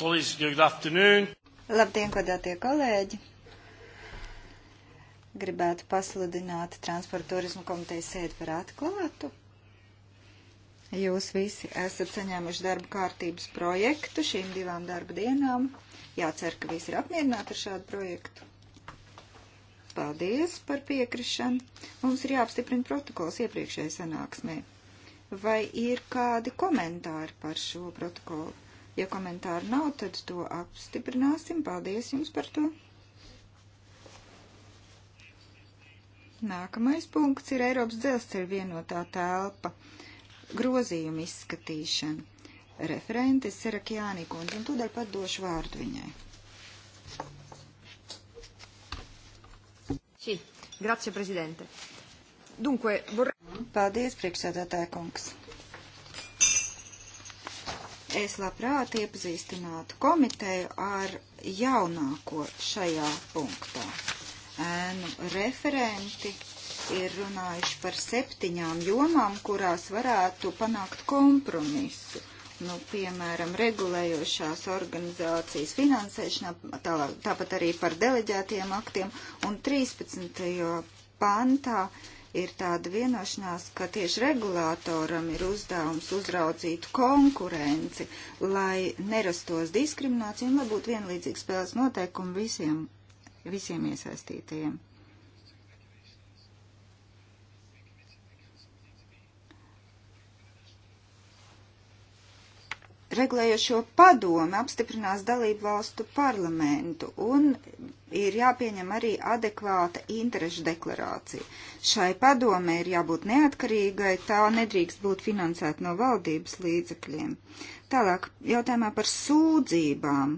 Kolēģis, good afternoon! Labdien, godātie kolēģi! Gribētu pasludināt Transporta turismu komitejas sēdi par atklātu. Jūs visi esat saņēmuši darba kārtības projektu šīm divām darba dienām. Jācer, ka visi ir apmierināti ar šādu projektu. Paldies par piekrišanu. Mums ir jāapstiprina protokols iepriekšējai sanāksmē. Vai ir kādi komentāri par šo protokolu? Ja komentāru nav, tad to apstiprināsim. Paldies jums par to. Nākamais punkts ir Eiropas dzelzceļa vienotā telpa grozījuma izskatīšana. Referente Serakjāni kundze, un tūdaļ pat došu vārdu viņai. Sì, grazie Presidente. Dunque, vorrei... Paldies, priekšsēdētāja kungs. Es labprāt iepazīstinātu komiteju ar jaunāko šajā punktā. Ēnu referenti ir runājuši par septiņām jomām, kurās varētu panākt kompromisu. Nu, piemēram, regulējošās organizācijas finansēšanā, tālāk, tāpat arī par deleģētiem aktiem un 13. pantā uh, ir tāda vienošanās, ka tieši regulātoram ir uzdevums uzraudzīt konkurenci, lai nerastos diskriminācija un lai būtu vienlīdzīgi spēles noteikumi visiem, visiem iesaistītajiem. regulējošo padomu apstiprinās dalību valstu parlamentu un ir jāpieņem arī adekvāta interešu deklarācija. Šai padomē ir jābūt neatkarīgai, tā nedrīkst būt finansēta no valdības līdzekļiem. Tālāk jautājumā par sūdzībām.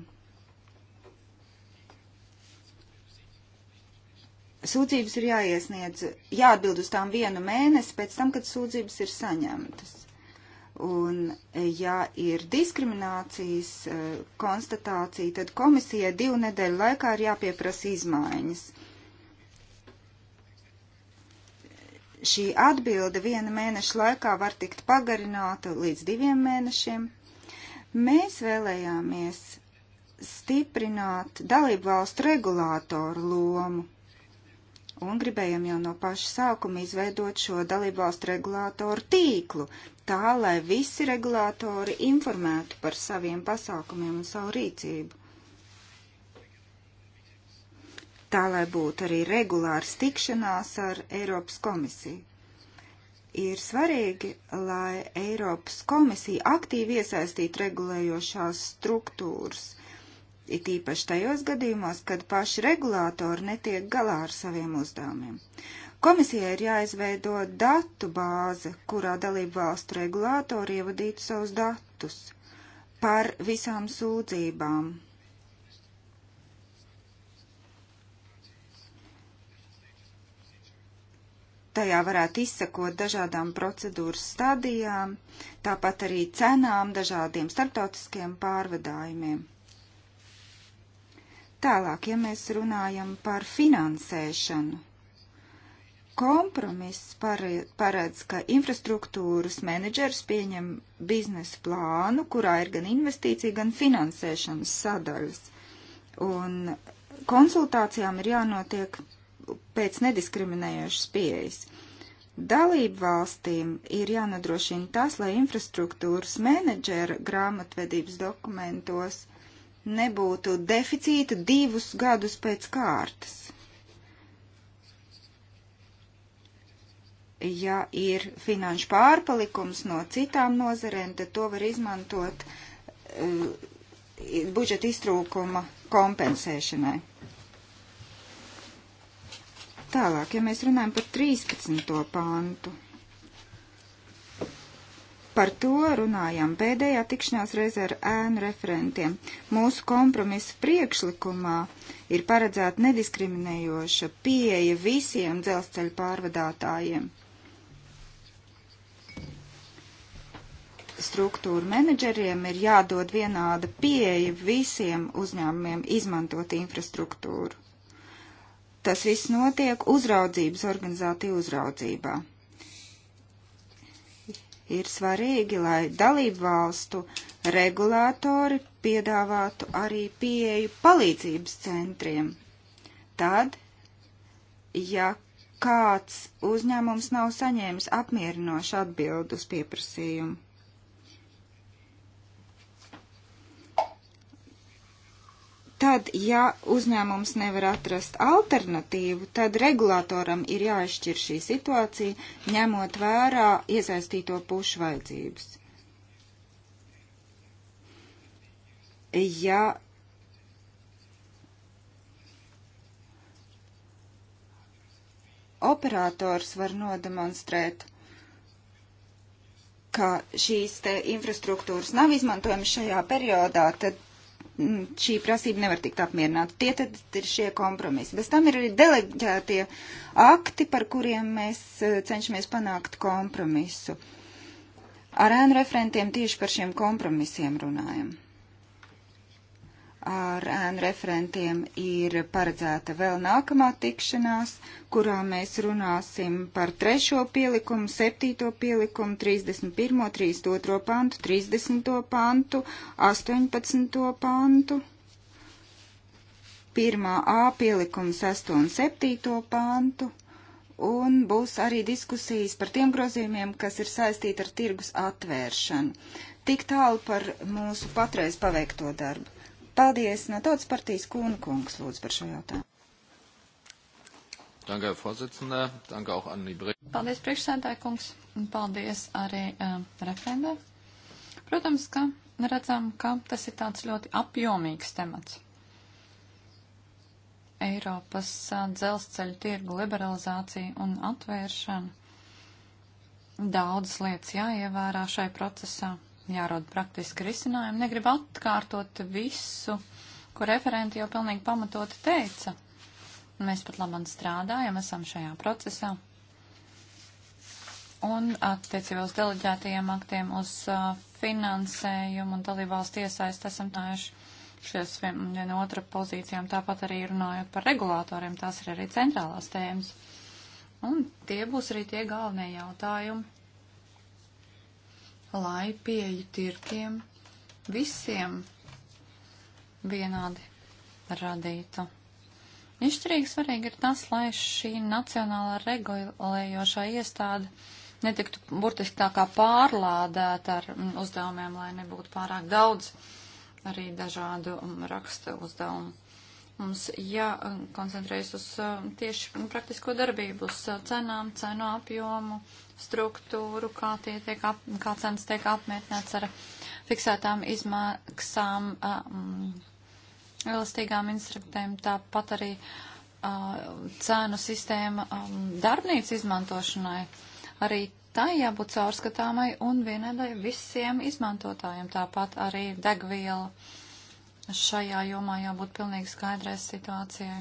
Sūdzības ir jāiesniedz, jāatbild uz tām vienu mēnesi pēc tam, kad sūdzības ir saņemtas. Un, ja ir diskriminācijas e, konstatācija, tad komisijai divu nedēļu laikā ir jāpieprasa izmaiņas. Šī atbilde viena mēneša laikā var tikt pagarināta līdz diviem mēnešiem. Mēs vēlējāmies stiprināt dalību valstu regulātoru lomu un gribējam jau no paša sākuma izveidot šo dalībvalstu regulātoru tīklu tā, lai visi regulātori informētu par saviem pasākumiem un savu rīcību. Tā, lai būtu arī regulārs tikšanās ar Eiropas komisiju. Ir svarīgi, lai Eiropas komisija aktīvi iesaistītu regulējošās struktūras, it īpaši tajos gadījumos, kad paši regulātori netiek galā ar saviem uzdevumiem. Komisijai ir jāizveido datu bāze, kurā dalību valstu regulātori ievadītu savus datus par visām sūdzībām. tajā varētu izsekot dažādām procedūras stadijām, tāpat arī cenām dažādiem starptautiskiem pārvadājumiem. Tālāk, ja mēs runājam par finansēšanu, Kompromiss paredz, ka infrastruktūras menedžers pieņem biznesa plānu, kurā ir gan investīcija, gan finansēšanas sadaļas. Un konsultācijām ir jānotiek pēc nediskriminējošas pieejas. Dalību valstīm ir jānodrošina tas, lai infrastruktūras menedžera grāmatvedības dokumentos nebūtu deficīta divus gadus pēc kārtas. ja ir finanšu pārpalikums no citām nozarēm, tad to var izmantot uh, budžeta iztrūkuma kompensēšanai. Tālāk, ja mēs runājam par 13. pāntu, par to runājām pēdējā tikšanās reizē ar ēnu referentiem. Mūsu kompromisa priekšlikumā ir paredzēta nediskriminējoša pieeja visiem dzelzceļu pārvadātājiem. struktūru menedžeriem ir jādod vienāda pieeja visiem uzņēmumiem izmantot infrastruktūru. Tas viss notiek uzraudzības organizāciju uzraudzībā. Ir svarīgi, lai dalību valstu regulātori piedāvātu arī pieeju palīdzības centriem. Tad, ja kāds uzņēmums nav saņēmis apmierinošu atbildu uz pieprasījumu. Tad, ja uzņēmums nevar atrast alternatīvu, tad regulātoram ir jāizšķir šī situācija, ņemot vērā iesaistīto pušu vajadzības. Ja operators var nodemonstrēt, ka šīs te infrastruktūras nav izmantojamas šajā periodā, tad Mm, šī prasība nevar tikt apmierināta. Tie tad ir šie kompromisi. Bez tam ir arī deleģētie akti, par kuriem mēs eh, cenšamies panākt kompromisu. Ar ēnu referentiem tieši par šiem kompromisiem runājam ar ēnu referentiem ir paredzēta vēl nākamā tikšanās, kurā mēs runāsim par trešo pielikumu, septīto pielikumu, 31., 32. pantu, 30. pantu, 18. pantu, 1. A pielikumu, 6. un 7. pantu. Un būs arī diskusijas par tiem grozījumiem, kas ir saistīti ar tirgus atvēršanu. Tik tālu par mūsu patreiz paveikto darbu. Paldies no Tautas partijas Kūna kungs lūdzu par šo jautājumu. Danke, Vorsitzender. Danke auch an die Paldies, priekšsēdētāji kungs, un paldies arī uh, referendē. Protams, ka redzam, ka tas ir tāds ļoti apjomīgs temats. Eiropas uh, dzelzceļa tirgu liberalizācija un atvēršana. Daudzas lietas jāievērā šai procesā jārod praktiski risinājumi. Negribu atkārtot visu, ko referenti jau pilnīgi pamatoti teica. Mēs pat labam strādājam, esam šajā procesā. Un attiecībā uz deleģētajiem aktiem, uz uh, finansējumu un dalībvalstu iesaistu esam tājuši šies viena otra pozīcijām, tāpat arī runājot par regulātoriem, tās ir arī centrālās tēmas. Un tie būs arī tie galvenie jautājumi, lai pieeju tirkiem visiem vienādi radītu. Izšķirīgi svarīgi ir tas, lai šī nacionālā regulējošā iestāde netiktu burtiski tā kā pārlādēta ar uzdevumiem, lai nebūtu pārāk daudz arī dažādu rakstu uzdevumu. Mums jākoncentrējas uz tieši nu, praktisko darbību, uz cenām, cenu apjomu, struktūru, kā, tie tiek ap, kā cenas tiek apmierināts ar fiksētām izmaksām, um, elastīgām instrumentiem, tāpat arī uh, cēnu sistēma um, darbnīca izmantošanai. Arī tā jābūt caurskatāmai un vienādai visiem izmantotājiem, tāpat arī degviela šajā jomā jābūt pilnīgi skaidrai situācijai.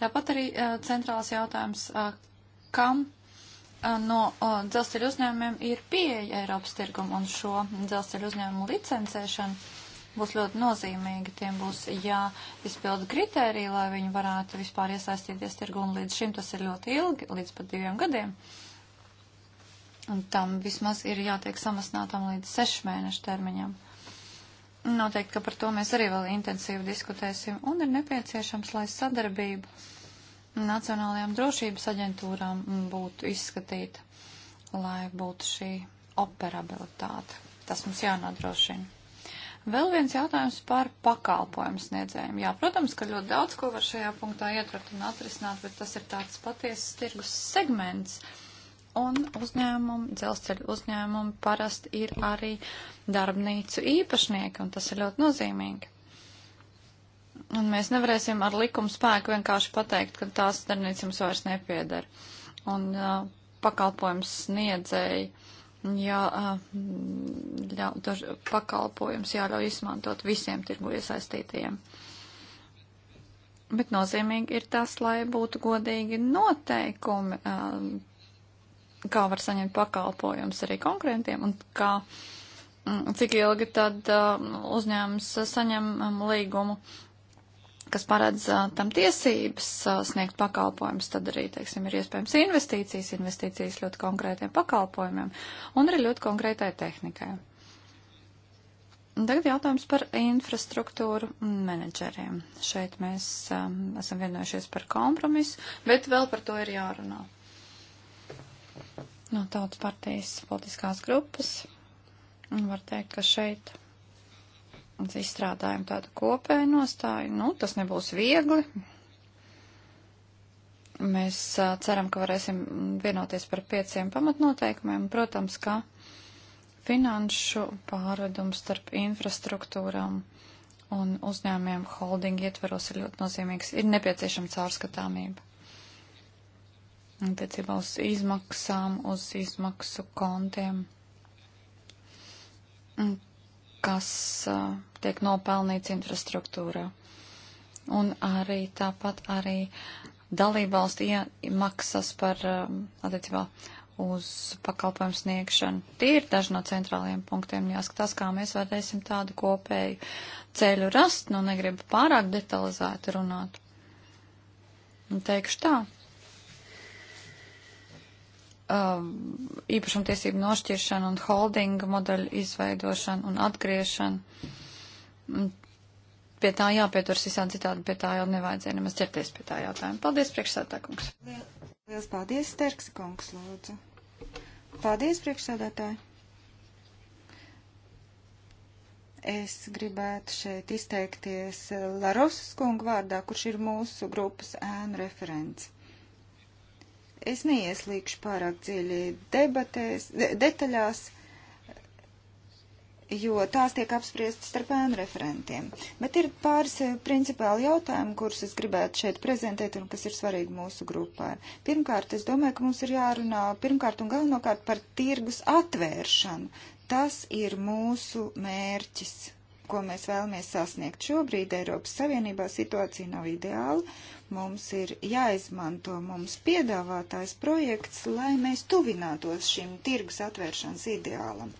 Tāpat arī eh, centrāls jautājums, eh, kam eh, no dzelzceļa uzņēmumiem ir pieeja Eiropas tirgumu un šo dzelzceļa uzņēmumu licencēšanu būs ļoti nozīmīga. Tiem būs jāizpilda kritērija, lai viņi varētu vispār iesaistīties tirgu, un līdz šim tas ir ļoti ilgi, līdz pat diviem gadiem. Un tam vismaz ir jātiek samasnātam līdz sešu mēnešu termiņam. Noteikti, ka par to mēs arī vēl intensīvi diskutēsim, un ir nepieciešams, lai sadarbība Nacionālajām drošības aģentūrām būtu izskatīta, lai būtu šī operabilitāte. Tas mums jānodrošina. Vēl viens jautājums par pakalpojumu sniedzējiem. Jā, protams, ka ļoti daudz ko var šajā punktā ietvert un atrisināt, bet tas ir tāds patiesas tirgus segments. Uh, un uzņēmumi, dzelzceļu uzņēmumi parasti ir arī darbnīcu īpašnieki, un tas ir ļoti nozīmīgi. Un mēs nevarēsim ar likumu spēku vienkārši pateikt, ka tās darbnīcas jums vairs nepieder. Un uh, pakalpojums sniedzēji, jā, uh, jā, pakalpojums jāļauj izmantot visiem tirgu iesaistītajiem. Bet nozīmīgi ir tas, lai būtu godīgi noteikumi um, kā var saņemt pakalpojums arī konkurentiem un kā, mm, cik ilgi tad uh, uzņēmums saņem um, līgumu, kas paredz uh, tam tiesības uh, sniegt pakalpojumus, tad arī, teiksim, ir iespējams investīcijas, investīcijas ļoti konkrētiem pakalpojumiem un arī ļoti konkrētai tehnikai. Tagad jautājums par infrastruktūru menedžeriem. Šeit mēs um, esam vienojušies par kompromisu, bet vēl par to ir jārunā no tautas partijas politiskās grupas. Un var teikt, ka šeit mēs izstrādājam tādu kopēju nostāju. Nu, tas nebūs viegli. Mēs a, ceram, ka varēsim vienoties par pieciem pamatnoteikumiem. Protams, ka finanšu pārvedumu starp infrastruktūrām un uzņēmiem holdingi ietveros ir ļoti nozīmīgs. Ir nepieciešama caurskatāmība attiecībā uz izmaksām, uz izmaksu kontiem, kas uh, tiek nopelnīts infrastruktūrā. Un arī tāpat arī dalībvalstu iemaksas par uh, attiecībā uz pakalpojumu sniegšanu. Tie ir daži no centrālajiem punktiem. Jāskatās, kā mēs varēsim tādu kopēju ceļu rast, nu negribu pārāk detalizēti runāt. Un nu, teikšu tā Um, īpašumtiesību nošķiršanu un holdinga modeļu izveidošanu un atgriešanu. Pie tā jāpieturas visādi citādi, pie tā jau nevajadzēja nemaz ķerties pie tā jautājuma. Paldies, priekšsādātājs. Lielas paldies, Sterks kungs, lūdzu. Paldies, priekšsādātāji. Es gribētu šeit izteikties Larosas kungu vārdā, kurš ir mūsu grupas ēnu referents. Es neieslīgšu pārāk dziļi debatēs, de, detaļās, jo tās tiek apspriestas starp ēnu referentiem. Bet ir pāris eh, principāli jautājumi, kurus es gribētu šeit prezentēt un kas ir svarīgi mūsu grupā. Pirmkārt, es domāju, ka mums ir jārunā pirmkārt un galvenokārt par tirgus atvēršanu. Tas ir mūsu mērķis ko mēs vēlamies sasniegt. Šobrīd Eiropas Savienībā situācija nav ideāla. Mums ir jāizmanto mums piedāvātais projekts, lai mēs tuvinātos šim tirgus atvēršanas ideālam.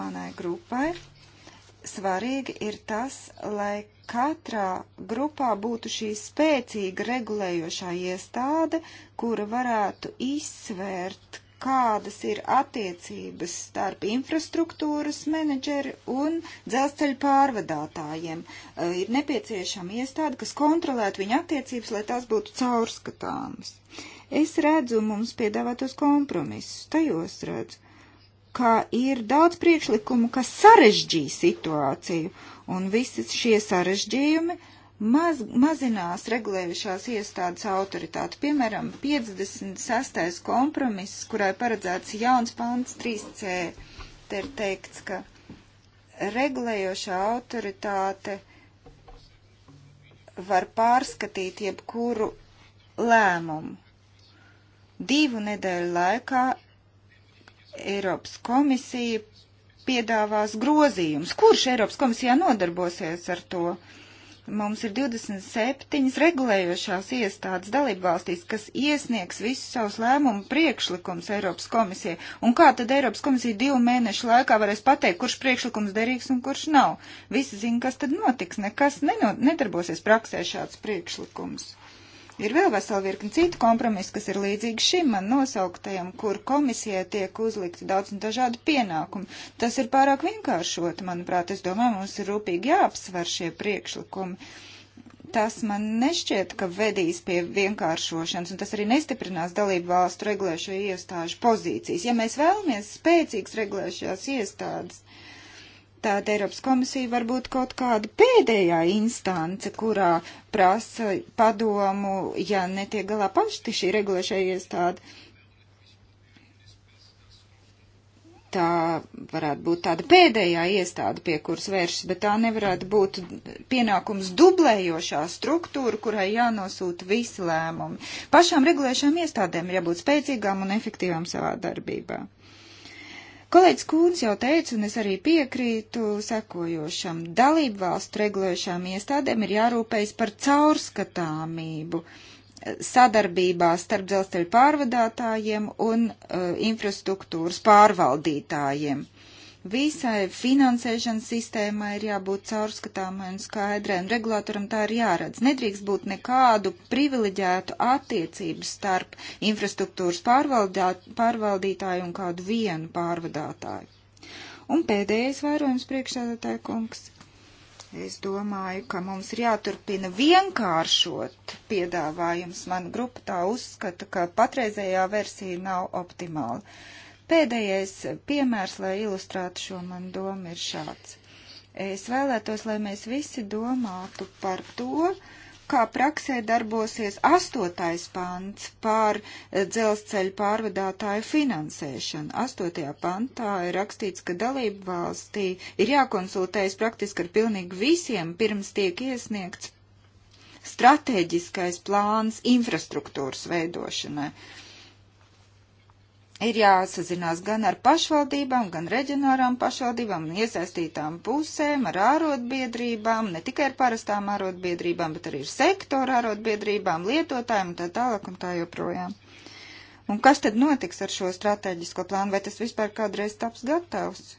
Manai grupai svarīgi ir tas, lai katrā grupā būtu šī spēcīga regulējošā iestāde, kura varētu izsvērt, kādas ir attiecības starp infrastruktūras menedžeri un dzelzceļa pārvadātājiem. E, ir nepieciešama iestāde, kas kontrolētu viņa attiecības, lai tās būtu caurskatāmas. Es redzu mums piedāvātos kompromisus, tajos redzu, ka ir daudz priekšlikumu, kas sarežģīja situāciju, un visi šie sarežģījumi uh, maz, mazinās regulējušās iestādes autoritāti. Piemēram, 56. kompromiss, kurai paredzēts jauns pants 3c, te ir teikts, ka regulējošā autoritāte var pārskatīt jebkuru lēmumu. Divu nedēļu laikā Eiropas komisija piedāvās grozījums. Kurš Eiropas komisijā nodarbosies ar to? Uh, mums ir 27 regulējošās iestādes dalībvalstīs, kas iesniegs visus savus lēmumu priekšlikums Eiropas komisijai. Un kā tad Eiropas komisija divu mēnešu laikā varēs pateikt, kurš priekšlikums derīgs un kurš nav? Visi zina, kas tad notiks, nekas neno, nedarbosies praksē šāds priekšlikums. Ir vēl vesela virkni citu kompromisu, kas ir līdzīgi šim man nosauktajam, kur komisijai tiek uzlikti daudz un dažādi pienākumi. Tas ir pārāk vienkāršot, manuprāt. Es domāju, mums ir rūpīgi jāapsver šie priekšlikumi. Tas man nešķiet, ka vedīs pie vienkāršošanas, un tas arī nestiprinās dalību valstu regulēšo iestāžu pozīcijas. Ja mēs vēlamies spēcīgas regulēšās iestādes, Tāda Eiropas komisija var būt kaut kāda pēdējā instance, kurā prasa padomu, ja netiek galā paši šī regulēšai iestāde. Tā varētu būt tāda pēdējā iestāde, pie kuras vēršas, bet tā nevarētu būt pienākums dublējošā struktūra, kurai jānosūta visi lēmumi. Pašām regulēšām iestādēm ir jābūt spēcīgām un efektīvām savā darbībā. Kolēģis Kūns jau teica, un es arī piekrītu sekojošam, dalību valstu regulējušām iestādēm ir jārūpējas par caurskatāmību sadarbībā starp dzelzceļa pārvadātājiem un uh, infrastruktūras pārvaldītājiem. Visai finansēšanas sistēmai ir jābūt caurskatāmai un skaidrai, un regulātoram tā ir jāredz. Nedrīkst būt nekādu privileģētu attiecību starp infrastruktūras pārvaldītāju un kādu vienu pārvadātāju. Un pēdējais vērojums priekšsēdētāja kungs. Es domāju, ka mums ir jāturpina vienkāršot piedāvājums. Man grupa tā uzskata, ka patreizējā versija nav optimāla. Pēdējais piemērs, lai ilustrētu šo manu domu, ir šāds. Es vēlētos, lai mēs visi domātu par to, kā praksē darbosies astotais pants par eh, dzelzceļa pārvadātāju finansēšanu. Astotajā pantā ir rakstīts, ka dalību valstī ir jākonsultējas praktiski ar pilnīgi visiem, pirms tiek iesniegts stratēģiskais plāns infrastruktūras veidošanai. Uh, ir jāsazinās gan ar pašvaldībām, gan reģionārām pašvaldībām un iesaistītām pusēm, ar ārotbiedrībām, ne tikai ar parastām ārotbiedrībām, bet arī ar sektoru ārotbiedrībām, lietotājiem un tā tālāk un tā joprojām. Un kas tad notiks ar šo strateģisko plānu, vai tas vispār kādreiz taps gatavs?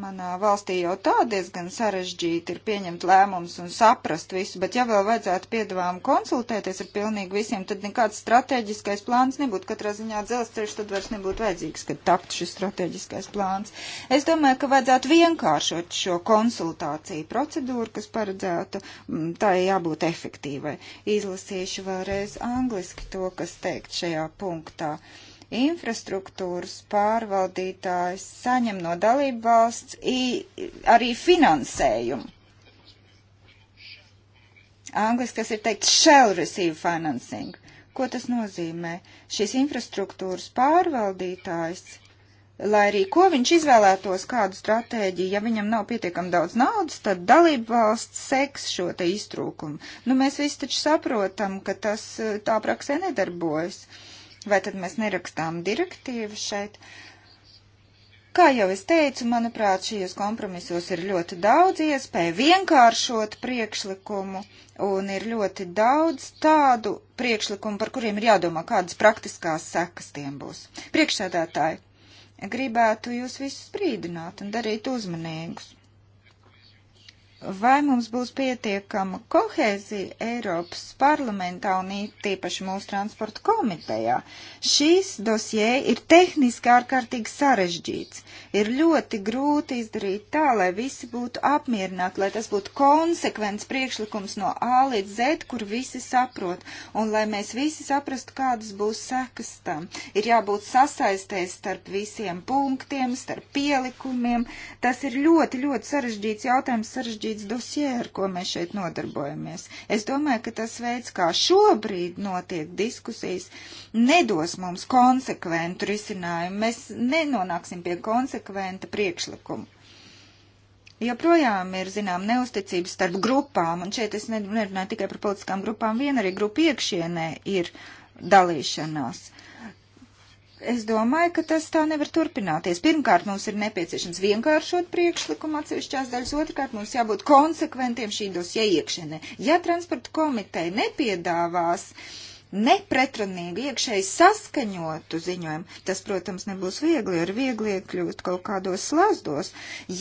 Manā valstī jau tā diezgan sarežģīti ir pieņemt lēmumus un saprast visu, bet ja vēl vajadzētu piedāvām konsultēties ar pilnīgi visiem, tad nekāds strateģiskais plāns nebūtu. Katrā ziņā dzelzceļš tad vairs nebūtu vajadzīgs, kad tapt šis strateģiskais plāns. Es domāju, ka vajadzētu vienkāršot šo konsultāciju procedūru, kas paredzētu, mm, tā jābūt efektīvai. Izlasīšu vēlreiz angliski to, kas teikt šajā punktā. Uh, infrastruktūras pārvaldītājs saņem no dalību valsts arī finansējumu. Angliski tas ir teikt shall receive financing. Ko tas nozīmē? Šis infrastruktūras pārvaldītājs, lai arī ko viņš izvēlētos, kādu stratēģiju, ja viņam nav pietiekami daudz naudas, tad dalību valsts seks šo te iztrūkumu. Nu, mēs visi taču saprotam, ka tas tā praksē nedarbojas. Uh, Vai tad mēs nerakstām direktīvu šeit? Kā jau es teicu, manuprāt, šajos kompromisos ir ļoti daudz iespēju vienkāršot priekšlikumu, un ir ļoti daudz tādu priekšlikumu, par kuriem ir jādomā, kādas praktiskās sekas tiem būs. Priekšsēdētāji, gribētu jūs visus brīdināt un darīt uzmanīgus vai mums būs pietiekama kohēzija Eiropas parlamentā un tīpaši mūsu transporta komitejā. Šīs dosjē ir tehniski ārkārtīgi sarežģīts. Ir ļoti grūti izdarīt tā, lai visi būtu apmierināti, lai tas būtu konsekvents priekšlikums no A līdz Z, kur visi saprot, un lai mēs visi saprastu, kādas būs sekas tam. Ir jābūt sasaistēs starp visiem punktiem, starp pielikumiem. Tas ir ļoti, ļoti sarežģīts jautājums, sarežģīts sarežģīts dosie, ar ko mēs šeit nodarbojamies. Es domāju, ka tas veids, kā šobrīd notiek diskusijas, nedos mums konsekventu risinājumu. Mēs nenonāksim pie konsekventa priekšlikuma joprojām ir, zinām, neusticības starp grupām, un šeit es nerunāju tikai par politiskām grupām, vien arī grupu iekšienē ir dalīšanās. Uh, Es domāju, ka tas tā nevar turpināties. Pirmkārt, mums ir nepieciešams vienkāršot priekšlikumu atsevišķās daļas, otrkārt, mums jābūt konsekventiem šī dosie iekšēnē. Ja transporta komiteja nepiedāvās nepretrunīgu iekšēji saskaņotu ziņojumu, tas, protams, nebūs viegli, jo ir viegli iekļūt kaut kādos slazdos.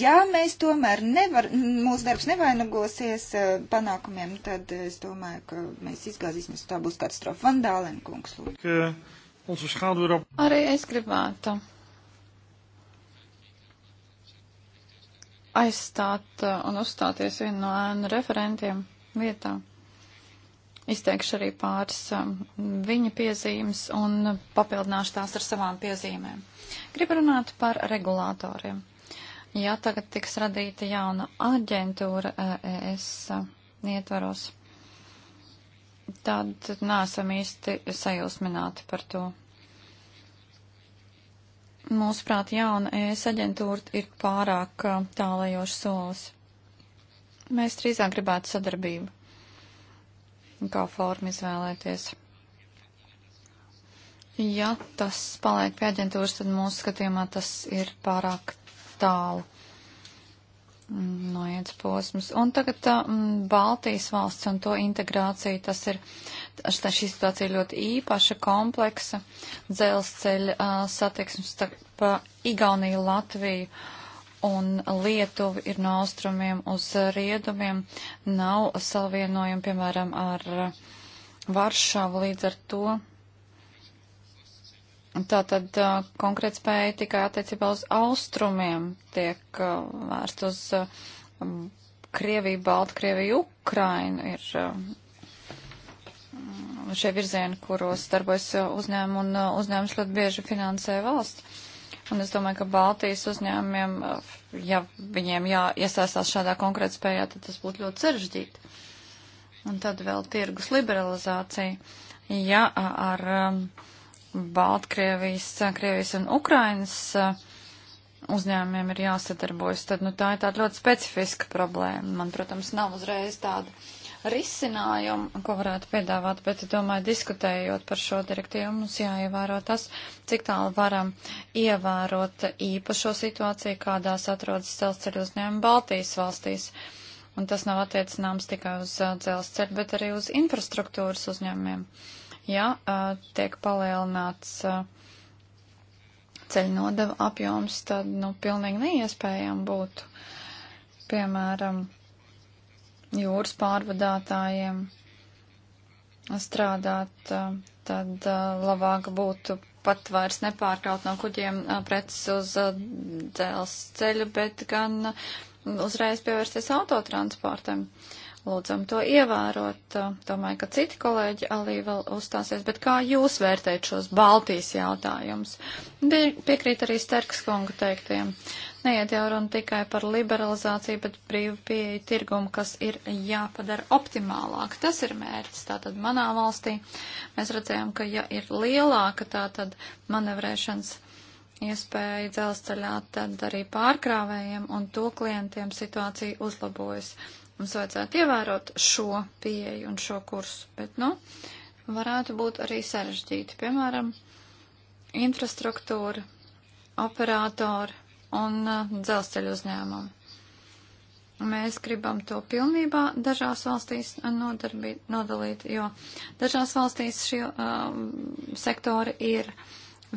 Ja mēs tomēr nevar, mūsu darbs nevainagosies eh, panākumiem, tad es domāju, ka mēs izgāzīsimies, tā būs katastrofa. Vandālenkungs, lūdzu. Onze schaduwrap... Arī es gribētu aizstāt eh, un uzstāties vienu no ēnu referentiem vietā. Izteikšu arī pāris eh, viņa piezīmes un papildināšu tās ar savām piezīmēm. Gribu runāt par regulātoriem. Ja tagad tiks radīta jauna aģentūra ES eh, e ietvaros, tad nesam īsti sajūsmināti par to. Mūsuprāt, jauna ES aģentūra ir pārāk tālajošs solis. Mēs drīzāk gribētu sadarbību. Kā formu izvēlēties? Ja tas paliek pie aģentūras, tad mūsu skatījumā tas ir pārāk tālu noiets posms. Un tagad um, Baltijas valsts un to integrācija, tas ir, tā, šī situācija ir ļoti īpaša, kompleksa, dzelzceļa uh, satiksmes starp uh, Igauniju, Latviju un Lietuvu ir no austrumiem uz riedumiem, nav savienojumi, piemēram, ar uh, Varšavu līdz ar to Tā tad uh, konkrēt spēja tikai attiecībā uz austrumiem tiek uh, vērst uz uh, Krieviju, Baltkrieviju, Ukrainu ir uh, šie virzieni, kuros darbojas uzņēmumi un uh, uzņēmums ļoti bieži finansē valsts. Un es domāju, ka Baltijas uzņēmumiem, uh, ja viņiem jāiesaistās šādā konkrēt spējā, tad tas būtu ļoti sarežģīti. Un tad vēl tirgus liberalizācija. Ja ar. Um, Baltkrievijas, eh, Krievijas un Ukrainas eh, uzņēmumiem ir jāsadarbojas, tad nu, tā ir tāda ļoti specifiska problēma. Man, protams, nav uzreiz tāda risinājuma, ko varētu piedāvāt, bet, domāju, diskutējot par šo direktīvu, mums jāievēro tas, cik tālu varam ievērot īpašo situāciju, kādās atrodas dzelzceļu uzņēmumi Baltijas valstīs. Un tas nav attiecināms tikai uz eh, dzelzceļu, bet arī uz infrastruktūras uzņēmumiem. Uh, ja tiek palielināts ceļu nodeva apjoms, tad, nu, pilnīgi neiespējami būtu, piemēram, jūras pārvadātājiem strādāt, tad labāk būtu pat vairs nepārkraut no kuģiem preces uz dzelzceļu, bet gan uzreiz pievērsties autotransportam. Uh, Lūdzam to ievērot. Domāju, ka citi kolēģi arī vēl uzstāsies, bet kā jūs vērtējat šos Baltijas jautājumus? Piekrīt arī Sterks kunga teiktiem. Neiet jau runa tikai par liberalizāciju, bet brīvu pieeju tirgumu, kas ir jāpadara optimālāk. Tas ir mērķis. Tātad manā valstī mēs redzējām, ka ja ir lielāka tātad manevrēšanas iespēja dzelzceļā, tad arī pārkrāvējiem un to klientiem situācija uzlabojas. Mums vajadzētu ievērot šo pieeju un šo kursu, bet, nu, varētu būt arī sarežģīti. Piemēram, infrastruktūra, operātori un uh, dzelzceļu uzņēmumi. Mēs gribam to pilnībā dažās valstīs nodarbīt, nodalīt, jo dažās valstīs šie um, sektori ir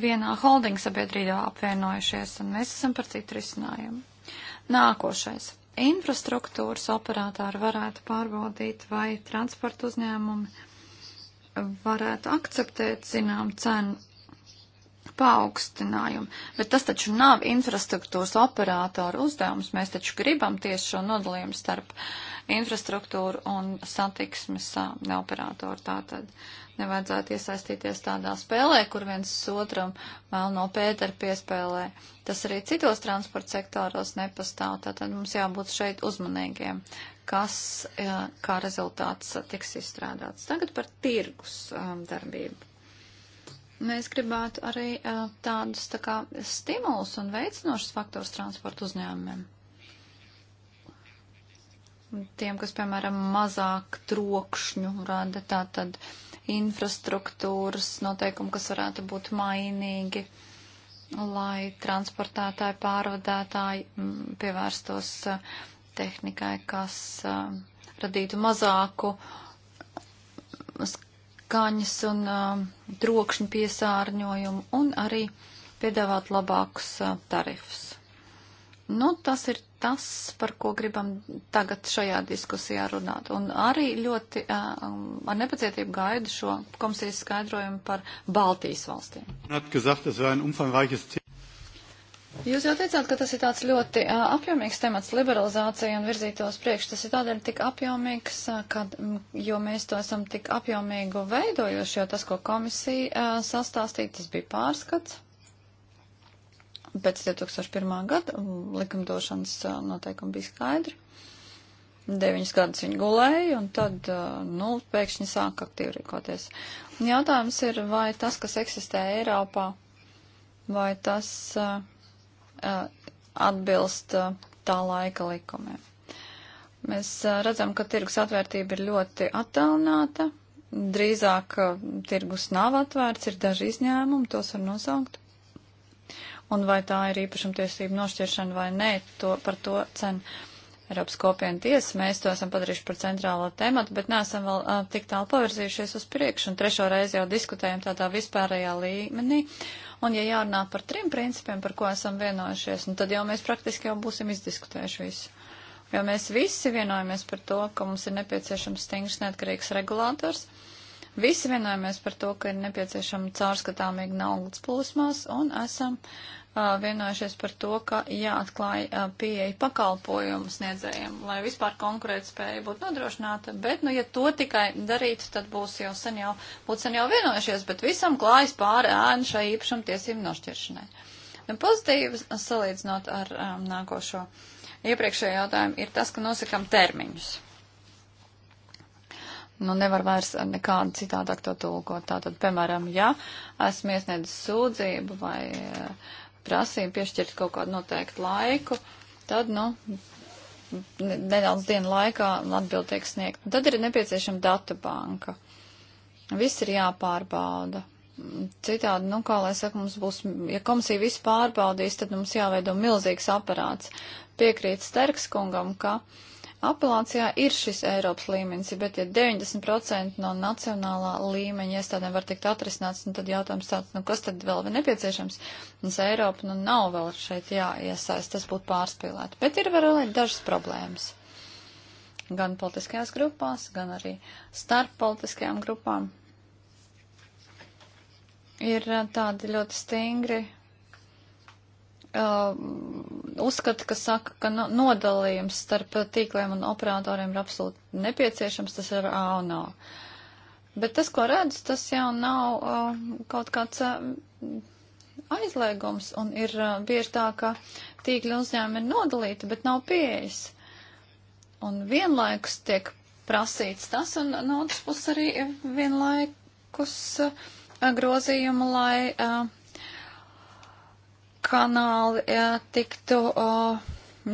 vienā holdinga sabiedrībā apvienojušies, un mēs esam par citu risinājumu. Nākošais infrastruktūras operatori varētu pārbaudīt, vai transporta uzņēmumi varētu akceptēt zinām cenu paaugstinājumu. Bet tas taču nav infrastruktūras operātora uzdevums. Mēs taču gribam tieši šo nodalījumu starp infrastruktūru un satiksmes operātoru. Tātad Nevajadzētu iesaistīties tādā spēlē, kur viens otram melno pēteru piespēlē. Tas arī citos transporta sektoros nepastāv, tātad mums jābūt šeit uzmanīgiem, kas kā rezultāts tiks izstrādāts. Tagad par tirgus um, darbību. Mēs gribētu arī uh, tādus tā kā stimulus un veicinošus faktors transporta uzņēmumiem tiem, kas, piemēram, mazāk trokšņu rada, tā tad infrastruktūras noteikumi, kas varētu būt mainīgi, lai transportētāji, pārvadētāji mm, pievērstos eh, tehnikai, kas eh, radītu mazāku mm, skaņas un eh, trokšņu piesārņojumu un arī piedāvāt labākus tarifus. Nu, tas ir tas, par ko gribam tagad šajā diskusijā runāt. Un arī ļoti uh, ar nepacietību gaidu šo komisijas skaidrojumu par Baltijas valstīm. Jūs jau teicāt, ka tas ir tāds ļoti uh, apjomīgs temats liberalizācija un virzītos priekš. Tas ir tādēļ tik apjomīgs, uh, kad, jo mēs to esam tik apjomīgu veidojuši, jo tas, ko komisija uh, sastāstīja, tas bija pārskats pēc 2001. gada mm, likumdošanas noteikumi bija skaidri. Deviņus gadus viņi gulēja, un tad, nu, pēkšņi sāka aktīvi rīkoties. Un jautājums ir, vai tas, kas eksistē Eiropā, vai tas uh, atbilst uh, tā laika likumiem. Mēs uh, redzam, ka tirgus atvērtība ir ļoti attālināta, drīzāk tirgus nav atvērts, ir daži izņēmumi, tos var nosaukt un vai tā ir īpašumtiesība nošķiršana vai nē, to, par to cenu. Eiropas kopienu tiesa, mēs to esam padarījuši par centrālo tematu, bet neesam vēl uh, tik tālu pavirzījušies uz priekšu, un trešo reizi jau diskutējam tādā vispārējā līmenī. Un ja jārunā par trim principiem, par ko esam vienojušies, nu tad jau mēs praktiski jau būsim izdiskutējuši visu. Jo mēs visi vienojamies par to, ka mums ir nepieciešams stingrs neatkarīgs regulators, visi vienojamies par to, ka ir nepieciešama caurskatāmīga naudas plūsmās, un esam vienojušies par to, ka jāatklāj pieeja pakalpojumu sniedzējiem, lai vispār konkurētspēja būtu nodrošināta. Bet, nu, ja to tikai darītu, tad būs jau sen jau, būtu sen jau vienojušies, bet visam klājas pāri ēnu šai īpašam tiesību nošķiršanai. Nu, pozitīvi salīdzinot ar um, nākošo iepriekšējo jautājumu ir tas, ka nosakam termiņus. Nu, nevar vairs nekādu citādāk to tulkot. Tātad, piemēram, ja esmu iesniedzis sūdzību vai uh, prasību piešķirt kaut kādu noteiktu laiku, tad, nu, nedaudz dienu laikā atbild tiek sniegt. Un tad ir nepieciešama datu banka. Viss ir jāpārbauda. Citādi, nu, kā lai saka, mums būs, ja komisija visu pārbaudīs, tad mums jāveido milzīgs aparāts. Piekrīt Sterks kungam, ka. Uh, Apelācijā ir šis Eiropas līmenis, bet ja 90% no nacionālā līmeņa iestādēm var tikt atrisināts, nu tad jautājums tāds, nu kas tad vēl ir nepieciešams? Mums Eiropa nu nav vēl šeit jāiesaist, tas būtu pārspīlēti. Bet ir vēl dažas problēmas. Gan politiskajās grupās, gan arī starp politiskajām grupām. Ir eh, tādi ļoti stingri uh, uzskata, ka saka, ka nodalījums starp tīkliem un operatoriem ir absolūti nepieciešams, tas ir A un A. Bet tas, ko redz, tas jau nav uh, kaut kāds uh, aizliegums, un ir uh, bieži tā, ka tīkļa uzņēmumi ir nodalīti, bet nav pieejas. Un vienlaikus tiek prasīts tas, un no otras puses arī vienlaikus uh, grozījumu, lai. Uh, kanāli jā, tiktu o,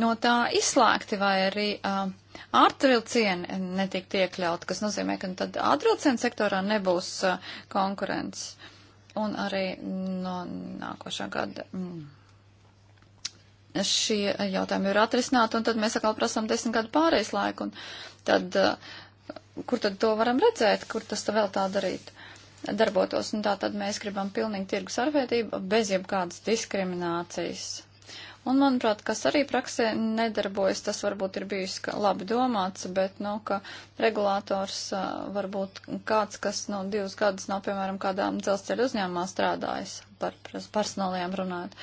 no tā izslēgti vai arī ārtvilcieni netiktu iekļaut, kas nozīmē, ka tad ārtvilcienu sektorā nebūs a, konkurences. Un arī no nākošā gada. Mm šie jautājumi ir atrisināti, un tad mēs atkal prasām desmit gadu pārejas laiku, un tad, kur tad to varam redzēt, kur tas tā vēl tā darīt? darbotos. Un tā tad mēs gribam pilnīgi tirgus arvērtību bez jebkādas diskriminācijas. Un, manuprāt, kas arī praksē nedarbojas, tas varbūt ir bijis labi domāts, bet, nu, ka regulators varbūt kāds, kas, nu, divus gadus nav, piemēram, kādā dzelzceļa uzņēmumā strādājis, par personālajām runājot.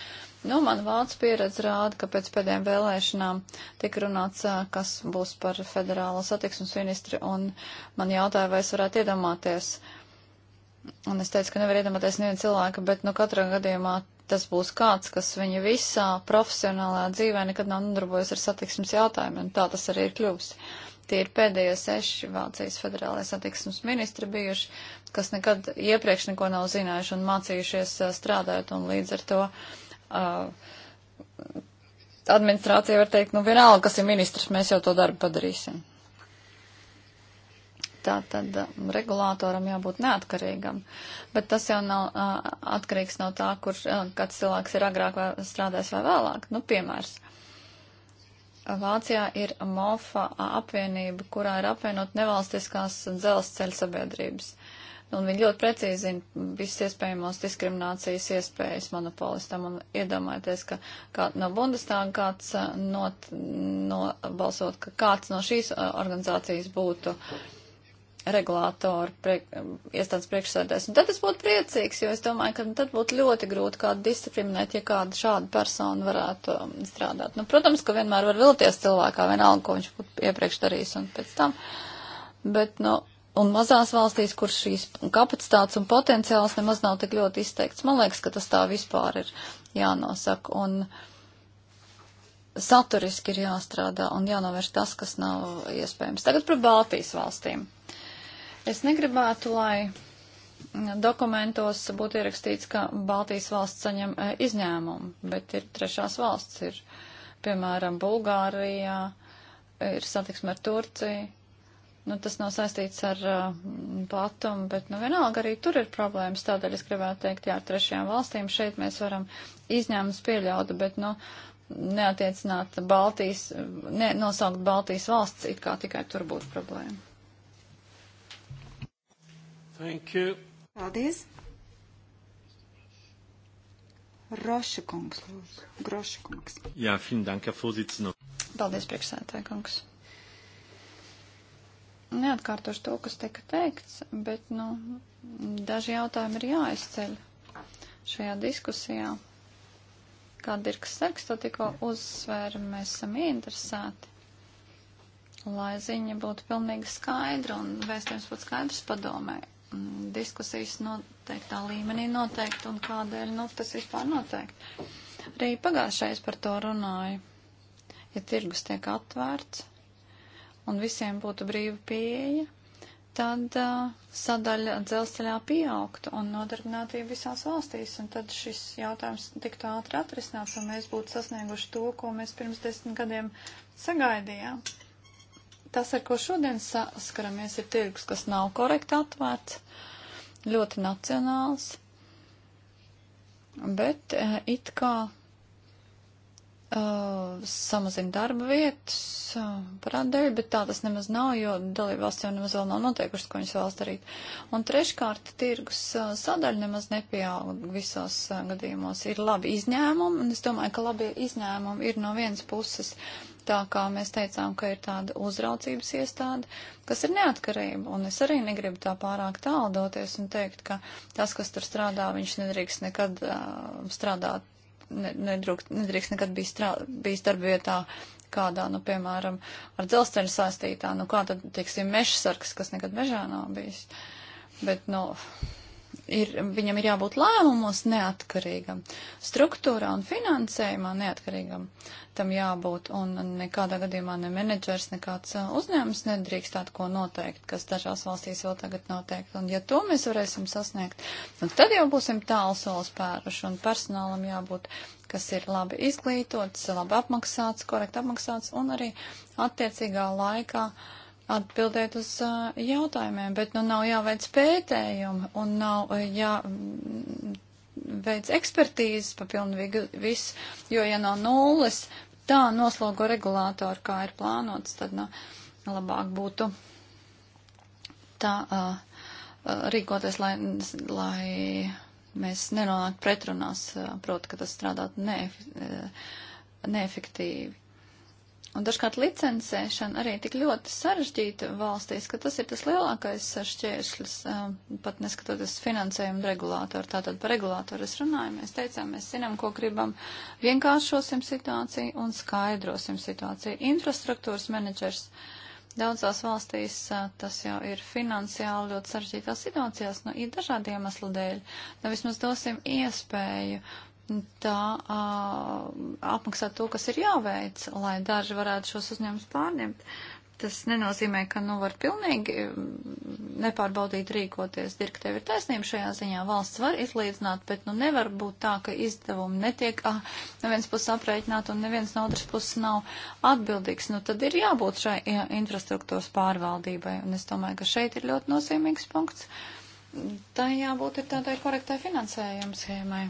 Nu, man vācu pieredze rāda, ka pēc pēdējām vēlēšanām tika runāts, kas būs par federālo satiksmes ministri, un man jautāja, vai es varētu iedomāties, uh, Un es teicu, ka nevar iedomāties nevienu cilvēku, bet nu katrā gadījumā tas būs kāds, kas viņa visā profesionālajā dzīvē nekad nav nodarbojies ar satiksmes jautājumiem. Tā tas arī ir kļuvis. Tie ir pēdējie seši Vācijas federālajie satiksmes ministri bijuši, kas nekad iepriekš neko nav zinājuši un mācījušies strādāt, un līdz ar to uh, administrācija var teikt, nu vienalga, kas ir ministrs, mēs jau to darbu padarīsim tā tad um, regulātoram jābūt neatkarīgam. Bet tas jau nav uh, atkarīgs no tā, kur uh, kāds cilvēks ir agrāk vai strādājis vai vēlāk. Nu, piemērs. Vācijā ir MOFA apvienība, kurā ir apvienot nevalstiskās dzelzceļa sabiedrības. Un viņi ļoti precīzi zina visas iespējamos diskriminācijas iespējas monopolistam. Un iedomājieties, ka kā, no Bundestāga kāds uh, not, no, balsot, ka kāds no šīs uh, organizācijas būtu uh, regulātoru priek, iestādes priekšsēdēs. Un tad es būtu priecīgs, jo es domāju, ka nu, tad būtu ļoti grūti kādu disciplinēt, ja kāda šāda persona varētu um, strādāt. Nu, protams, ka vienmēr var vilties cilvēkā, vienalga, ko viņš būtu iepriekš darījis un pēc tam. Bet, nu, un mazās valstīs, kur šīs kapacitātes un potenciāls nemaz nav tik ļoti izteikts, man liekas, ka tas tā vispār ir jānosaka. Un, saturiski ir jāstrādā un jānovērš tas, kas nav iespējams. Tagad par Baltijas valstīm. Es negribētu, lai dokumentos būtu ierakstīts, ka Baltijas valsts saņem e, izņēmumu, bet ir trešās valsts, ir piemēram Bulgārijā, ir satiksme ar Turciju. Nu, tas nav saistīts ar uh, platumu, bet nu, vienalga arī tur ir problēmas. Tādēļ es gribētu teikt, jā, ar trešajām valstīm šeit mēs varam izņēmumus pieļaut, bet nu, neatiecināt Baltijas, ne, nosaukt Baltijas valsts, it kā tikai tur būtu problēma. Thank you. Paldies. Roša kungs, lūdzu. Groša kungs. Jā, fin danka fuzicinu. Paldies, priekšsētāja kungs. Neatkārtošu to, kas tika teikts, bet, nu, daži jautājumi ir jāizceļ šajā diskusijā. Kā Dirks Seks to tikko uzsvēra, mēs esam ieinteresēti, lai ziņa būtu pilnīgi skaidra un vēstījums būtu skaidrs padomē. Mm, diskusijas noteiktā līmenī noteikti un kādēļ nu, tas vispār noteikti. Arī pagājušais par to runāju. Ja tirgus tiek atvērts un visiem būtu brīva pieeja, tad uh, sadaļa dzelzceļā pieaugtu un nodarbinātība visās valstīs, un tad šis jautājums tiktu ātri atrisināts, un mēs būtu sasnieguši to, ko mēs pirms desmit gadiem sagaidījām. Ja? tas, ar ko šodien saskaramies, ir tirgus, kas nav korekti atvērts, ļoti nacionāls, bet eh, it kā uh, samazina darba vietas uh, eh, parādēļ, bet tā tas nemaz nav, jo dalībvalsts jau nemaz vēl nav noteikušas, ko viņas vēlas darīt. Un treškārt, tirgus uh, sadaļa nemaz nepieaug visos uh, gadījumos. Ir labi izņēmumi, un es domāju, ka labie izņēmumi ir no vienas puses tā kā mēs teicām, ka ir tāda uzraucības iestāde, kas ir neatkarība, un es arī negribu tā pārāk tālu doties un teikt, ka tas, kas tur strādā, viņš nedrīkst nekad uh, strādāt, ne, nedrūkst, nedrīkst nekad bijis, strā, bijis darba vietā kādā, nu, piemēram, ar dzelzceļu saistītā, nu, kā tad, teiksim, mežsargs, kas nekad mežā nav bijis. Bet, nu, no, ir, viņam ir jābūt lēmumos neatkarīgam, struktūrā un finansējumā neatkarīgam tam jābūt, un nekādā gadījumā ne menedžers, nekāds uh, uzņēmums nedrīkst tādu ko noteikt, kas dažās valstīs vēl tagad noteikti, un ja to mēs varēsim sasniegt, nu tad jau būsim tālu solis pēruši, un personālam jābūt, kas ir labi izglītots, labi apmaksāts, korekti apmaksāts, un arī attiecīgā laikā uh, atbildēt uz uh, jautājumiem, bet nu nav jāveic pētējumi un nav uh, jāveic ekspertīzes pa pilnīgi viss, jo ja nav nulles, tā noslogo regulātoru, kā ir plānots, tad nu, labāk būtu tā uh, rīkoties, lai, lai mēs nenonāktu pretrunās, proti, ka tas strādātu neef neefektīvi. Un dažkārt licencēšana arī tik ļoti sarežģīta valstīs, ka tas ir tas lielākais šķēršļis, um, pat neskatoties finansējumu regulātoru. Tātad par regulātoru es runāju, mēs teicām, mēs zinām, ko gribam, vienkāršosim situāciju un skaidrosim situāciju. Infrastruktūras menedžers daudzās valstīs uh, tas jau ir finansiāli ļoti sarežģītās situācijās, nu, ir dažādi iemesli dēļ. Nu, vismaz dosim iespēju tā uh, apmaksā to, kas ir jāveic, lai daži varētu šos uzņēmumus pārņemt. Tas nenozīmē, ka nu var pilnīgi mm, nepārbaudīt rīkoties. Direktīva ir taisnība šajā ziņā. Valsts var izlīdzināt, bet nu nevar būt tā, ka izdevumi netiek ah, neviens puses aprēķināt un neviens no otras puses nav atbildīgs. Nu tad ir jābūt šai jā, infrastruktūras pārvaldībai. Un es domāju, ka šeit ir ļoti nozīmīgs punkts. Tā jābūt ir tādai korektai finansējuma schēmai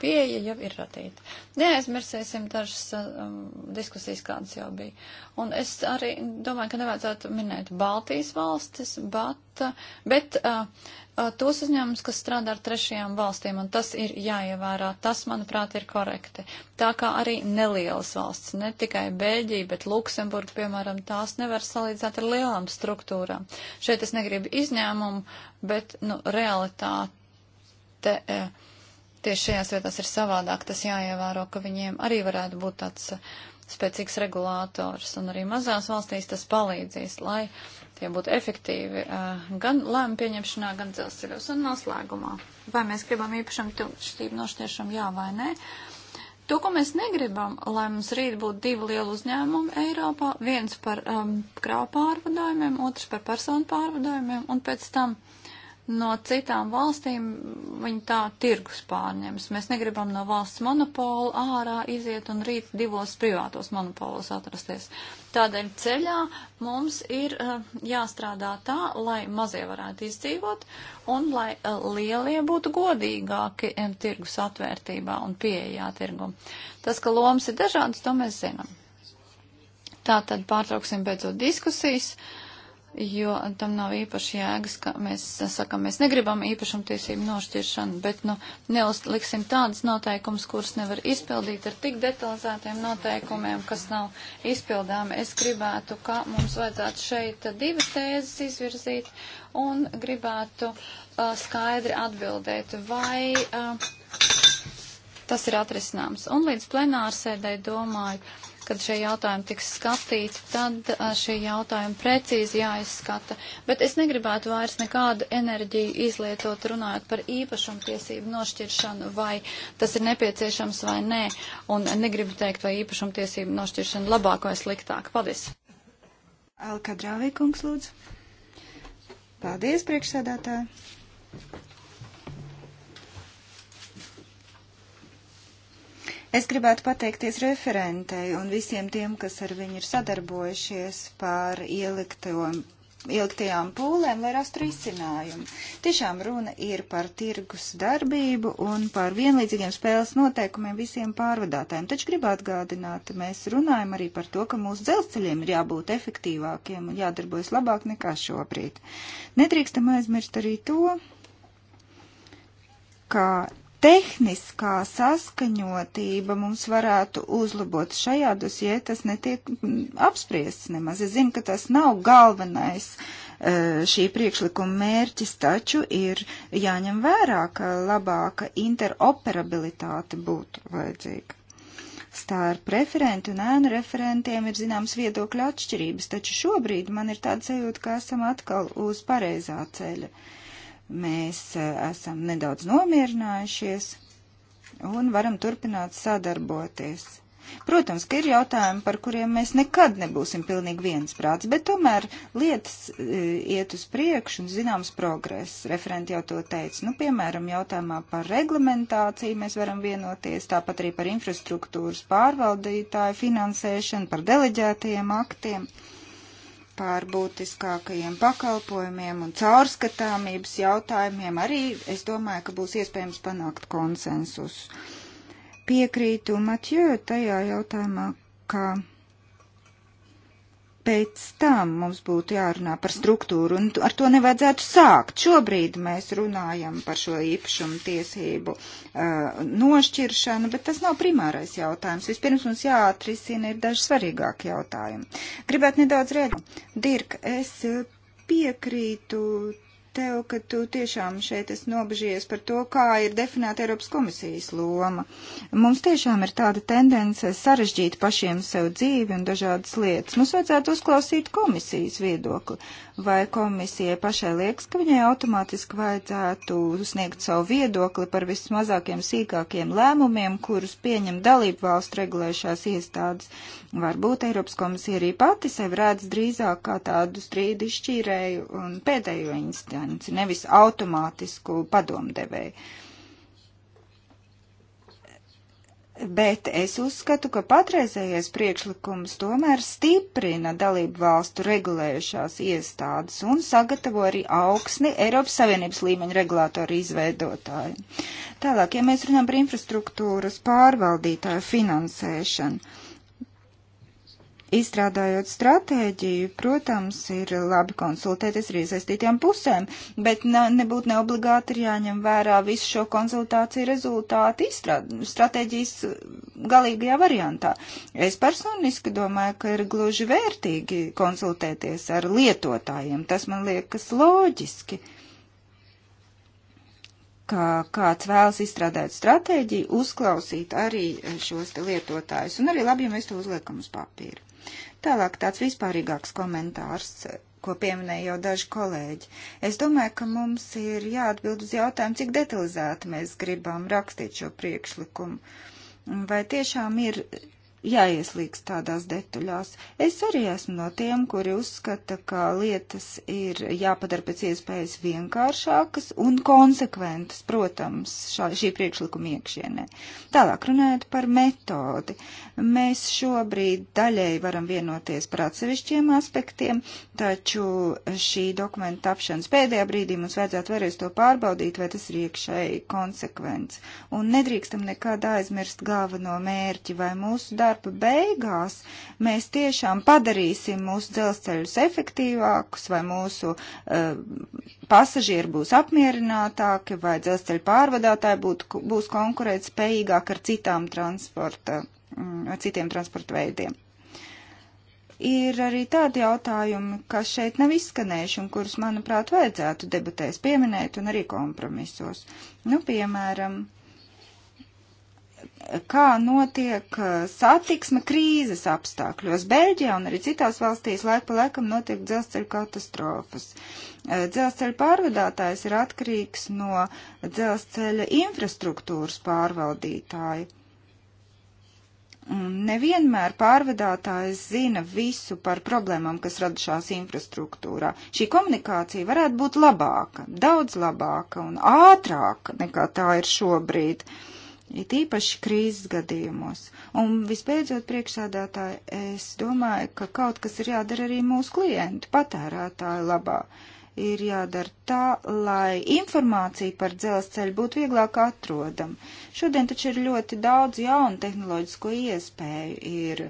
pieeja jau ir radīta. Neaizmirsīsim dažas um, diskusijas, kādas jau bija. Un es arī domāju, ka nevajadzētu minēt Baltijas valstis, bet, uh, bet uh, uh, tos uzņēmumus, kas strādā ar trešajām valstīm, un tas ir jāievērā. Tas, manuprāt, ir korekti. Tā kā arī nelielas valsts, ne tikai Bēļģija, bet Luksemburga, piemēram, tās nevar salīdzināt ar lielām struktūrām. Šeit es negribu izņēmumu, bet, nu, realitāte. Uh, tieši šajās vietās ir savādāk. Tas jāievēro, ka viņiem arī varētu būt tāds uh, spēcīgs regulātors. Un arī mazās valstīs tas palīdzīs, lai tie būtu efektīvi uh, gan lēmu pieņemšanā, gan dzelzceļos un noslēgumā. Vai mēs gribam īpašam tiltšķību nošķiešam jā vai nē? To, ko mēs negribam, lai mums rīt būtu divi lieli uzņēmumi Eiropā, viens par um, kravu pārvadājumiem, otrs par personu pārvadājumiem, un pēc tam no citām valstīm viņi tā tirgus pārņems. Mēs negribam no valsts monopola ārā iziet un rīt divos privātos monopolos atrasties. Tādēļ ceļā mums ir uh, jāstrādā tā, lai mazie varētu izdzīvot un lai uh, lielie būtu godīgāki um, tirgus atvērtībā un pieejā tirgum. Tas, ka lomas ir dažādas, to mēs zinām. Tātad pārtrauksim beidzot diskusijas. Uh, jo tam nav īpaši jēgas, ka mēs sakam, mēs negribam īpašumtiesību nošķiršanu, bet, nu, neliksim tādas noteikumus, kuras nevar izpildīt ar tik detalizētiem noteikumiem, kas nav izpildāmi. Es gribētu, ka mums vajadzētu šeit divas tēzes izvirzīt un gribētu uh, skaidri atbildēt, vai uh, tas ir atrisināms. Un līdz plenārsēdai domāju, kad šie jautājumi tiks skatīti, tad šie jautājumi precīzi jāizskata. Bet es negribētu vairs nekādu enerģiju izlietot runājot par īpašumtiesību nošķiršanu, vai tas ir nepieciešams vai nē. Un negribu teikt, vai īpašumtiesību nošķiršana labāk vai sliktāk. Paldies! Alka Drāvīkungs lūdzu. Paldies, priekšsēdētāji! Es gribētu pateikties referentei un visiem tiem, kas ar viņu ir sadarbojušies par ielikto ilgtajām pūlēm, lai rastu risinājumu. Tiešām runa ir par tirgus darbību un par vienlīdzīgiem spēles noteikumiem visiem pārvadātājiem. Taču gribu atgādināt, mēs runājam arī par to, ka mūsu dzelzceļiem ir jābūt efektīvākiem un jādarbojas labāk nekā šobrīd. Nedrīkstam aizmirst arī to, ka tehniskā saskaņotība mums varētu uzlabot. Šajā dosijē tas netiek mm, apspriests nemaz. Es zinu, ka tas nav galvenais e, šī priekšlikuma mērķis, taču ir jāņem vērā, ka labāka interoperabilitāte būtu vajadzīga. Starp referentu un ēnu referentiem ir zināms viedokļu atšķirības, taču šobrīd man ir tāds sajūta, ka esam atkal uz pareizā ceļa. Uh, Mēs e, esam nedaudz nomierinājušies un varam turpināt sadarboties. Protams, ka ir jautājumi, par kuriem mēs nekad nebūsim pilnīgi viensprāts, bet tomēr lietas e, iet uz priekšu un zināms progress. Referenti jau to teica. Nu, piemēram, jautājumā par reglamentāciju mēs varam vienoties, tāpat arī par infrastruktūras pārvaldītāju finansēšanu, par deleģētajiem aktiem. Uh, pār būtiskākajiem pakalpojumiem un caurskatāmības jautājumiem arī es domāju, ka būs iespējams panākt konsensus. Piekrītu Matjē tajā jautājumā, ka pēc tam mums būtu jārunā par struktūru, un ar to nevajadzētu sākt. Šobrīd mēs runājam par šo īpašumu tiesību uh, nošķiršanu, bet tas nav primārais jautājums. Vispirms mums jāatrisina ir daži svarīgāki jautājumi. Gribētu nedaudz rēģēt. Dirk, es uh, piekrītu tev, ka tu tiešām šeit esi nobežies par to, kā ir definēta Eiropas komisijas loma. Mums tiešām ir tāda tendence sarežģīt pašiem sev dzīvi un dažādas lietas. Mums vajadzētu uzklausīt komisijas viedokli. Vai komisijai pašai liekas, ka viņai automātiski vajadzētu sniegt savu viedokli par vismazākiem sīkākiem lēmumiem, kurus pieņem dalību valstu regulējušās iestādes? Varbūt Eiropas komisija arī pati sevi redz drīzāk kā tādu strīdu izšķīrēju un pēdējo instanci, nevis automātisku padomdevēju. bet es uzskatu, ka patreizējais priekšlikums tomēr stiprina dalību valstu regulējušās iestādes un sagatavo arī augsni Eiropas Savienības līmeņa regulātoru izveidotāju. Tālāk, ja mēs runājam par infrastruktūras pārvaldītāju finansēšanu, Izstrādājot stratēģiju, protams, ir labi konsultēties ar iesaistītām pusēm, bet ne, nebūtu neobligāti ir jāņem vērā visu šo konsultāciju rezultāti stratēģijas uh, galīgajā variantā. Es personiski domāju, ka ir gluži vērtīgi konsultēties ar lietotājiem. Tas man liekas loģiski ka kāds vēlas izstrādāt stratēģiju, uzklausīt arī šos lietotājus. Un arī labi, ja mēs to uzliekam uz papīra. Tālāk tāds vispārīgāks komentārs ko pieminēja jau daži kolēģi. Es domāju, ka mums ir jāatbild uz jautājumu, cik detalizēti mēs gribam rakstīt šo priekšlikumu. Vai tiešām ir jāieslīgs tādās detaļās. Es arī esmu no tiem, kuri uzskata, ka lietas ir jāpadara pēc iespējas vienkāršākas un konsekventas, protams, šā, šī priekšlikuma iekšienē. Tālāk runājot par metodi. Mēs šobrīd daļēji varam vienoties par atsevišķiem aspektiem, taču šī dokumenta tapšanas pēdējā brīdī mums vajadzētu vēlreiz to pārbaudīt, vai tas ir iekšēji konsekvents. Un nedrīkstam nekad aizmirst galveno mērķi vai mūsu darbu darba beigās mēs tiešām padarīsim mūsu dzelzceļus efektīvākus, vai mūsu uh, pasažieri būs apmierinātāki, vai dzelzceļu pārvadātāji būt, būs konkurēt spējīgāk ar citām transporta, mm, ar citiem transporta veidiem. Ir arī tādi jautājumi, kas šeit nav izskanējuši un kurus, manuprāt, vajadzētu debatēs pieminēt un arī kompromisos. Nu, piemēram, uh, kā notiek uh, satiksme krīzes apstākļos. Beļģijā un arī citās valstīs laik pa laikam notiek dzelzceļa katastrofas. Uh, dzelzceļa pārvadātājs ir atkarīgs no dzelzceļa infrastruktūras pārvaldītāja. Nevienmēr pārvadātājs zina visu par problēmām, kas radušās infrastruktūrā. Šī komunikācija varētu būt labāka, daudz labāka un ātrāka nekā tā ir šobrīd. Uh, It īpaši krīzes gadījumos. Un visbeidzot, priekšsādātāji, es domāju, ka kaut kas ir jādara arī mūsu klientu patērētāju labā. Uh, ir jādara tā, lai informācija par dzelzceļu būtu vieglāk atrodama. Šodien taču ir ļoti daudz jaunu tehnoloģisko iespēju, ir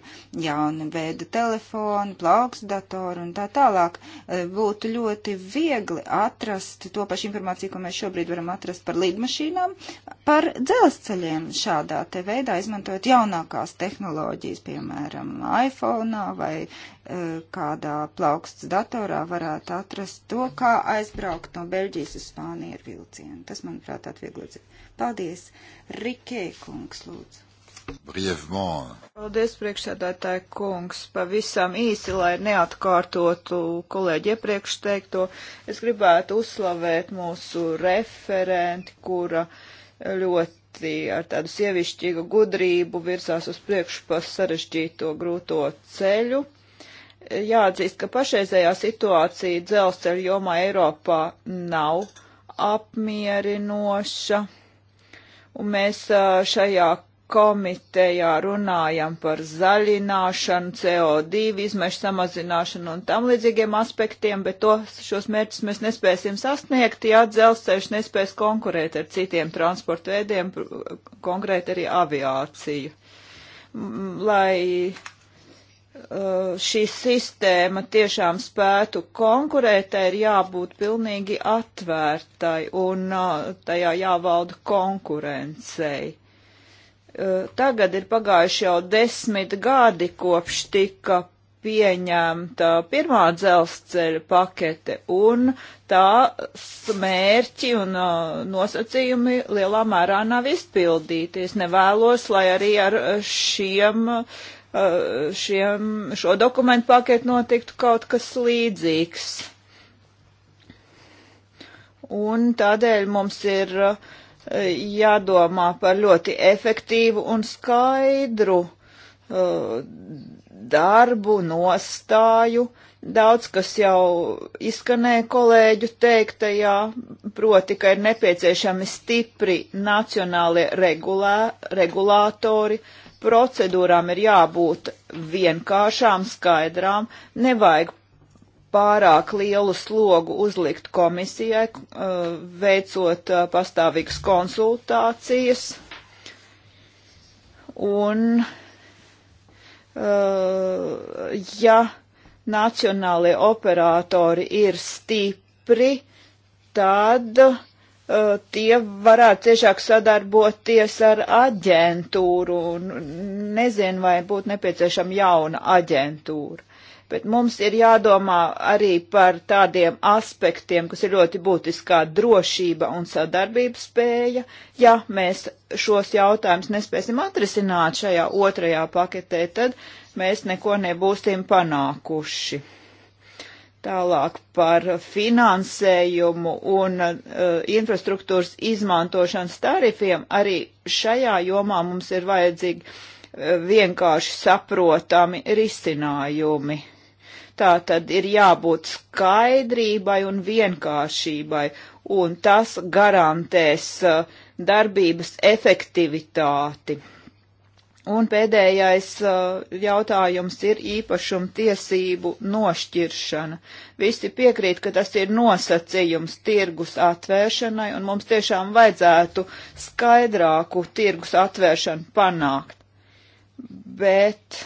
jauni veidi telefoni, plauksdatori un tā tālāk. E, būtu ļoti viegli atrast to pašu informāciju, ko mēs šobrīd varam atrast par lidmašīnām, par dzelzceļiem šādā te veidā, izmantojot jaunākās tehnoloģijas, piemēram, iPhone vai E, kādā plauksts datorā varētu atrast to, kā aizbraukt no Beļģijas uz Spāniju ar vilcienu. Tas, manuprāt, atvieglot. Paldies. Rikē kungs, lūdzu. Brievement. Paldies, priekšsēdētāji kungs. Pavisam īsi, lai neatkārtotu kolēģi iepriekš teikto, es gribētu uzslavēt mūsu referenti, kura ļoti ar tādu sievišķīgu gudrību virsās uz priekšu pa sarežģīto grūto ceļu jāatzīst, ka pašreizējā situācija dzelzceļa jomā Eiropā nav apmierinoša. Un mēs šajā komitejā runājam par zaļināšanu, CO2 izmešu samazināšanu un tam līdzīgiem aspektiem, bet to, šos mērķus mēs nespēsim sasniegt, ja dzelzceļš nespēs konkurēt ar citiem transporta veidiem, konkrēt arī aviāciju. Lai Uh, šī sistēma tiešām spētu konkurēt, tai ir jābūt pilnīgi atvērtai un uh, tajā jāvalda konkurencei. Uh, tagad ir pagājuši jau desmit gadi, kopš tika pieņemta pirmā dzelzceļa pakete, un tās mērķi un nosacījumi lielā mērā nav izpildīti. Es nevēlos, lai arī ar šiem uh, Uh, šiem, šo dokumentu paketu notiktu kaut kas līdzīgs. Un tādēļ mums ir uh, jādomā par ļoti efektīvu un skaidru uh, darbu, nostāju. Daudz, kas jau izskanēja kolēģu teiktajā, proti, ka ir nepieciešami stipri nacionālie regulā, regulātori, uh, procedūrām ir jābūt vienkāršām, skaidrām, nevajag pārāk lielu slogu uzlikt komisijai, veicot pastāvīgas konsultācijas un, ja nacionālie operatori ir stipri, tad uh, Eh, tie varētu ciešāk sadarboties ar aģentūru. Nezinu, vai būtu nepieciešama jauna aģentūra. Bet mums ir jādomā arī par tādiem aspektiem, kas ir ļoti būtiski, kā drošība un sadarbības spēja. Ja mēs šos jautājumus nespēsim atrisināt šajā otrajā paketē, tad mēs neko nebūsim panākuši. Tālāk par finansējumu un uh, infrastruktūras izmantošanas tarifiem arī šajā jomā mums ir vajadzīgi uh, vienkārši saprotami risinājumi. Tā tad ir jābūt skaidrībai un vienkāršībai, un tas garantēs uh, darbības efektivitāti. Un pēdējais uh, jautājums ir īpašuma tiesību nošķiršana. Visi piekrīt, ka tas ir nosacījums tirgus atvēršanai, un mums tiešām vajadzētu skaidrāku tirgus atvēršanu panākt. Bet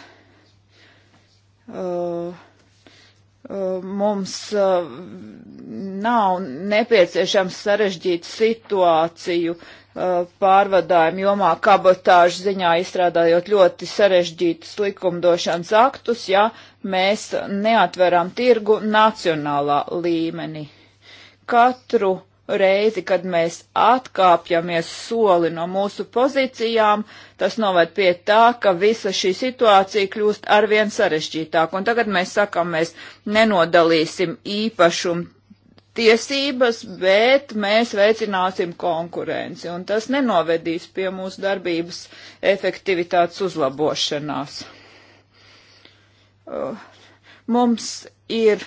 uh, uh, mums uh, nav nepieciešams sarežģīt situāciju uh, Uh, pārvadājumu jomā kabotāžu ziņā izstrādājot ļoti sarežģītus likumdošanas aktus, ja mēs neatveram tirgu nacionālā līmenī. Katru reizi, kad mēs atkāpjamies soli no mūsu pozīcijām, tas noved pie tā, ka visa šī situācija kļūst arvien sarežģītāk. Un tagad mēs sakam, mēs nenodalīsim īpašumu tiesības, bet mēs veicināsim konkurenci, un tas nenovedīs pie mūsu darbības efektivitātes uzlabošanās. Uh, mums ir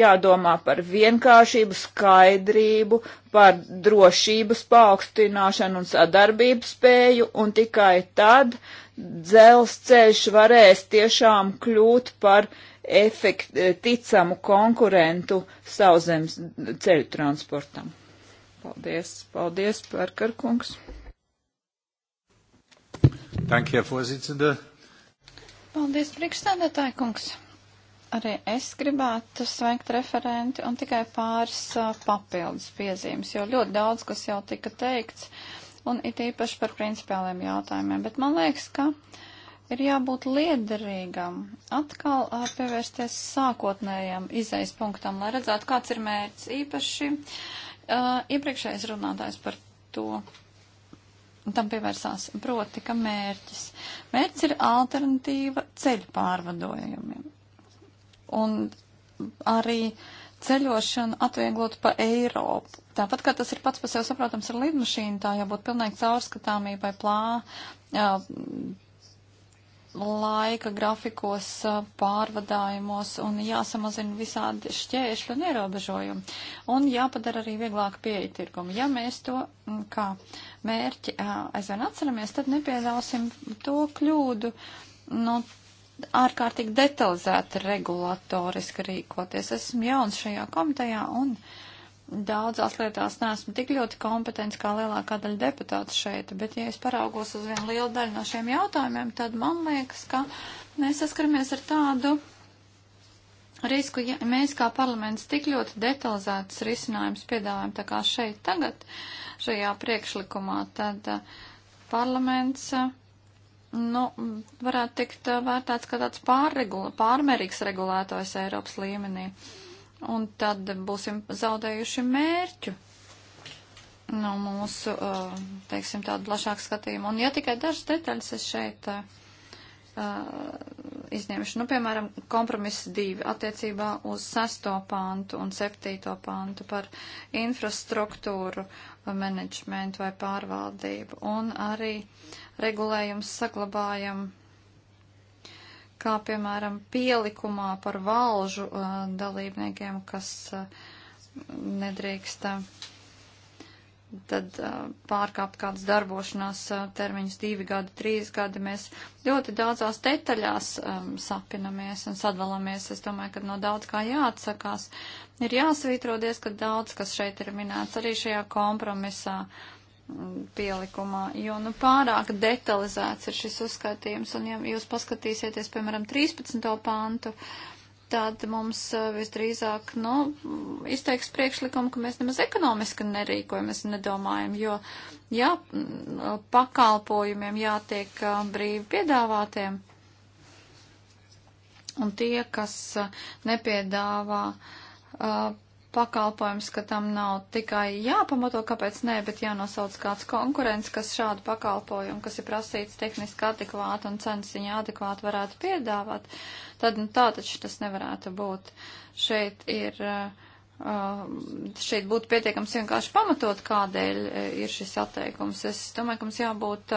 jādomā par vienkāršību, skaidrību, par drošības paaugstināšanu un sadarbību spēju, un tikai tad dzelzceļš varēs tiešām kļūt par uh, efekt, e, ticamu konkurentu sauszemes ceļu transportam. Paldies, paldies, Pērkarkungs. Danke, Herr Vorsitzender. Paldies, priekšstādātāji kungs. Arī es gribētu sveikt referenti un tikai pāris uh, papildus piezīmes, jo ļoti daudz, kas jau tika teikts, un it īpaši par principiāliem jautājumiem. Bet man liekas, ka uh, ir jābūt liederīgam, atkal pievērsties sākotnējam izejas punktam, lai redzētu, kāds ir mērķis. Īpaši uh, iepriekšējais runātājs par to tam pievērsās, proti, ka mērķis. Mērķis ir alternatīva ceļu pārvadojumiem. Un arī ceļošanu atvieglot pa Eiropu. Tāpat kā tas ir pats par sevi saprotams ar lidmašīnu, tā jābūt pilnīgi caurskatāmībai plā, jā, laika grafikos, pārvadājumos un jāsamazina visādi šķēršļi un ierobežojumi. Un jāpadara arī vieglāk pieeja tirgumu. Ja mēs to kā mērķi aizvien atceramies, tad nepieļausim to kļūdu. No nu, ārkārtīgi detalizēti regulatoriski rīkoties. Esmu jauns šajā komitejā un uh, daudzās lietās neesmu tik ļoti kompetents kā lielākā daļa deputātu šeit, bet ja es paraugos uz vienu lielu daļu no šiem jautājumiem, tad man liekas, ka mēs saskaramies ar tādu risku, ja mēs kā parlaments tik ļoti detalizētas risinājums piedāvājam tā kā šeit tagad, šajā priekšlikumā, tad uh, parlaments. Uh, nu, varētu tikt uh, vērtāts kā tāds pārregula, pārmērīgs regulētājs Eiropas līmenī. Uh, un tad būsim zaudējuši mērķu no mūsu, teiksim, tādu plašāku skatījumu. Un ja tikai dažas detaļas es šeit uh, izņemšu, nu, piemēram, kompromiss divi attiecībā uz sesto pantu un septīto pantu par infrastruktūru menedžmentu vai pārvaldību un arī regulējums saglabājam kā piemēram pielikumā par valžu uh, dalībniekiem, kas uh, nedrīkst uh, tad uh, pārkāpt kādas darbošanās uh, termiņus divi gadi, trīs gadi. Mēs ļoti daudzās detaļās um, sapinamies un sadalāmies. Es domāju, ka no daudz kā jāatsakās. Ir jāsvītrodies, ka daudz, kas šeit ir minēts arī šajā kompromisā. Uh, pielikumā, jo nu pārāk detalizēts ir šis uzskatījums, un ja jūs paskatīsieties, piemēram, 13. pāntu, tad mums eh, visdrīzāk, nu, izteiks priekšlikumu, ka mēs nemaz ekonomiski nerīkojamies, nedomājam, jo, jā, pakalpojumiem jātiek eh, brīvi piedāvātiem, un tie, kas eh, nepiedāvā pakalpojums, ka tam nav tikai jāpamato, kāpēc nē, bet jānosauc kāds konkurents, kas šādu pakalpojumu, kas ir prasīts tehniski adekvāti un cenas viņa adekvāti varētu piedāvāt, tad nu, tā taču tas nevarētu būt. Šeit ir. Uh, uh, šeit būtu pietiekams vienkārši pamatot, kādēļ uh, ir šis atteikums. Es domāju, ka mums jābūt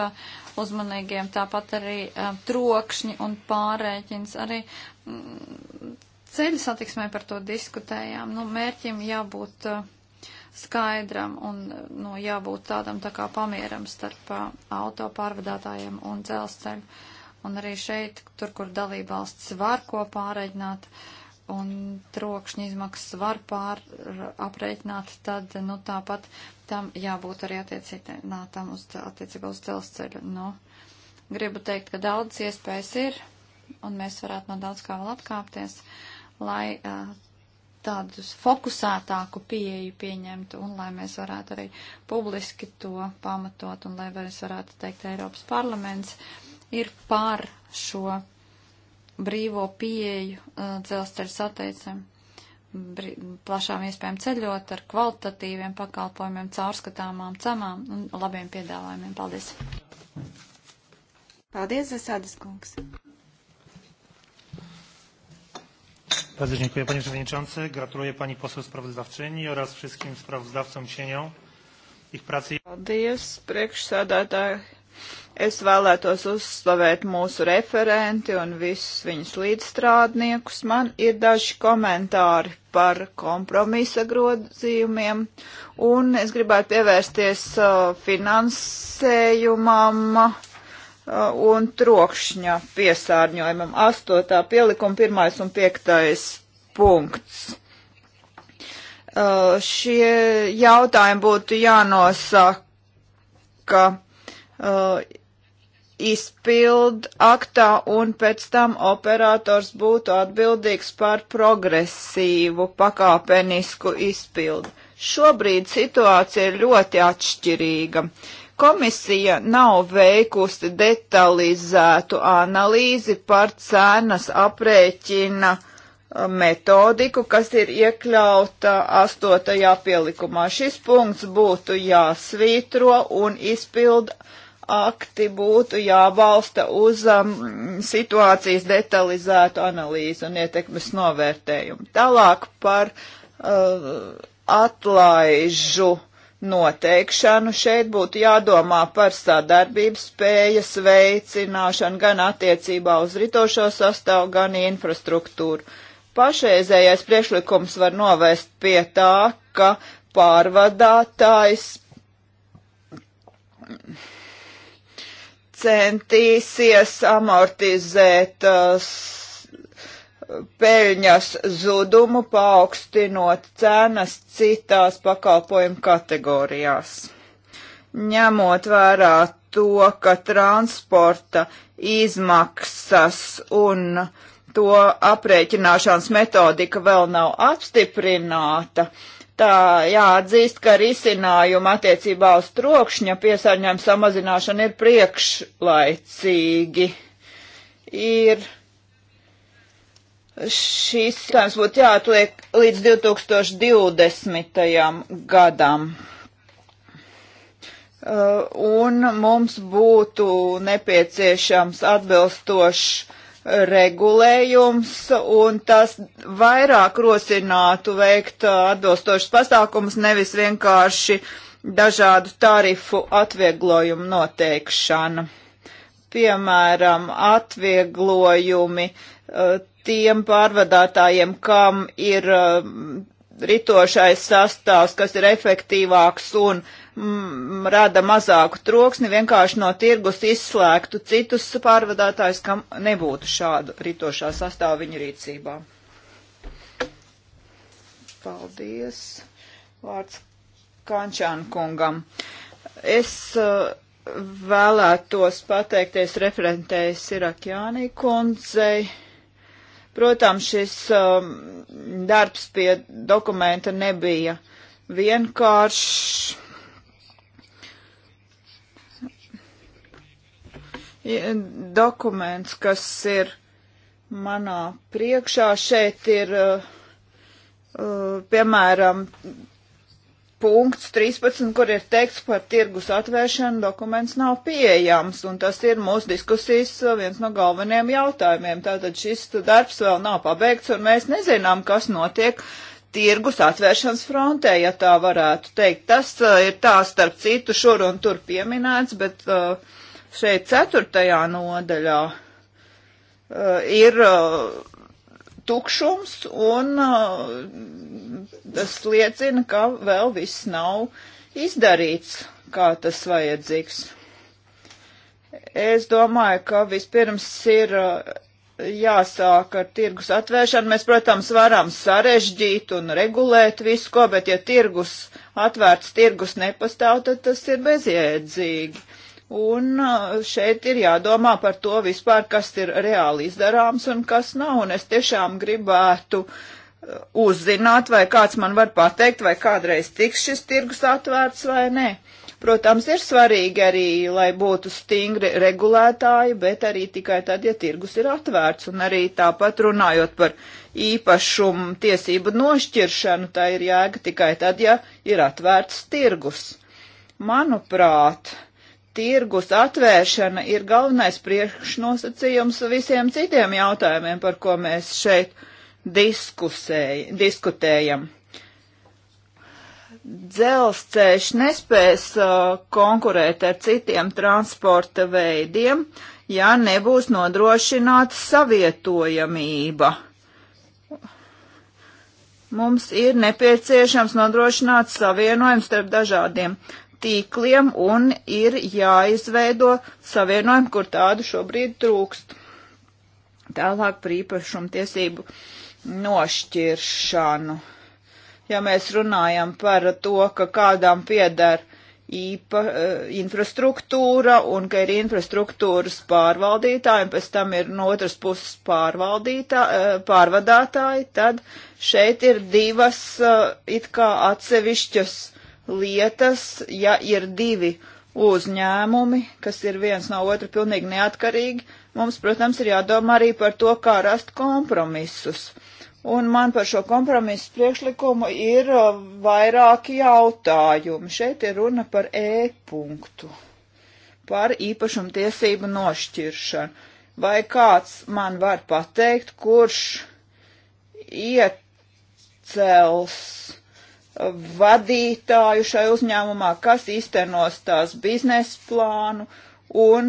uzmanīgiem, tāpat arī trokšņi un pārēķins arī mm, ceļu satiksmē par to diskutējām. Nu, mērķim jābūt eh, skaidram un eh, nu, jābūt tādam tā kā pamieram starp eh, auto pārvadātājiem un dzelzceļu. Un arī šeit, tur, kur dalībvalsts var ko pārreģināt un trokšņa izmaksas var pāraprēķināt, tad nu, tāpat tam jābūt arī attiecinātam uz, attiecībā uz dzelzceļu. Nu, gribu teikt, ka daudzas iespējas ir, un mēs varētu no daudz kā vēl atkāpties. Uh, lai uh, tādus fokusētāku pieeju pieņemtu un lai mēs varētu arī publiski to pamatot un lai mēs varētu teikt, Eiropas parlaments ir par šo brīvo pieeju uh, dzelzceļa sateicēm plašām iespējām ceļot ar kvalitatīviem pakalpojumiem, caurskatāmām cenām un labiem piedāvājumiem. Paldies! Paldies, Zasādas kungs! Bardzo dziękuję panie przewodniczący. Gratuluję pani poseł sprawozdawczyni oraz wszystkim sprawozdawcom cieniom ich pracy. Paldies, priekšsādātāji. Es vēlētos uzslavēt mūsu referenti un visus viņas līdzstrādniekus. Man ir daži komentāri par kompromisa grozījumiem, un es gribētu pievērsties uh, finansējumam. Uh, Uh, un trokšņa piesārņojumam. Astotā pielikuma pirmais un piektais punkts. Uh, šie jautājumi būtu jānosaka uh, izpild aktā un pēc tam operators būtu atbildīgs par progresīvu pakāpenisku izpildu. Šobrīd situācija ir ļoti atšķirīga. Uh, Komisija nav veikusi detalizētu analīzi par cenas aprēķina metodiku, kas ir iekļauta astotajā pielikumā. Šis punkts būtu jāsvītro un izpilda akti būtu jābalsta uz um, situācijas detalizētu analīzi un ietekmes novērtējumu. Tālāk par uh, atlaižu uh, noteikšanu. Šeit būtu jādomā par sadarbības spējas veicināšanu gan attiecībā uz ritošo sastāvu, gan infrastruktūru. Pašreizējais priekšlikums var novest pie tā, ka pārvadātājs centīsies amortizēt uh, peļņas zudumu, paaugstinot cenas citās pakalpojumu kategorijās. Ņemot vērā to, ka transporta izmaksas un to aprēķināšanas metodika vēl nav apstiprināta, tā jāatzīst, ka risinājuma attiecībā uz trokšņa piesārņojuma samazināšanu ir priekšlaicīgi. Ir šīs jautājums būtu jāatliek līdz 2020. gadam. Uh, un mums būtu nepieciešams atbilstošs regulējums, un tas vairāk rosinātu veikt uh, atbilstošas pasākumus, nevis vienkārši dažādu tarifu atvieglojumu noteikšana. Piemēram, atvieglojumi uh, tiem pārvadātājiem, kam ir um, ritošais sastāvs, kas ir efektīvāks un mm, rada mazāku troksni, vienkārši no tirgus izslēgtu citus pārvadātājus, kam nebūtu šādu ritošā sastāvu viņu rīcībā. Paldies. Vārds Kančāna kungam. Es uh, vēlētos pateikties referentējas Irakjānī kundzei Protams, šis um, darbs pie dokumenta nebija vienkāršs. Dokuments, kas ir manā priekšā, šeit ir, uh, uh piemēram, punkts 13, kur ir teikts par tirgus atvēršanu, dokuments nav pieejams, un tas ir mūsu diskusijas viens no galvenajiem jautājumiem. Tātad šis darbs vēl nav pabeigts, un mēs nezinām, kas notiek tirgus atvēršanas frontē, ja tā varētu teikt. Tas uh, ir tā starp citu šur un tur pieminēts, bet uh, šeit ceturtajā nodaļā uh, ir. Uh, tukšums, un uh, tas liecina, ka vēl viss nav izdarīts, kā tas vajadzīgs. Es domāju, ka vispirms ir uh, jāsāk ar tirgus atvēršanu. Mēs, protams, varam sarežģīt un regulēt visu, ko, bet ja tirgus atvērts, tirgus nepastāv, tad tas ir bezjēdzīgi. Un uh, šeit ir jādomā par to vispār, kas ir reāli izdarāms un kas nav. Un es tiešām gribētu uh, uzzināt, vai kāds man var pateikt, vai kādreiz tiks šis tirgus atvērts vai nē. Protams, ir svarīgi arī, lai būtu stingri regulētāji, bet arī tikai tad, ja tirgus ir atvērts. Un arī tāpat runājot par īpašumu tiesību nošķiršanu, tā ir jēga tikai tad, ja ir atvērts tirgus. Manuprāt, tirgus atvēršana ir galvenais priekšnosacījums visiem citiem jautājumiem, par ko mēs šeit diskusēj, diskutējam. Dzelzceļš nespēs uh, konkurēt ar citiem transporta veidiem, ja nebūs nodrošināta savietojamība. Mums ir nepieciešams nodrošināt savienojumu starp dažādiem uh, tīkliem un ir jāizveido savienojumi, kur tādu šobrīd trūkst. Tālāk par īpašumtiesību nošķiršanu. Ja mēs runājam par to, ka kādām piedara īpa, eh, infrastruktūra un ka ir infrastruktūras pārvaldītāji un pēc tam ir no otras puses eh, pārvadātāji, tad šeit ir divas eh, it kā atsevišķas lietas, ja ir divi uzņēmumi, kas ir viens no otra pilnīgi neatkarīgi, mums, protams, ir jādomā arī par to, kā rast kompromisus. Un man par šo kompromisu priekšlikumu ir uh, vairāki jautājumi. Šeit ir runa par e-punktu, par īpašumtiesību nošķiršanu. Vai kāds man var pateikt, kurš iecels vadītāju šai uzņēmumā, kas īstenos tās biznesa plānu un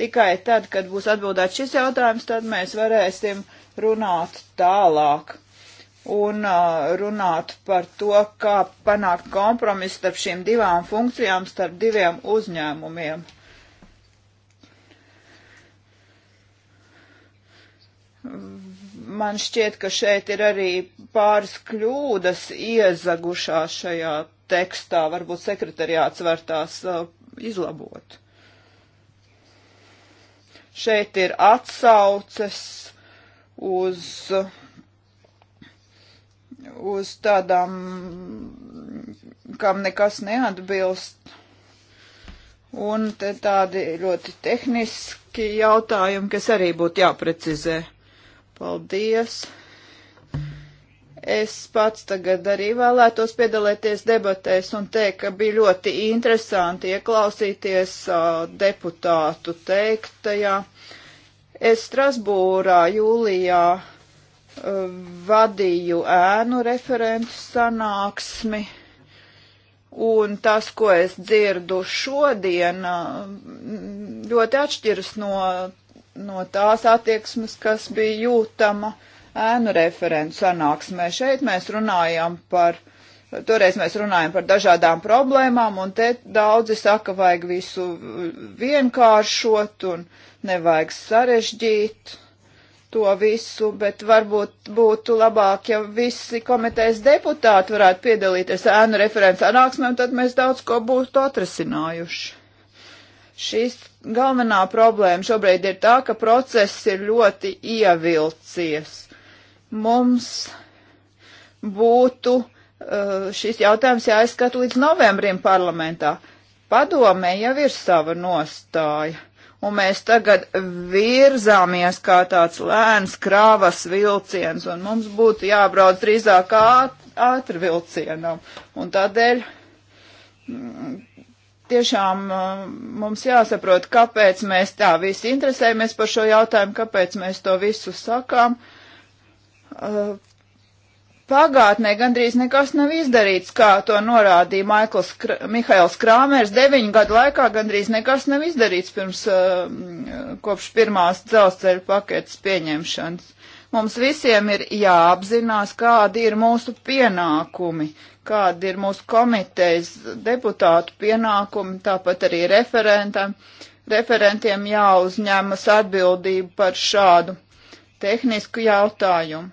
tikai tad, kad būs atbildēts šis jautājums, tad mēs varēsim runāt tālāk un uh, runāt par to, kā panākt kompromisu starp šīm divām funkcijām, starp diviem uzņēmumiem. Man šķiet, ka šeit ir arī pāris kļūdas iezagušās šajā tekstā. Varbūt sekretariāts var tās uh, izlabot. Šeit ir atsauces uz, uz tādām, kam nekas neatbilst. Un te tādi ļoti tehniski jautājumi, kas arī būtu jāprecizē. Paldies! Es pats tagad arī vēlētos piedalīties debatēs un teikt, ka bija ļoti interesanti ieklausīties uh, deputātu teiktajā. Es Strasbūrā jūlijā uh, vadīju ēnu referentu sanāksmi, un tas, ko es dzirdu šodien, uh, ļoti atšķiras no no tās attieksmes, kas bija jūtama ēnu referentu sanāksmē. Šeit mēs runājam par, toreiz mēs runājam par dažādām problēmām, un te daudzi saka, vajag visu vienkāršot un nevajag sarežģīt to visu, bet varbūt būtu labāk, ja visi komitejas deputāti varētu piedalīties ēnu referents sanāksmē, un tad mēs daudz ko būtu atrasinājuši. Šis galvenā problēma šobrīd ir tā, ka process ir ļoti ievilcies. Mums būtu uh, šis jautājums jāizskata līdz novembrim parlamentā. Padomē jau ir sava nostāja, un mēs tagad virzāmies kā tāds lēns krāvas vilciens, un mums būtu jābrauc drīzāk ātri vilcienam. Un tādēļ mm, tiešām uh, mums jāsaprot, kāpēc mēs tā visi interesējamies par šo jautājumu, kāpēc mēs to visu sakām. Uh, pagātnē gandrīz nekas nav izdarīts, kā to norādīja Maikls Kr Mihails Krāmers. Deviņu gadu laikā gandrīz nekas nav izdarīts pirms, uh, kopš pirmās dzelzceļa paketes pieņemšanas. Mums visiem ir jāapzinās, kādi ir mūsu pienākumi, kādi ir mūsu komitejas deputātu pienākumi, tāpat arī referentam. Referentiem jāuzņemas atbildība par šādu tehnisku jautājumu.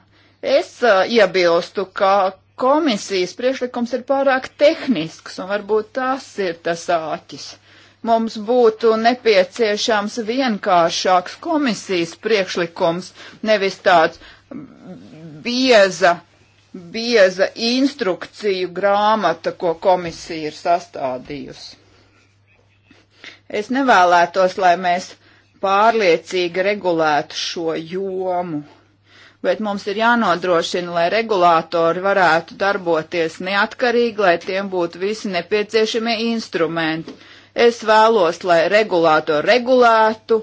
Es uh, iebilstu, ka komisijas priekšlikums ir pārāk tehnisks, un varbūt tas ir tas āķis mums būtu nepieciešams vienkāršāks komisijas priekšlikums, nevis tāds bieza, bieza instrukciju grāmata, ko komisija ir sastādījusi. Es nevēlētos, lai mēs pārliecīgi regulētu šo jomu, bet mums ir jānodrošina, lai regulātori varētu darboties neatkarīgi, lai tiem būtu visi nepieciešamie instrumenti Es vēlos, lai regulātori regulētu,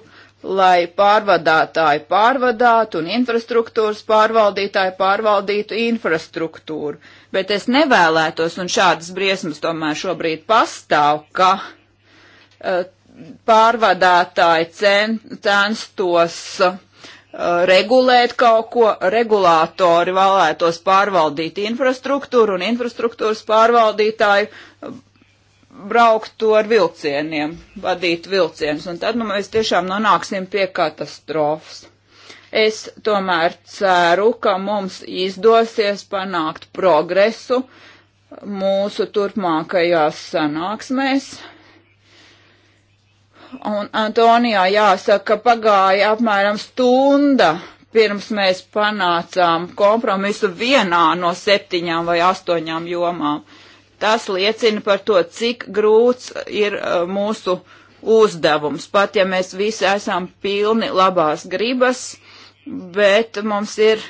lai pārvadātāji pārvadātu un infrastruktūras pārvaldītāji pārvaldītu infrastruktūru. Bet es nevēlētos, un šādas briesmas tomēr šobrīd pastāv, ka uh, pārvadātāji cen, censtos uh, regulēt kaut ko, regulātori vēlētos pārvaldīt infrastruktūru un infrastruktūras pārvaldītāju brauktu ar vilcieniem, vadīt vilcienus, un tad nu, mēs tiešām nonāksim pie katastrofas. Es tomēr ceru, ka mums izdosies panākt progresu mūsu turpmākajās sanāksmēs. Un Antonijā jāsaka, pagāja apmēram stunda pirms mēs panācām kompromisu vienā no septiņām vai astoņām jomām. Tas liecina par to, cik grūts ir uh, mūsu uzdevums, pat ja mēs visi esam pilni labās gribas, bet mums ir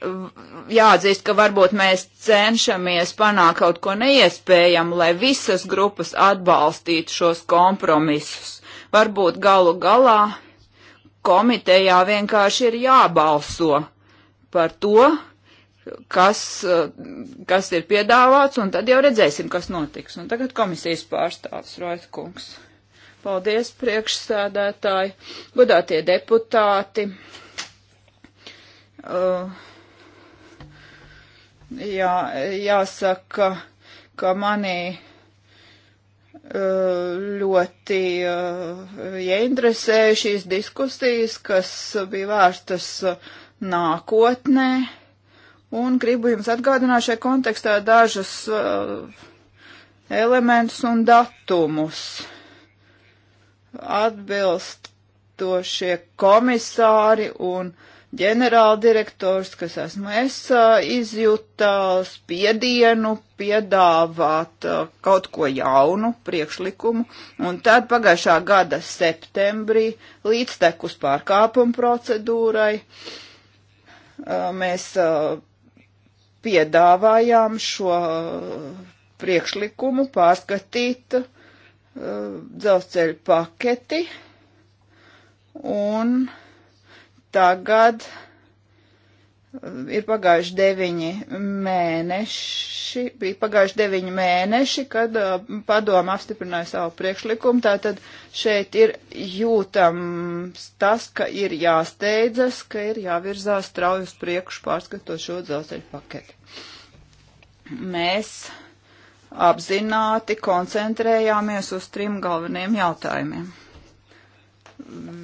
jāatzīst, ka varbūt mēs cenšamies panākt kaut ko neiespējamu, lai visas grupas atbalstītu šos kompromisus. Varbūt galu galā komitejā vienkārši ir jābalso par to, kas, eh, kas ir piedāvāts, un tad jau redzēsim, kas notiks. Un tagad komisijas pārstāvis Roitkungs. Paldies, priekšsēdētāji, godātie deputāti. Uh, jā, jāsaka, ka manī eh, ļoti ieinteresēja šīs diskusijas, kas bija vērstas nākotnē Un gribu jums atgādināt šajā kontekstā dažus uh, elementus un datumus. Atbilstošie komisāri un ģenerāldirektors, kas esmu es, uh, izjūta spiedienu piedāvāt uh, kaut ko jaunu priekšlikumu, un tad pagājušā gada septembrī līdztekus pārkāpumu procedūrai uh, mēs piedāvājām šo uh, priekšlikumu pārskatīt uh, dzelzceļa paketi, un tagad uh, ir pagājuši deviņi mēneši, bija pagājuši deviņi mēneši, kad uh, padoma apstiprināja savu priekšlikumu. Tātad šeit ir jūtams tas, ka ir jāsteidzas, ka ir jāvirzās strauji uz priekšu pārskatot šo dzelzceļu paketi. Mēs apzināti koncentrējāmies uz trim galveniem jautājumiem.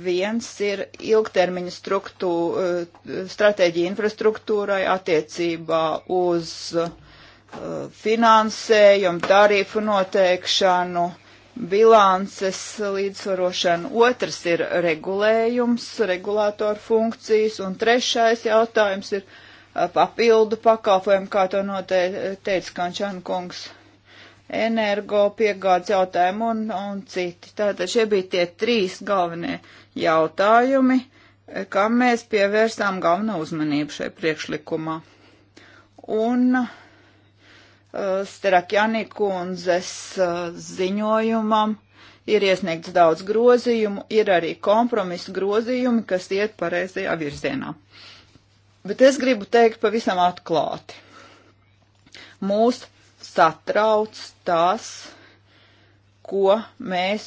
Viens ir ilgtermiņa eh, stratēģija infrastruktūrai attiecībā uz eh, finansējumu, tarifu noteikšanu, bilances līdzsvarošanu. Otrs ir regulējums, regulātoru funkcijas. Un trešais jautājums ir eh, papildu pakalpojumu, kā to noteica Kančāna kungs energopiegādes jautājumu un, un citi. Tātad šie bija tie trīs galvenie jautājumi, kam mēs pievērsām galveno uzmanību šai priekšlikumā. Un uh, Sterakjani kundzes uh, ziņojumam ir iesniegts daudz grozījumu, ir arī kompromisu grozījumi, kas iet pareizajā virzienā. Bet es gribu teikt pavisam atklāti. Mūsu satrauc tas, ko mēs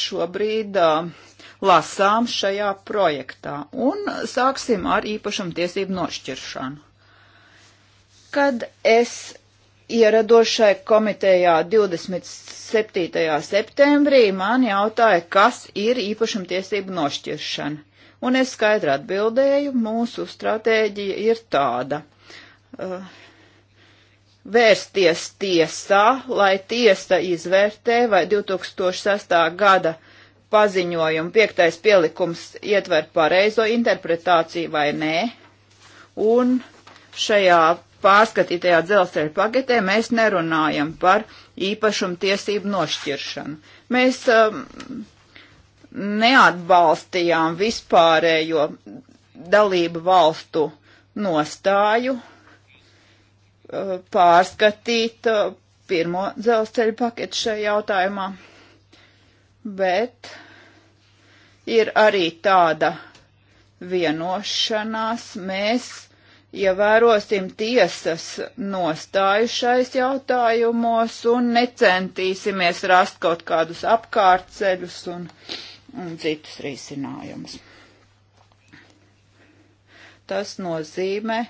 šobrīd uh, lasām šajā projektā. Un sāksim ar īpašumtiesību nošķiršanu. Kad es ierados šai komitejā 27. septembrī, man jautāja, kas ir īpašumtiesību nošķiršana. Un es skaidri atbildēju, mūsu stratēģija ir tāda. Uh, vērsties tiesā, lai tiesa izvērtē, vai 2006. gada paziņojuma piektais pielikums ietver pareizo interpretāciju vai nē. Un šajā pārskatītajā dzelzceļa paketē mēs nerunājam par īpašumu tiesību nošķiršanu. Mēs um, neatbalstījām vispārējo dalību valstu nostāju Uh, pārskatīt uh, pirmo dzelzceļa paketu šajā jautājumā, bet ir arī tāda vienošanās. Mēs ievērosim tiesas nostājušais jautājumos un necentīsimies rast kaut kādus apkārtceļus un, un citus risinājumus. Tas nozīmē,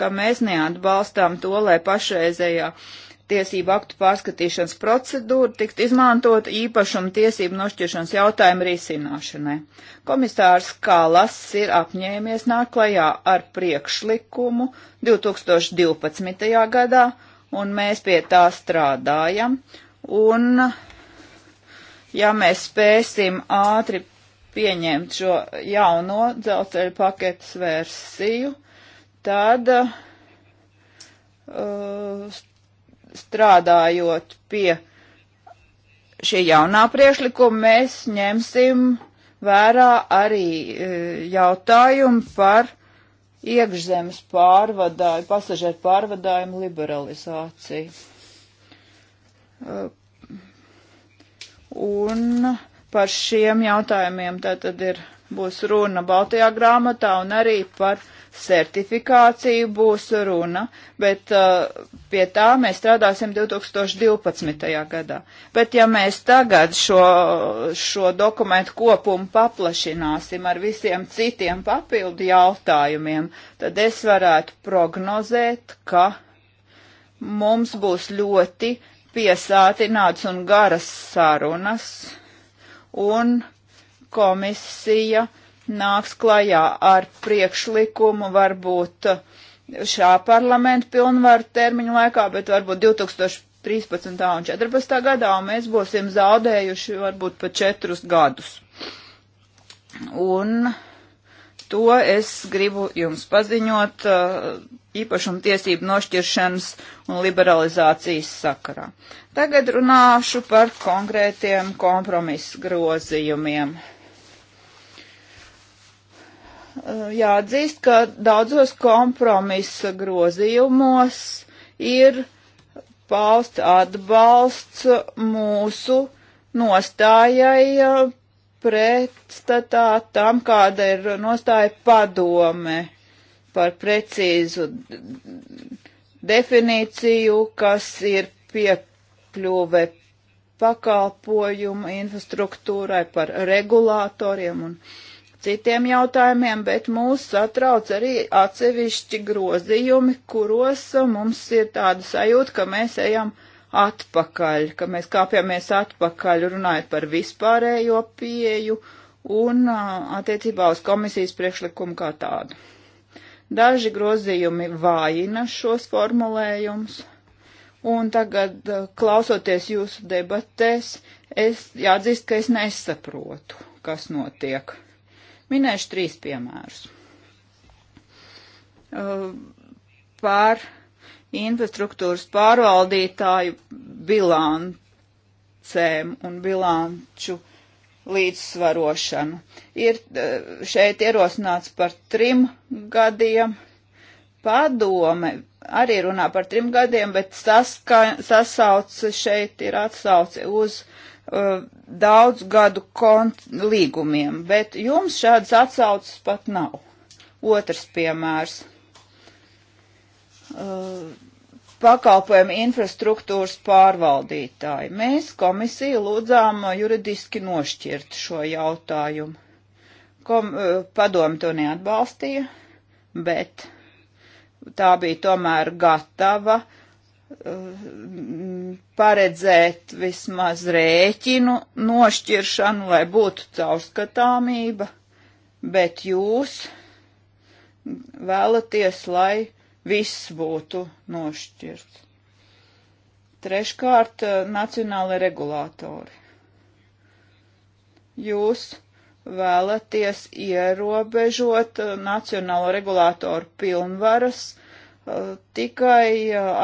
ka mēs neatbalstām to, lai pašreizējā tiesību aktu pārskatīšanas procedūra tikt izmantot īpašuma tiesību nošķiršanas jautājumu risināšanai. Komisārs Kalas ir apņēmies nākt klajā ar priekšlikumu 2012. gadā, un mēs pie tā strādājam, un ja mēs spēsim ātri pieņemt šo jauno dzelceļu paketes versiju, tad uh, strādājot pie šī jaunā priešlikuma, mēs ņemsim vērā arī uh, jautājumu par iekšzemes pārvadāju, pasažieru pārvadājumu liberalizāciju. Uh, un par šiem jautājumiem tātad ir būs runa Baltajā grāmatā un arī par certifikāciju būs runa, bet uh, pie tā mēs strādāsim 2012. gadā. Bet ja mēs tagad šo, šo dokumentu kopumu paplašināsim ar visiem citiem papildu jautājumiem, tad es varētu prognozēt, ka mums būs ļoti piesātināts un garas sarunas un uh, komisija nāks klajā ar priekšlikumu varbūt šā parlamenta pilnvaru termiņu laikā, bet varbūt 2013. un 2014. gadā, un mēs būsim zaudējuši varbūt pa četrus gadus. Un to es gribu jums paziņot īpašuma tiesību nošķiršanas un liberalizācijas sakarā. Tagad runāšu par konkrētiem kompromisu grozījumiem jāatzīst, ka daudzos kompromisa grozījumos ir pausts atbalsts mūsu nostājai pretstatā tam, kāda ir nostāja padome par precīzu definīciju, kas ir piekļuve pakalpojumu infrastruktūrai par regulātoriem un uh, citiem jautājumiem, bet mūs satrauc arī atsevišķi grozījumi, kuros mums ir tāda sajūta, ka mēs ejam atpakaļ, ka mēs kāpjamies atpakaļ runājot par vispārējo pieju un attiecībā uz komisijas priekšlikumu kā tādu. Daži grozījumi vājina šos formulējumus. Un tagad, klausoties jūsu debatēs, es jāatzīst, ka es nesaprotu, kas notiek. Minēšu trīs piemērus. Par infrastruktūras pārvaldītāju bilancēm un bilanču līdzsvarošanu. Ir šeit ierosināts par trim gadiem. Padome arī runā par trim gadiem, bet saska, sasauce šeit ir atsauce uz Uh, daudz gadu līgumiem, bet jums šādas atsaucas pat nav. Otrs piemērs. Uh, pakalpojumu infrastruktūras pārvaldītāji. Mēs komisiju lūdzām uh, juridiski nošķirt šo jautājumu. Kom, uh, padomi to neatbalstīja, bet tā bija tomēr gatava uh, paredzēt vismaz rēķinu nošķiršanu, lai būtu caurskatāmība, bet jūs vēlaties, lai viss būtu nošķirts. Treškārt, nacionāli regulātori. Jūs vēlaties ierobežot nacionālo regulātoru pilnvaras, uh, tikai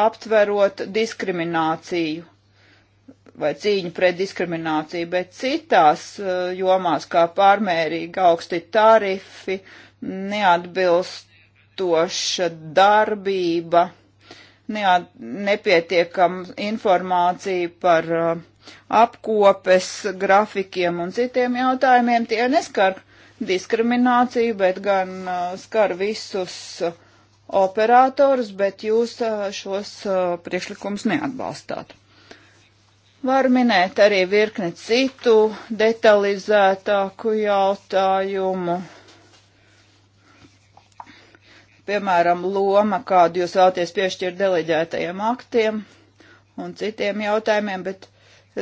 aptverot diskrimināciju vai cīņu pret diskrimināciju, bet citās jomās, kā pārmērīgi augsti tarifi, neatbilstoša darbība, neat, nepietiekama informācija par apkopes grafikiem un citiem jautājumiem, tie neskar diskrimināciju, bet gan skar visus uh, operatorus, bet jūs šos priekšlikumus neatbalstāt. Var minēt arī virkni citu detalizētāku jautājumu. Piemēram, loma, kādu jūs vēlaties piešķirt deleģētajiem aktiem un citiem jautājumiem, bet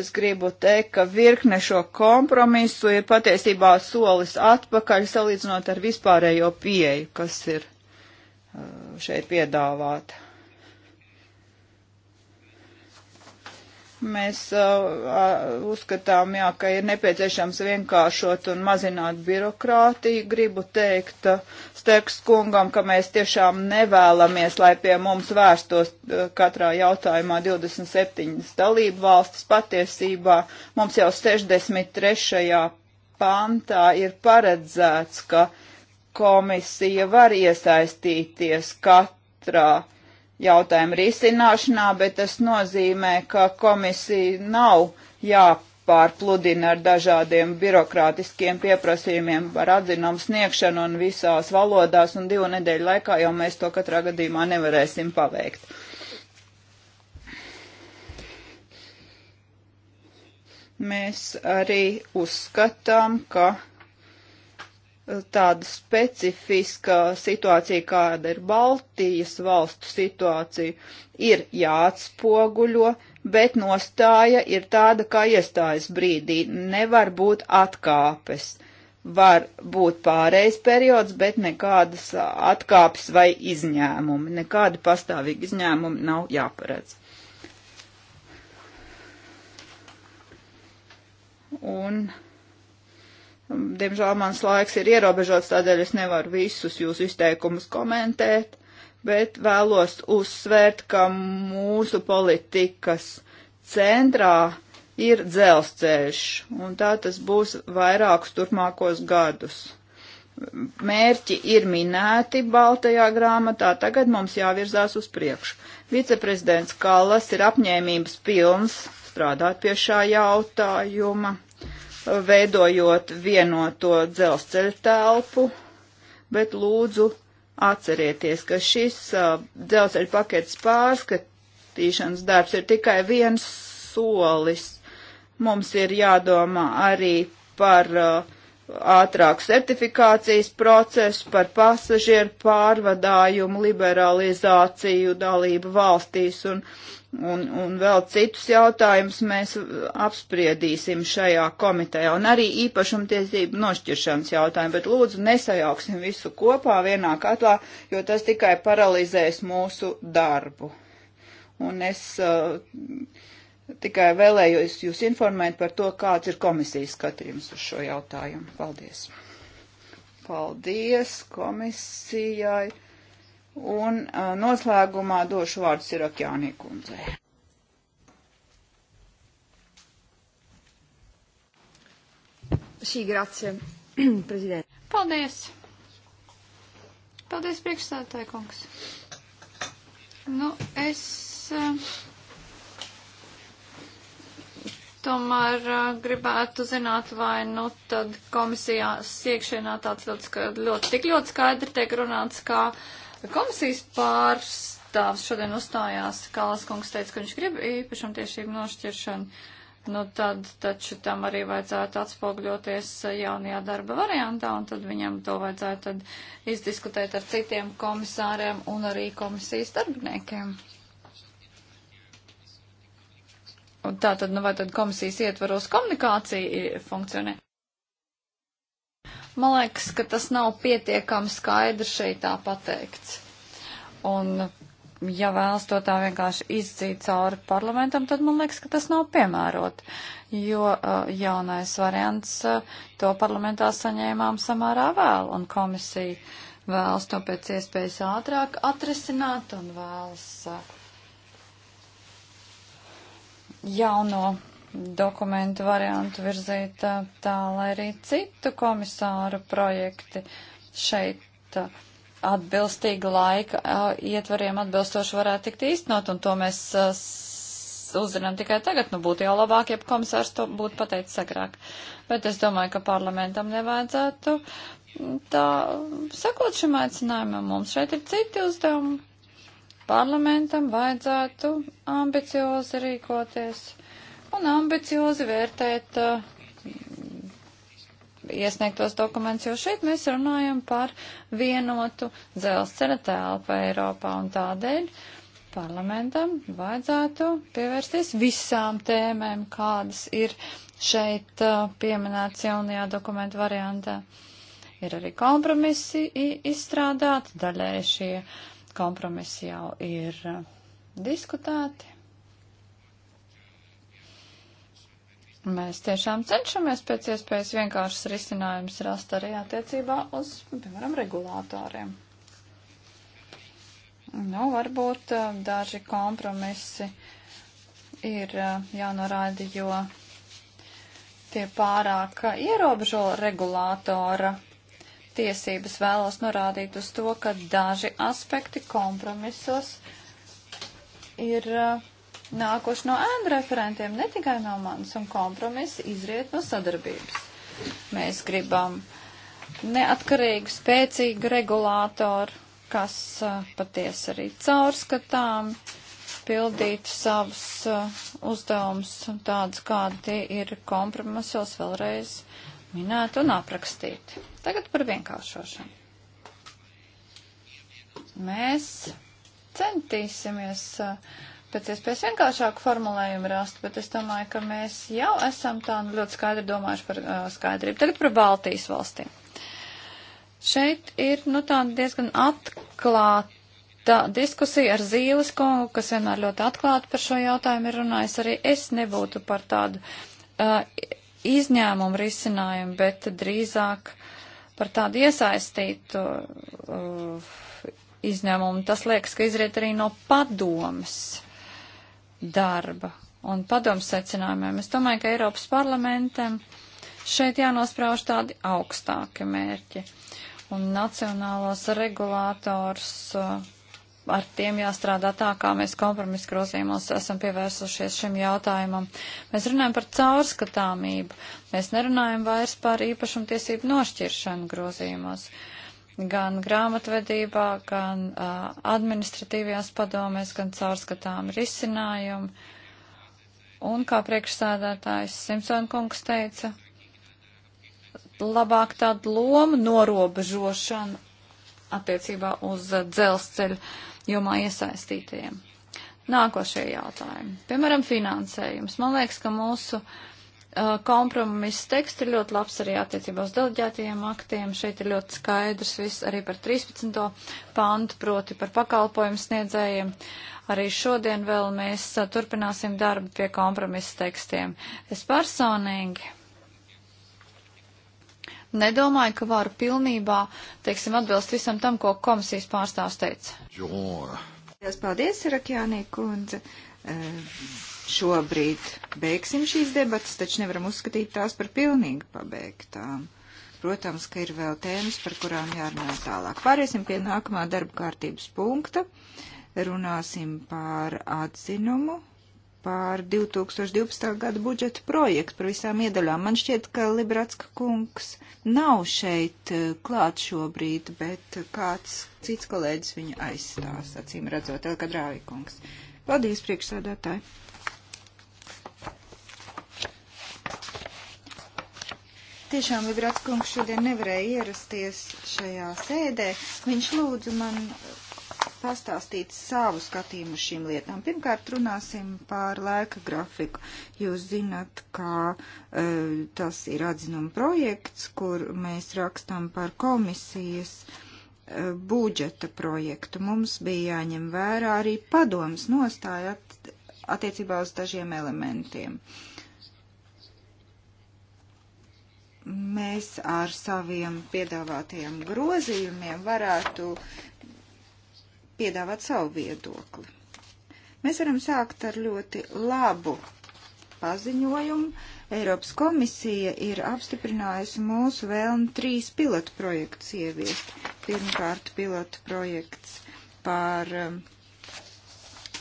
Es gribu teikt, ka virkne šo kompromisu ir patiesībā solis atpakaļ salīdzinot ar vispārējo pieeju, kas ir Uh, šeit piedāvāt. Mēs uh, uzskatām, jā, ka ir nepieciešams vienkāršot un mazināt birokrātiju. Gribu teikt uh, Sterks kungam, ka mēs tiešām nevēlamies, lai pie mums vērstos uh, katrā jautājumā 27 dalību valstis. Patiesībā mums jau 63. pantā ir paredzēts, ka uh, komisija var iesaistīties katrā jautājuma risināšanā, bet tas nozīmē, ka komisija nav jāpārpludina ar dažādiem birokrātiskiem pieprasījumiem par atzinumu sniegšanu un visās valodās, un divu nedēļu laikā jau mēs to katrā gadījumā nevarēsim paveikt. Mēs arī uzskatām, ka tāda specifiska situācija, kāda ir Baltijas valstu situācija, ir jāatspoguļo, bet nostāja ir tāda, kā iestājas brīdī. Nevar būt atkāpes. Var būt pārējais periods, bet nekādas atkāpes vai izņēmumi. Nekādi pastāvīgi izņēmumi nav jāparedz. Un Diemžēl mans laiks ir ierobežots, tādēļ es nevaru visus jūsu izteikumus komentēt, bet vēlos uzsvērt, ka mūsu politikas centrā ir dzelzceļš, un tā tas būs vairākus turpmākos gadus. Mērķi ir minēti Baltajā grāmatā, tagad mums jāvirzās uz priekšu. Viceprezidents Kallas ir apņēmības pilns strādāt pie šā jautājuma veidojot vienoto dzelzceļa telpu, bet lūdzu atcerieties, ka šis uh, dzelzceļa paketes pārskatīšanas darbs ir tikai viens solis. Mums ir jādomā arī par uh, ātrāku certifikācijas procesu, par pasažieru pārvadājumu, liberalizāciju, dalību valstīs un un, un vēl citus jautājumus mēs apspriedīsim šajā komitejā, un arī īpašumtiesību nošķiršanas jautājumu, bet lūdzu nesajauksim visu kopā vienā katlā, jo tas tikai paralizēs mūsu darbu. Un es uh, tikai vēlējos jūs informēt par to, kāds ir komisijas skatījums uz šo jautājumu. Paldies! Paldies komisijai! Un uh, noslēgumā došu vārdu Sirakjānī kundzei. Sī, grazie, prezident. Paldies. Paldies, priekšstādātāji kungs. Nu, es. Uh, Tomēr uh, gribētu zināt, vai nu tad komisijā iekšienā tāds ļoti, ļoti, tik ļoti skaidri tiek runāts, kā uh, Komisijas pārstāvs šodien uzstājās, Kālas kungs teica, ka viņš grib īpašam tiešību nošķiršanu. Nu, tad taču tam arī vajadzētu atspogļoties jaunajā darba variantā, un tad viņam to vajadzētu tad izdiskutēt ar citiem komisāriem un arī komisijas darbiniekiem. Un tā tad, nu, vai tad komisijas ietvaros komunikācija funkcionē? Man liekas, ka tas nav pietiekami skaidrs šeit tā pateikts. Un, ja vēlas to tā vienkārši izdzīt cauri parlamentam, tad man liekas, ka tas nav piemērot, jo uh, jaunais variants uh, to parlamentā saņēmām samērā vēl, un komisija vēlas to pēc iespējas ātrāk atrisināt un vēlas uh, jauno dokumentu variantu virzīt tā, lai arī citu komisāru projekti šeit atbilstīgi laika ietvariem atbilstoši varētu tikt īstenot, un to mēs uzzinām tikai tagad. Nu, būtu jau labāk, ja komisārs to būtu pateicis agrāk. Bet es domāju, ka parlamentam nevajadzētu tā sakot šim aicinājumam. Mums šeit ir citi uzdevumi. Parlamentam vajadzētu ambiciozi rīkoties un ambiciozi vērtēt uh, iesniegtos dokumentus, jo šeit mēs runājam par vienotu dzelzceļa telpu Eiropā un tādēļ parlamentam vajadzētu pievērsties visām tēmēm, kādas ir šeit uh, pieminēts jaunajā dokumentu variantā. Ir arī kompromisi izstrādāti, daļai šie kompromisi jau ir uh, diskutēti. Mēs tiešām cenšamies pēc iespējas vienkāršas risinājumus rast arī attiecībā uz, piemēram, regulātoriem. Nu, varbūt eh, daži kompromisi ir eh, jānorāda, jo tie pārāk ierobežo regulātora tiesības vēlos norādīt uz to, ka daži aspekti kompromisos ir uh, nākuši no ēnu referentiem, ne tikai no manas, un kompromisi izriet no sadarbības. Mēs gribam neatkarīgu, spēcīgu regulātoru, kas eh, patiesi arī caurskatām, pildīt savus eh, uzdevumus tādus, kādi tie ir kompromisos vēlreiz minēt un aprakstīt. Tagad par vienkāršošanu. Mēs centīsimies uh, pēc iespējas vienkāršāku formulējumu rast, bet es domāju, ka mēs jau esam tā nu, ļoti skaidri domājuši par uh, skaidrību. Tagad par Baltijas valstīm. Šeit ir nu, tāda diezgan atklāta diskusija ar Zīles kungu, kas vienmēr ļoti atklāti par šo jautājumu ir runājis. Arī es nebūtu par tādu uh, izņēmumu risinājumu, bet drīzāk par tādu iesaistītu. Uh, Izņēmumu. Tas liekas, ka izriet arī no padomas darba un padomu secinājumiem. Es domāju, ka Eiropas parlamentam šeit jānosprauž tādi augstāki mērķi. Un nacionālos regulātors uh, ar tiem jāstrādā tā, kā mēs kompromisu grozījumos esam pievērsušies šim jautājumam. Mēs runājam par caurskatāmību. Mēs nerunājam vairs par īpašumtiesību nošķiršanu grozījumos. Uh, gan grāmatvedībā, gan uh, administratīvajās padomēs, gan caurskatām risinājumi. Un, kā priekšsēdētājs Simpson kungs teica, labāk tādu lomu norobežošanu attiecībā uz dzelzceļu jomā iesaistītajiem. Nākošie jautājumi. Piemēram, finansējums. Man liekas, ka mūsu uh, Uh, kompromiss teksts ir ļoti labs arī attiecībā uz deleģētajiem aktiem. Šeit ir ļoti skaidrs viss arī par 13. pantu, proti par pakalpojumu sniedzējiem. Arī šodien vēl mēs uh, turpināsim darbu pie kompromisa tekstiem. Es personīgi nedomāju, ka varu pilnībā, teiksim, atbilst visam tam, ko komisijas pārstāvs teica. Jo. Paldies, Rakjānī kundze. Uh šobrīd beigsim šīs debatas, taču nevaram uzskatīt tās par pilnīgi pabeigtām. Protams, ka ir vēl tēmas, par kurām jārunā tālāk. Pāriesim pie nākamā darba kārtības punkta. Runāsim par atzinumu par 2012. gada budžeta projektu, par visām iedaļām. Man šķiet, ka Libratska kungs nav šeit eh, klāt šobrīd, bet kāds cits kolēģis viņu aizstās, acīm redzot, Elka Drāvi kungs. Paldies, priekšsēdētāji! Tiešām Vibrats kungs šodien nevarēja ierasties šajā sēdē. Viņš lūdzu man pastāstīt savu skatījumu šīm lietām. Pirmkārt, runāsim par laika grafiku. Jūs zinat, kā e, tas ir atzinuma projekts, kur mēs rakstam par komisijas e, budžeta projektu. Mums bija jāņem vērā arī padomas nostāja at, attiecībā uz dažiem elementiem. E, mēs ar saviem piedāvātajiem grozījumiem varētu piedāvāt savu viedokli. Mēs varam sākt ar ļoti labu paziņojumu. Eiropas komisija ir apstiprinājusi mūsu vēlmi trīs pilotu projektus ieviest. Pirmkārt, pilotu projekts par um,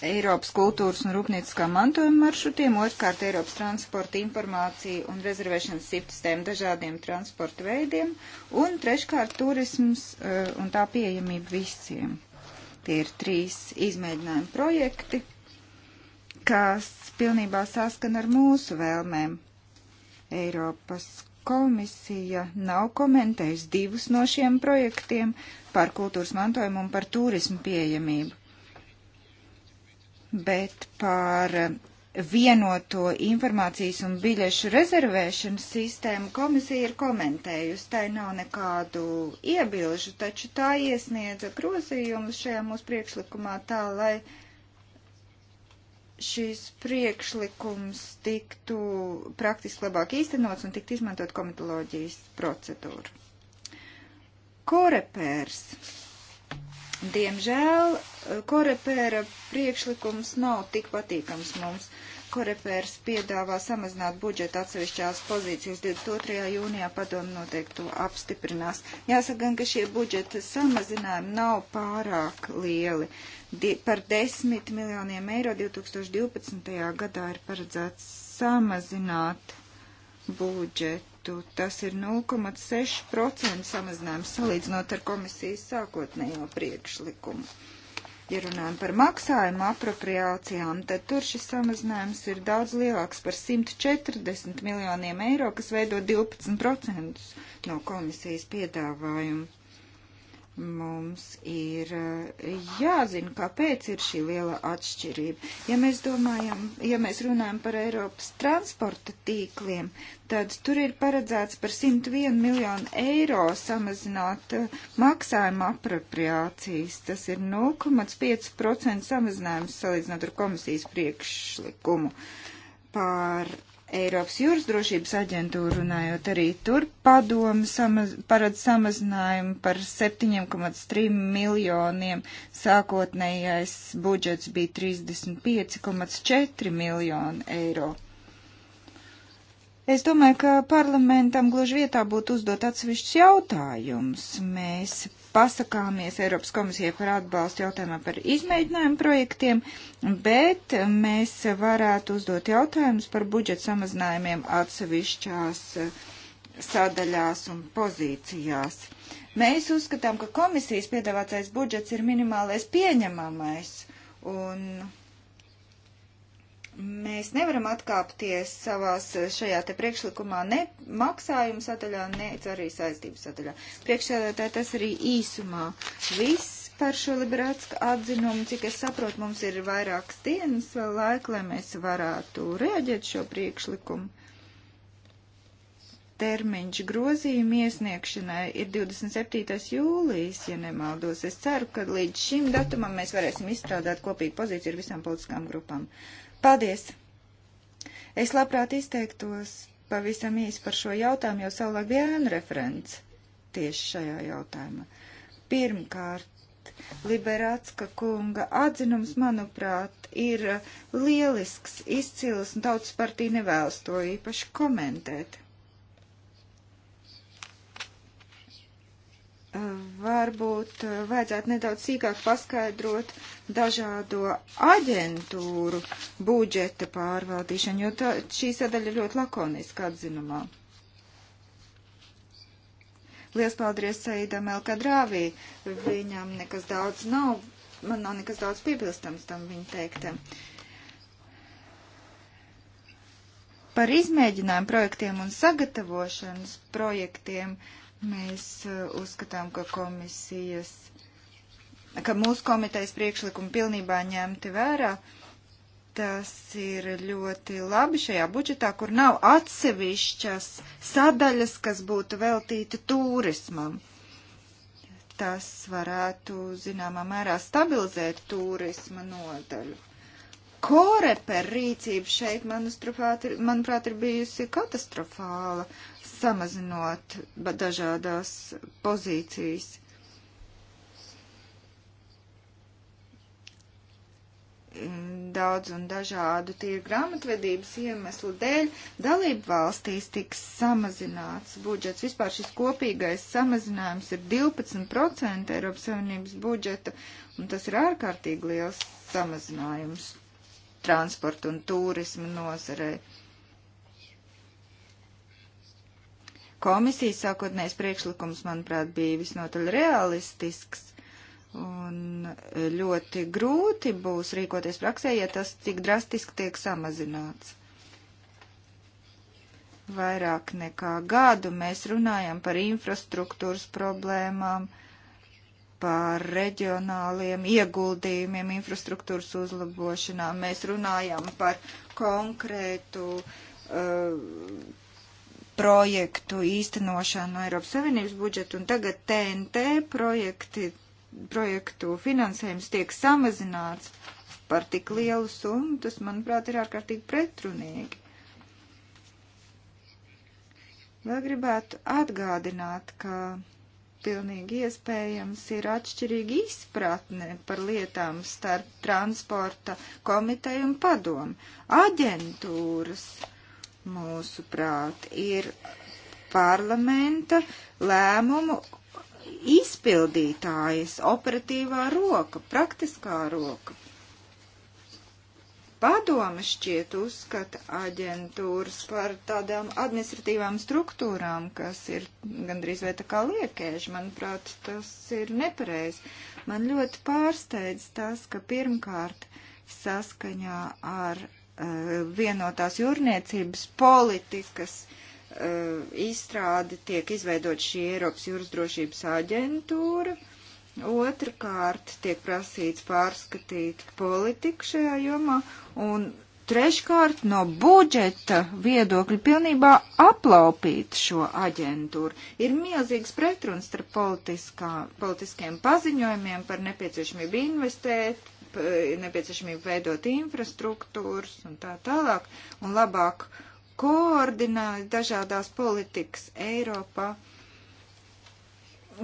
Eiropas kultūras un rūpnieciskā mantojuma maršrutiem, otrkārt Eiropas transporta informācija un rezervēšanas sistēma dažādiem transporta veidiem, un treškārt turisms uh, un tā pieejamība visiem. Tie ir trīs izmēģinājumi projekti, kas pilnībā saskana ar mūsu vēlmēm. Eiropas komisija nav komentējusi divus no šiem projektiem par kultūras mantojumu un par turismu pieejamību bet par eh, vienoto informācijas un biļešu rezervēšanas sistēmu komisija ir komentējusi. Tai nav nekādu iebilžu, taču tā iesniedza grozījumus šajā mūsu priekšlikumā tā, lai šīs priekšlikums tiktu praktiski labāk īstenots un tiktu izmantot komitoloģijas procedūru. Korepērs Diemžēl eh, korepēra priekšlikums nav tik patīkams mums. Korepērs piedāvā samazināt budžetu atsevišķās pozīcijas 22. jūnijā padomu noteikti to apstiprinās. Jāsaka gan, ka šie budžeta samazinājumi nav pārāk lieli. Die, par 10 miljoniem eiro 2012. gadā ir paredzēts samazināt budžetu budžetu. Tas ir 0,6% samazinājums salīdzinot ar komisijas sākotnējo priekšlikumu. Ja runājam par maksājumu apropriācijām, tad tur šis samazinājums ir daudz lielāks par 140 miljoniem eiro, kas veido 12% no komisijas piedāvājuma. Mums ir eh, jāzina, kāpēc ir šī liela atšķirība. Ja mēs domājam, ja mēs runājam par Eiropas transporta tīkliem, tad tur ir paredzēts par 101 miljonu eiro samazināt eh, maksājuma apropriācijas. Tas ir 0,5% samazinājums salīdzinot ar komisijas priekšlikumu par Eiropas jūras drošības aģentūru runājot arī tur padomu samaz, paredz samazinājumu par 7,3 miljoniem. Sākotnējais budžets bija 35,4 miljoni eiro. Es domāju, ka parlamentam gluži vietā būtu uzdot atsevišķus jautājumus. Mēs pasakāmies Eiropas komisijai par atbalstu jautājumā par izmēģinājumu projektiem, bet mēs varētu uzdot jautājumus par budžeta samazinājumiem atsevišķās eh, sadaļās un pozīcijās. Mēs uzskatām, ka komisijas piedāvātais budžets ir minimālais pieņemamais un Mēs nevaram atkāpties savās šajā te priekšlikumā ne maksājuma sadaļā, ne arī saistības sadaļā. Priekšsēdētāji tas arī īsumā viss par šo liberātsku atzinumu. Cik es saprotu, mums ir vairākas dienas vēl laika, lai mēs varētu rēģēt šo priekšlikumu termiņš grozījuma iesniegšanai ir 27. jūlijas, ja nemaldos. Es ceru, ka līdz šim datumam mēs varēsim izstrādāt kopīgu pozīciju ar visām politiskām grupām. Paldies! Es labprāt izteiktos pavisam īsi par šo jautājumu, jo savulaik bija ēna referents tieši šajā jautājumā. Pirmkārt, Liberācka kunga atzinums, manuprāt, ir lielisks, izcils, un tautas partija nevēlas to īpaši komentēt. varbūt eh, vajadzētu nedaudz sīkāk paskaidrot dažādo aģentūru budžeta pārvaldīšanu, jo tā, šī sadaļa ir ļoti lakoniska atzinumā. Lielas paldies Saidam Elkadrāvī. Viņam nekas daudz nav, man nav nekas daudz piebilstams tam viņa teiktam. Par izmēģinājumu projektiem un sagatavošanas projektiem uh, Mēs uh, uzskatām, ka komisijas, ka mūsu komitejas priekšlikumi pilnībā ņemti vērā. Tas ir ļoti labi šajā budžetā, kur nav atsevišķas sadaļas, kas būtu veltīti turismam. Tas varētu, zināmā mērā, stabilizēt turisma nodaļu. Koreper rīcība šeit, manuprāt, ir bijusi katastrofāla samazinot dažādās pozīcijas. Daudz un dažādu tīru grāmatvedības iemeslu dēļ dalību valstīs tiks samazināts budžets. Vispār šis kopīgais samazinājums ir 12% Eiropas Savienības budžeta, un tas ir ārkārtīgi liels samazinājums transporta un turisma nozarei. Komisijas sākotnējais priekšlikums, manuprāt, bija visnotaļ realistisks. Un ļoti grūti būs rīkoties praksē, ja tas tik drastiski tiek samazināts. Vairāk nekā gadu mēs runājam par infrastruktūras problēmām, par reģionāliem ieguldījumiem, infrastruktūras uzlabošanā. Mēs runājam par konkrētu uh, projektu īstenošanu no Eiropas Savienības budžeta, un tagad TNT projekti, projektu finansējums tiek samazināts par tik lielu summu, tas, manuprāt, ir ārkārtīgi pretrunīgi. Vēl gribētu atgādināt, ka pilnīgi iespējams ir atšķirīga izpratne par lietām starp transporta komiteju un padomu. Aģentūras uh, mūsu prāt, ir parlamenta lēmumu izpildītājas operatīvā roka, praktiskā roka. Padoma šķiet uzskata aģentūras par tādām administratīvām struktūrām, kas ir gandrīz vai tā kā liekēži. Manuprāt, tas ir nepareizi. Man ļoti pārsteidz tas, ka pirmkārt saskaņā ar Eh, vienotās jūrniecības politikas eh, izstrādi tiek izveidot šī Eiropas jūras drošības aģentūra. Otrakārt tiek prasīts pārskatīt politiku šajā jomā un treškārt no budžeta viedokļa pilnībā aplaupīt šo aģentūru. Ir milzīgs pretruns starp politiskā, politiskiem paziņojumiem par nepieciešamību investēt ir nepieciešamība veidot infrastruktūras un tā tālāk, un labāk koordinēt dažādās politikas Eiropā.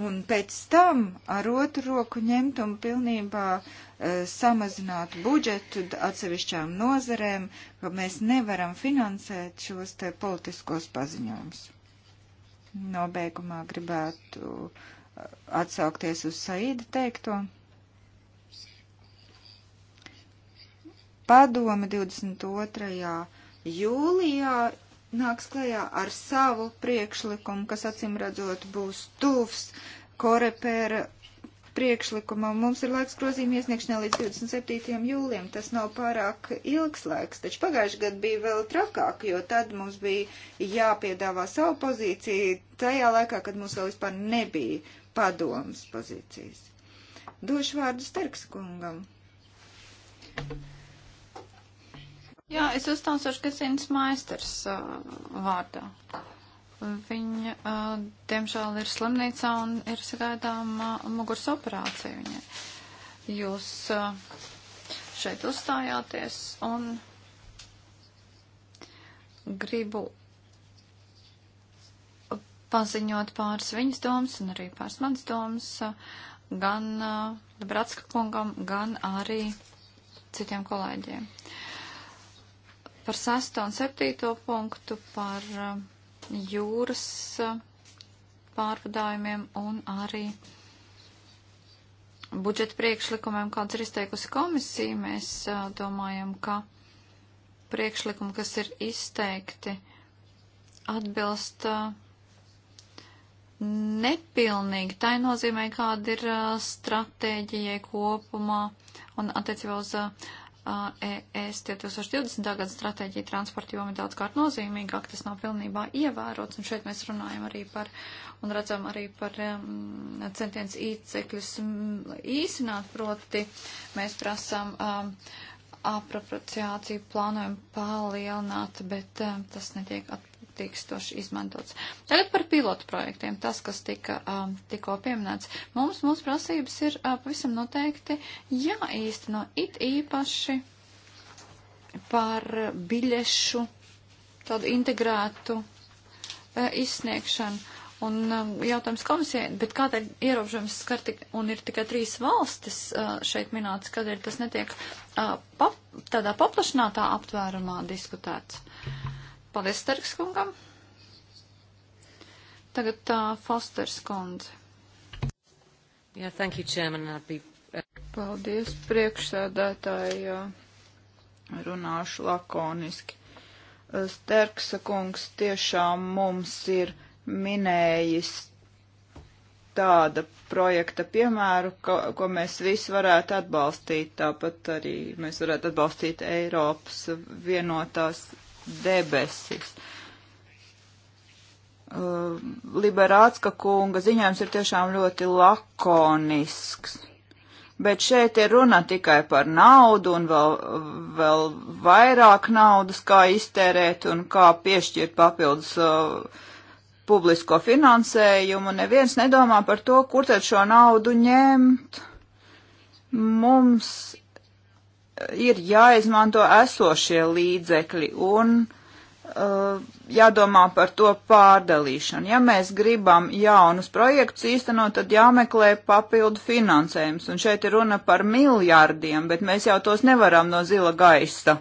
Un pēc tam ar otru roku ņemt un pilnībā uh, samazināt budžetu atsevišķām nozarēm, ka mēs nevaram finansēt šos te politiskos paziņojumus. Nobeigumā gribētu e, atsaukties uz Saīda teikto. Padome 22. jūlijā nāks klajā ar savu priekšlikumu, kas acīm redzot būs tuvs korepēra priekšlikumam. Mums ir laiks grozījuma iesniegšanai līdz 27. jūlijam. Tas nav pārāk ilgs laiks, taču pagājuši gadu bija vēl trakāk, jo tad mums bija jāpiedāvā savu pozīciju tajā laikā, kad mums vēl vispār nebija padomas pozīcijas. Došu vārdu Starks kungam. Jā, es uzstāstīšu Kazīnas maisters uh, vārdā. Viņa, uh, diemžēl, ir slimnīcā un ir sagaidām uh, muguras operācija viņai. Jūs uh, šeit uzstājāties un gribu paziņot pāris viņas domas un arī pāris manas domas uh, gan uh, Bratska kungam, gan arī citiem kolēģiem. Uh, Par sesto un septīto punktu par um, jūras um, pārvadājumiem un arī budžeta priekšlikumiem, kāds ir izteikusi komisija, mēs uh, domājam, ka priekšlikumi, kas ir izteikti, atbilst uh, nepilnīgi. Tā ir nozīmē, kāda ir uh, stratēģijai kopumā un attiecībā uz E ES 2020. gada stratēģija transporta joma daudzkārt nozīmīgāk, tas nav pilnībā ievērots, un šeit mēs runājam arī par, un redzam arī par um, centiens īcekļus īsināt, proti mēs prasām. Um, apropriāciju plānojam palielināt, bet um, tas netiek at, attīkstoši izmantots. Tagad par pilotu projektiem, tas, kas tika um, tikko pieminēts. Mums mūsu prasības ir uh, pavisam noteikti jāīsteno it īpaši par biļešu tādu integrētu uh, izsniegšanu. Un um, jautājums komisijai, bet kādēļ ierobežojums skar tik, un ir tikai trīs valstis uh, šeit minētas, kādēļ tas netiek uh, pap, tādā paplašinātā aptvērumā diskutēts? Paldies, Starks kungam. Tagad tā uh, Fosters kundze. Yeah, thank you, Chairman. I'd be... Uh, Paldies, priekšsēdētāji. Runāšu lakoniski. Sterksa kungs tiešām mums ir minējis tāda projekta piemēru, ko, ko mēs visi varētu atbalstīt. Tāpat arī mēs varētu atbalstīt Eiropas vienotās debesis. Uh, Liberātska kunga ziņojums ir tiešām ļoti lakonisks. Bet šeit ir runa tikai par naudu un vēl, vēl vairāk naudas, kā iztērēt un kā piešķirt papildus uh, publisko finansējumu. Neviens nedomā par to, kur tad šo naudu ņemt. Mums ir jāizmanto esošie līdzekļi un uh, jādomā par to pārdalīšanu. Ja mēs gribam jaunus projektus īstenot, tad jāmeklē papildu finansējums. Un šeit ir runa par miljārdiem, bet mēs jau tos nevaram no zila gaisa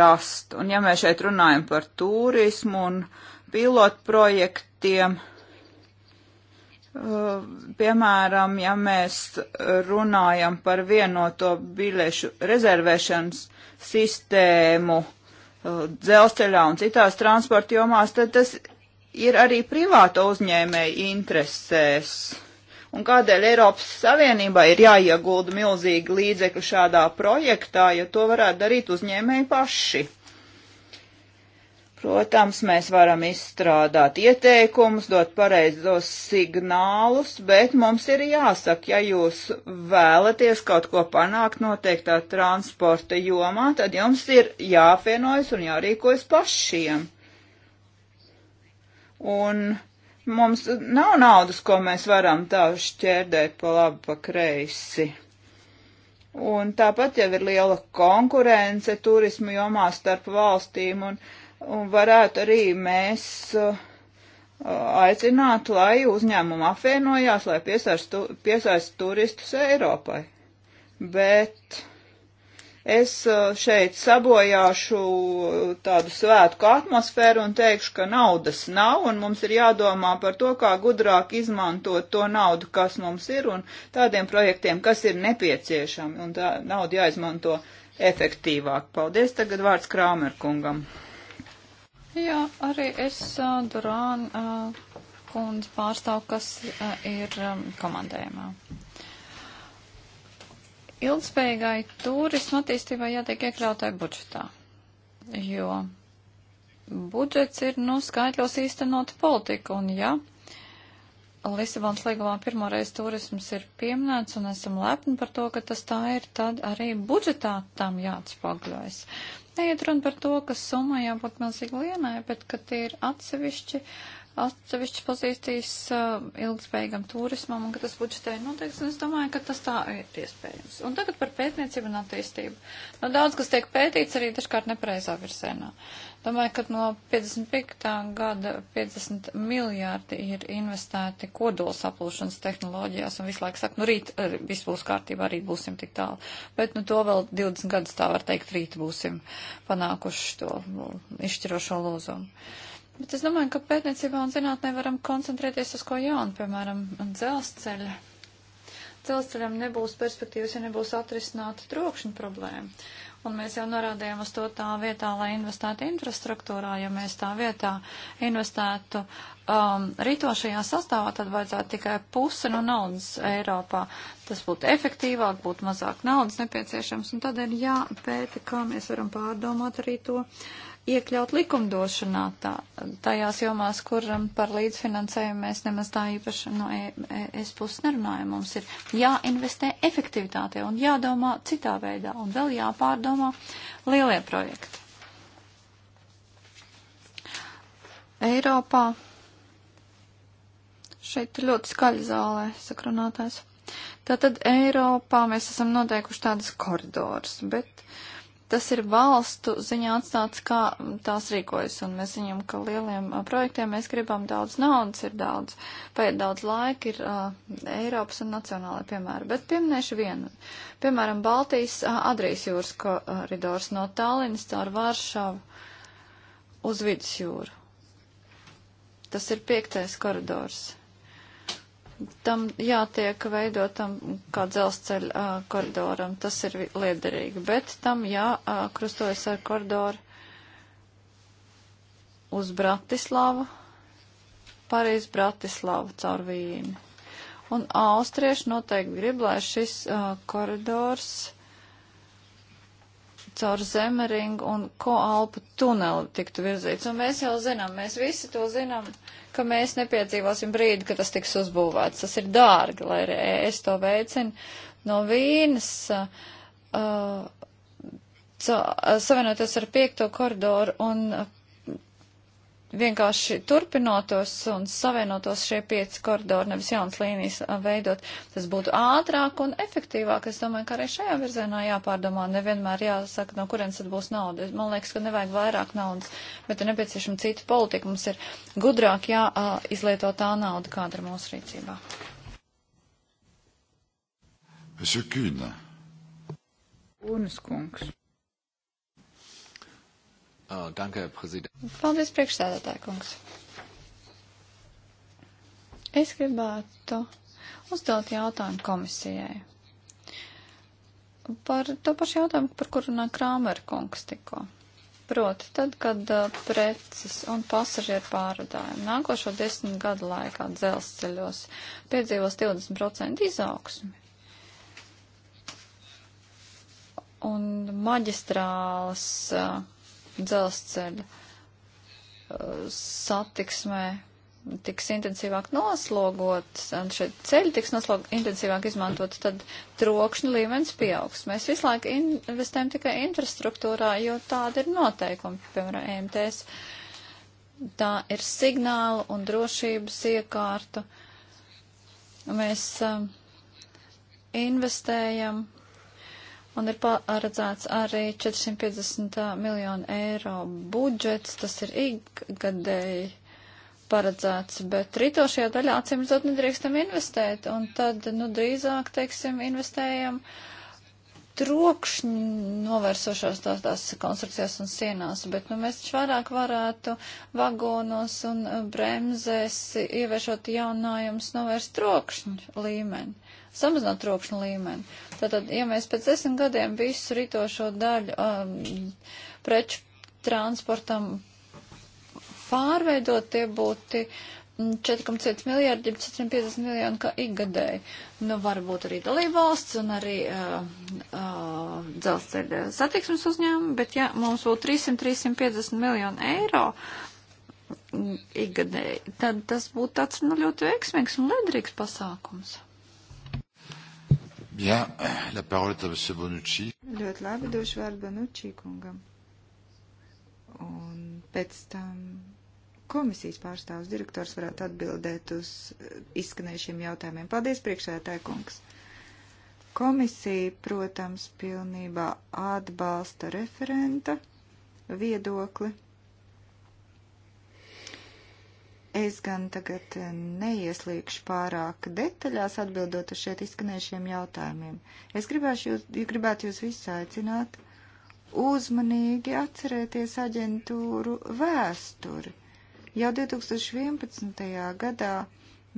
rast. Un ja mēs šeit runājam par turismu un pilotu projektiem, uh, Eh, piemēram, ja mēs runājam par vienoto biļešu rezervēšanas sistēmu eh, dzelzceļā un citās transporta jomās, tad tas ir arī privāta uzņēmēja interesēs. Un kādēļ Eiropas Savienībā ir jāiegulda milzīgi līdzekļi šādā projektā, jo to varētu darīt uzņēmēji paši. Protams, mēs varam izstrādāt ieteikumus, dot pareizos signālus, bet mums ir jāsaka, ja jūs vēlaties kaut ko panākt noteiktā transporta jomā, tad jums ir jāapvienojas un jārīkojas pašiem. Un mums nav naudas, ko mēs varam tā šķērdēt pa labi, pa kreisi. Un tāpat jau ir liela konkurence turismu jomā starp valstīm un valstīm un varētu arī mēs uh, aicināt, lai uzņēmumi apvienojās, lai piesaistu, piesaistu turistus Eiropai. Bet es uh, šeit sabojāšu uh, tādu svētku atmosfēru un teikšu, ka naudas nav un mums ir jādomā par to, kā gudrāk izmantot to naudu, kas mums ir un tādiem projektiem, kas ir nepieciešami un tā nauda jāizmanto efektīvāk. Paldies, tagad vārds Krāmerkungam. kungam. Jā, arī es uh, Durāna uh, kundzi pārstāvu, kas uh, ir um, komandējumā. Ilgspējīgai turismu attīstībai jātiek iekļautai budžetā, jo budžets ir, nu, skaitļos īstenot politiku, un ja Lisabons līgumā pirmoreiz turisms ir pieminēts, un esam lepni par to, ka tas tā ir, tad arī budžetā tam jāatspogļojas. Uh, Neiet runa par to, ka summa jābūt milzīgi lienai, bet ka tie ir atsevišķi, atsevišķi pozīcijas uh, ilgspējīgam turismam un ka tas budžetē noteikts. Un es domāju, ka tas tā ir iespējams. Un tagad par pētniecību un attīstību. Nu, daudz, kas tiek pētīts, arī dažkārt nepareizā virzienā. Uh, Domāju, ka no 55. gada 50 miljārdi ir investēti kodola saplūšanas tehnoloģijās, un visu laiku saka, nu rīt viss būs kārtībā, rīt būsim tik tālu. Bet nu to vēl 20 gadus tā var teikt, rīt būsim panākuši to nu, izšķirošo lūzumu. Bet es domāju, ka pētniecībā un zinātnē varam koncentrēties uz ko jaunu, piemēram, dzelzceļa. Dzelzceļam nebūs perspektīvas, ja nebūs atrisināta trokšņa problēma. Un mēs jau norādījām uz to tā vietā, lai investētu infrastruktūrā, ja mēs tā vietā investētu um, rītošajā sastāvā, tad vajadzētu tikai pusi no naudas Eiropā. Tas būtu efektīvāk, būtu mazāk naudas nepieciešams, un tad ir jāpēta, kā mēs varam pārdomāt arī to. Uh, iekļaut likumdošanā tā, tajās jomās, kur um, par līdzfinansējumu mēs nemaz tā īpaši no e, e, es puses nerunājam. Mums ir jāinvestē efektivitātē un jādomā citā veidā un vēl jāpārdomā lielie projekti. Eiropā šeit ir ļoti skaļa zālē, sakrunātājs. Tātad Eiropā mēs esam noteikuši tādas koridors, bet tas ir valstu ziņā atstāts, kā tās rīkojas, un mēs ziņam, ka lieliem projektiem mēs gribam daudz naudas, ir daudz, paiet daudz laika, ir uh, Eiropas un nacionālai piemēri, bet pieminēšu vienu. Piemēram, Baltijas uh, Adrijas jūras koridors no Tallinas caur Varšavu uz vidusjūru. Tas ir piektais koridors tam jātiek veidotam kā dzelzceļa koridoram. Tas ir liederīgi, bet tam jākrustojas ar koridoru uz Bratislavu, Parīz Bratislavu caur Vīni. Un austrieši noteikti grib, lai šis uh, koridors caur Zemeringu un Koalpu tuneli tiktu virzīts. Un mēs jau zinām, mēs visi to zinām, ka mēs nepiedzīvosim brīdi, kad tas tiks uzbūvēts. Tas ir dārgi, lai arī es to veicinu. No Vīnas uh, uh, uh, savienoties ar piekto koridoru un vienkārši turpinotos un savienotos šie pieci koridori, nevis jaunas līnijas veidot. Tas būtu ātrāk un efektīvāk. Es domāju, ka arī šajā virzienā jāpārdomā. Nevienmēr jāsaka, no kurienes tad būs nauda. Man liekas, ka nevajag vairāk naudas, bet ir nepieciešama cita politika. Mums ir gudrāk jāizlieto tā nauda, kāda ir mūsu rīcībā. Kūnas kungs. Oh, danke, prezident. Paldies, priekšstādātāja kungs. Es gribētu uzdot jautājumu komisijai. Par to pašu jautājumu, par kuru runā Krāmera kungs tikko. Proti, tad, kad uh, preces un pasažieru pārvadājumi nākošo desmit gadu laikā dzelzceļos piedzīvos 20% izaugsmi, un maģistrāls uh, dzelzceļa uh, satiksmē tiks intensīvāk noslogots, un šeit ceļi tiks noslog, intensīvāk izmantot, tad trokšņa līmenis pieaugs. Mēs visu laiku investējam tikai infrastruktūrā, jo tāda ir noteikumi, piemēram, EMTS. Tā ir signāla un drošības iekārta. Mēs um, investējam Un ir paredzēts arī 450 miljonu eiro budžets, tas ir ikgadēji paredzēts, bet rītošajā daļā acīm redzot nedrīkstam investēt, un tad, nu, drīzāk, teiksim, investējam trokšņu novērsošās tās, tās konstrukcijās un sienās, bet, nu, mēs taču vairāk varētu vagonos un bremzēs ieviešot jaunājums novērst trokšņu līmeni samazināt trokšņa līmeni. Tātad, ja mēs pēc desmit gadiem visu ritošo daļu um, preču transportam pārveidot, tie būtu 4,5 miljārdi, 450 miljoni kā ikgadēji. Nu, varbūt arī dalībvalsts un arī uh, uh, dzelzceļa satiksmes uzņēmumi, bet ja mums būtu 300-350 miljoni eiro ikgadēji, tad tas būtu tāds nu, ļoti veiksmīgs un ledrīgs pasākums. Bien, la parole est à M. Bonucci. Ļoti labi, došu vārdu Bonucci kungam. Un pēc tam komisijas pārstāvs direktors varētu atbildēt uz eh, izskanējušiem jautājumiem. Paldies, priekšsētāja kungs. Komisija, protams, pilnībā atbalsta referenta viedokli Es gan tagad eh, neieslīgšu pārāk detaļās atbildot uz šeit izskanējušiem jautājumiem. Es gribētu jūs, gribētu jūs visus aicināt uzmanīgi atcerēties aģentūru vēsturi. Jau 2011. gadā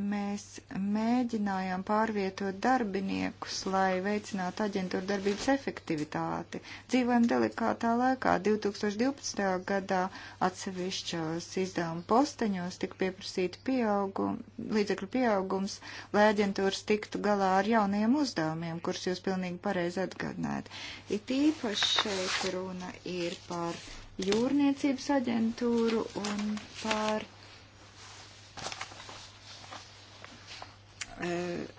Mēs mēģinājām pārvietot darbiniekus, lai veicinātu aģentūra darbības efektivitāti. Dzīvojam delikātā laikā. 2012. gadā atsevišķos izdevuma posteņos tika pieprasīta pieaugum, līdzekļu pieaugums, lai aģentūras tiktu galā ar jauniem uzdevumiem, kurus jūs pilnīgi pareizi atgādinājat. It īpaši šeit runa ir par jūrniecības aģentūru un par E,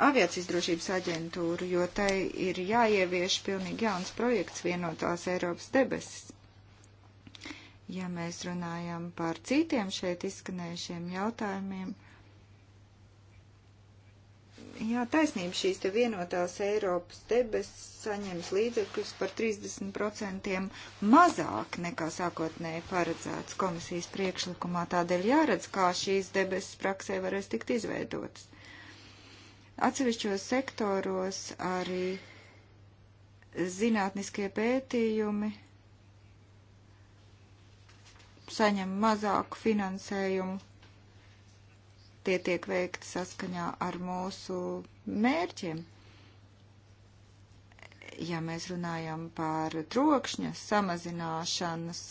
aviācijas drošības aģentūru, jo tai ir jāievieš pilnīgi jauns projekts vienotās Eiropas debesis. Ja mēs runājam par citiem šeit izskanējušiem jautājumiem, jā, taisnība šīs te vienotās Eiropas debesis saņems līdzekļus par 30% mazāk nekā sākotnēji paredzēts komisijas priekšlikumā, tādēļ jāredz, kā šīs debesis praksē varēs tikt izveidotas Atsevišķos sektoros arī zinātniskie pētījumi saņem mazāku finansējumu. Tie tiek veikti saskaņā ar mūsu mērķiem. Ja mēs runājam par trokšņa samazināšanas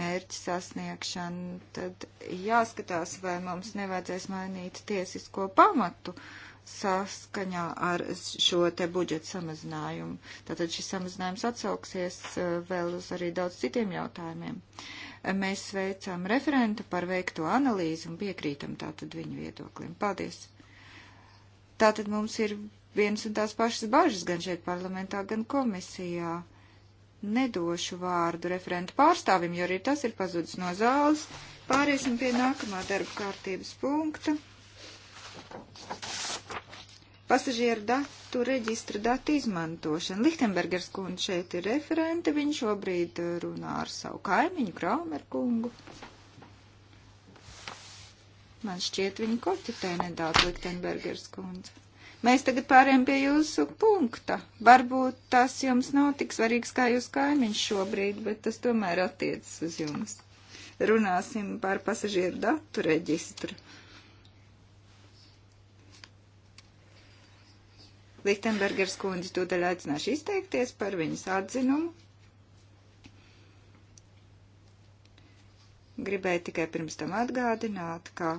mērķi sasniegšanu, tad jāskatās, vai mums nevajadzēs mainīt tiesisko pamatu. Uh, saskaņā ar šo te budžeta samazinājumu. Tātad šis samazinājums atsauksies e, vēl uz arī daudz citiem jautājumiem. E, mēs sveicam referentu par veikto analīzi un piekrītam tātad viņu viedoklim. Paldies! Tātad mums ir viens un tās pašas bažas gan šeit parlamentā, gan komisijā. Nedošu vārdu referentu pārstāvim, jo arī tas ir pazudis no zāles. Pāriesim pie nākamā darba kārtības punkta. Thank you pasažieru datu reģistra datu izmantošana. Lichtenbergers kundze šeit ir referente, viņš šobrīd eh, runā ar savu kaimiņu Kraumer kungu. Man šķiet, viņa kotitē nedaudz Lichtenbergers kundze. Mēs tagad pāriem pie jūsu punkta. Varbūt tas jums nav tik svarīgs kā jūsu kaimiņš šobrīd, bet tas tomēr attiecas uz jums. Runāsim par pasažieru datu reģistru. Uh, Lichtenbergers kundze tūdaļ aicināšu izteikties par viņas atzinumu. Gribēju tikai pirms tam atgādināt, ka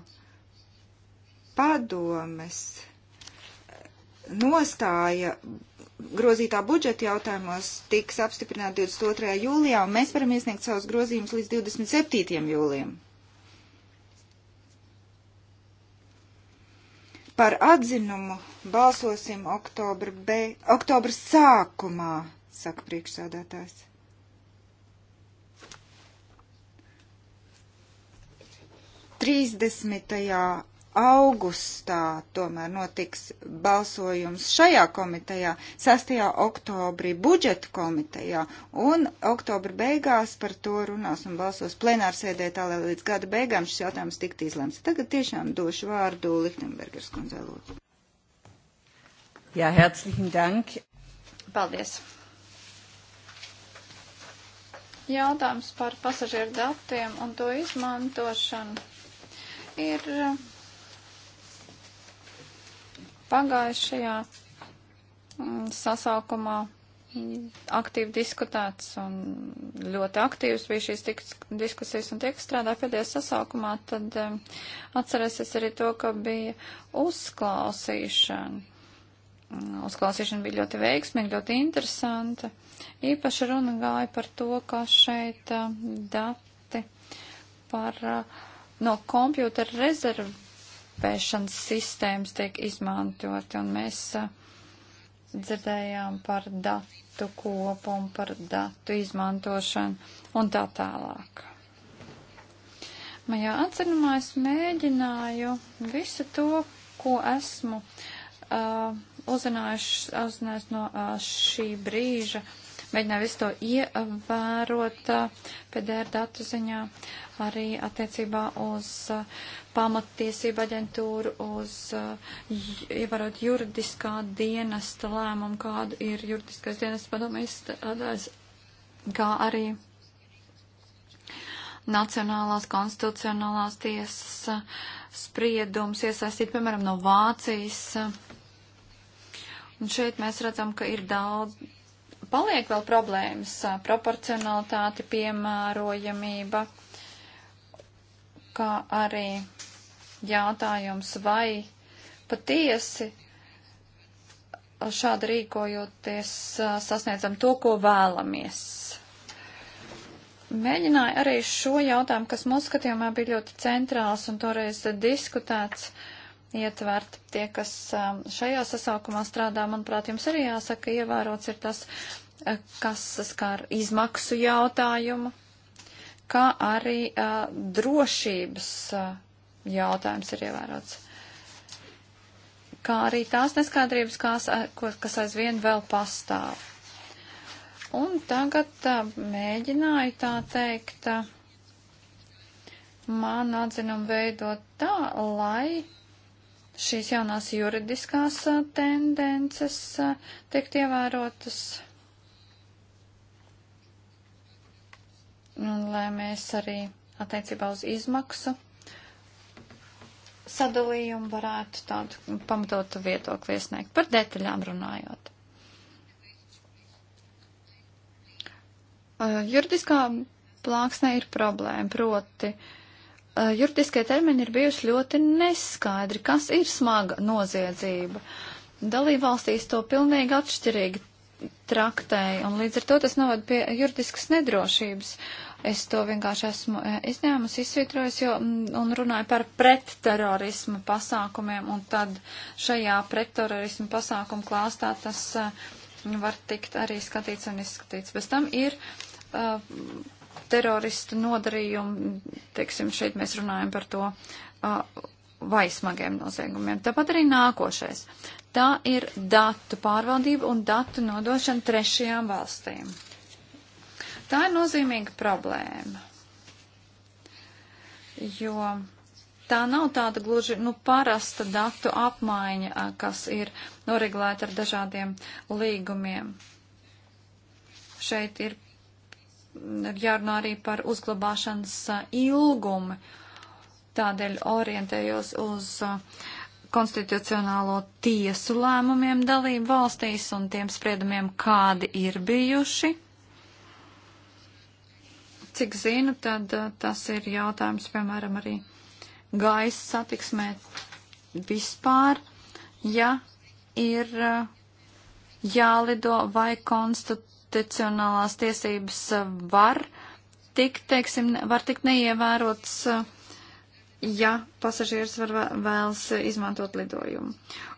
padomes eh, nostāja grozītā budžeta jautājumos tiks apstiprināta 22. jūlijā, un mēs varam iesniegt savus grozījumus līdz 27. jūlijam. Par atzinumu balsosim oktobra, be, oktobra sākumā, saka priekšsādātājs. Trīsdesmitajā augustā tomēr notiks balsojums šajā komitejā, 6. oktobrī budžeta komitejā, un oktobra beigās par to runās un balsos plenārsēdē, tā lai līdz gada beigām šis jautājums tikt izlemts. Tagad tiešām došu vārdu Lichtenbergers kundzei lūdzu. Jā, ja, herzlichen dank. Paldies. Jautājums par pasažieru datiem un to izmantošanu ir pagājušajā mm, sasaukumā mm, aktīvi diskutēts un ļoti aktīvas bija šīs diskusijas un tie, kas strādāja pēdējā sasaukumā, tad um, atcerēsies arī to, ka bija uzklausīšana. Mm, uzklausīšana bija ļoti veiksmīga, ļoti interesanta. Īpaši runa gāja par to, ka šeit uh, dati par uh, no kompjūtera rezervu anticipēšanas sistēmas tiek izmantoti, un mēs uh, dzirdējām par datu kopumu, par datu izmantošanu un tā tālāk. Manā atzinumā es mēģināju visu to, ko esmu uh, uzzinājuši no uh, šī brīža, mēģināju visu to ievērot uh, PDR datu ziņā arī attiecībā uz uh, pamattiesību aģentūru, uz eh, ievarot juridiskā dienesta lēmumu, kādu ir juridiskais dienests padomu izstrādājis, kā arī Nacionālās konstitucionālās tiesas spriedums iesaistīt, piemēram, no Vācijas. Un šeit mēs redzam, ka ir daudz, paliek vēl problēmas, proporcionalitāte, piemērojamība kā arī jautājums, vai patiesi šādi rīkojoties sasniedzam to, ko vēlamies. Mēģināju arī šo jautājumu, kas mūsu skatījumā bija ļoti centrāls un toreiz diskutēts, ietvert. Tie, kas šajā sasaukumā strādā, manuprāt, jums arī jāsaka, ievērots ir tas, kas skar izmaksu jautājumu kā arī uh, drošības uh, jautājums ir ievērots. Kā arī tās neskaidrības, kās, kas aizvien vēl pastāv. Un tagad uh, mēģināju tā teikt, uh, man atzinumu veidot tā, lai šīs jaunās juridiskās tendences tiek ievērotas lai mēs arī attiecībā uz izmaksu sadalījumu varētu tādu pamatotu viedokli iesniegt par detaļām runājot. Uh, juridiskā plāksnē ir problēma, proti uh, juridiskie termini ir bijuši ļoti neskaidri, kas ir smaga noziedzība. Dalībvalstīs to pilnīgi atšķirīgi traktēja, un līdz ar to tas novada pie juridiskas nedrošības. Uh, Es to vienkārši esmu eh, izņēmusi, izsvītrojusi jo, mm, un runāju par pretterorismu pasākumiem, un tad šajā pretterorismu pasākumu klāstā tas eh, var tikt arī skatīts un izskatīts. Bez tam ir uh, teroristu nodarījumi, teiksim, šeit mēs runājam par to uh, vai smagiem noziegumiem. Tāpat arī nākošais. Tā ir datu pārvaldība un datu nodošana trešajām valstīm. Tā ir nozīmīga problēma, jo tā nav tāda gluži nu, parasta datu apmaiņa, kas ir noregulēta ar dažādiem līgumiem. Šeit ir jārunā arī par uzglabāšanas ilgumu. Tādēļ orientējos uz konstitucionālo tiesu lēmumiem dalību valstīs un tiem spriedumiem, kādi ir bijuši. Cik zinu, tad eh, tas ir jautājums, piemēram, arī gaisa satiksmē vispār, ja ir eh, jālido vai konstitucionālās tiesības eh, var tikt, teiksim, var tikt neievērots ja pasažieris var vēlas izmantot lidojumu.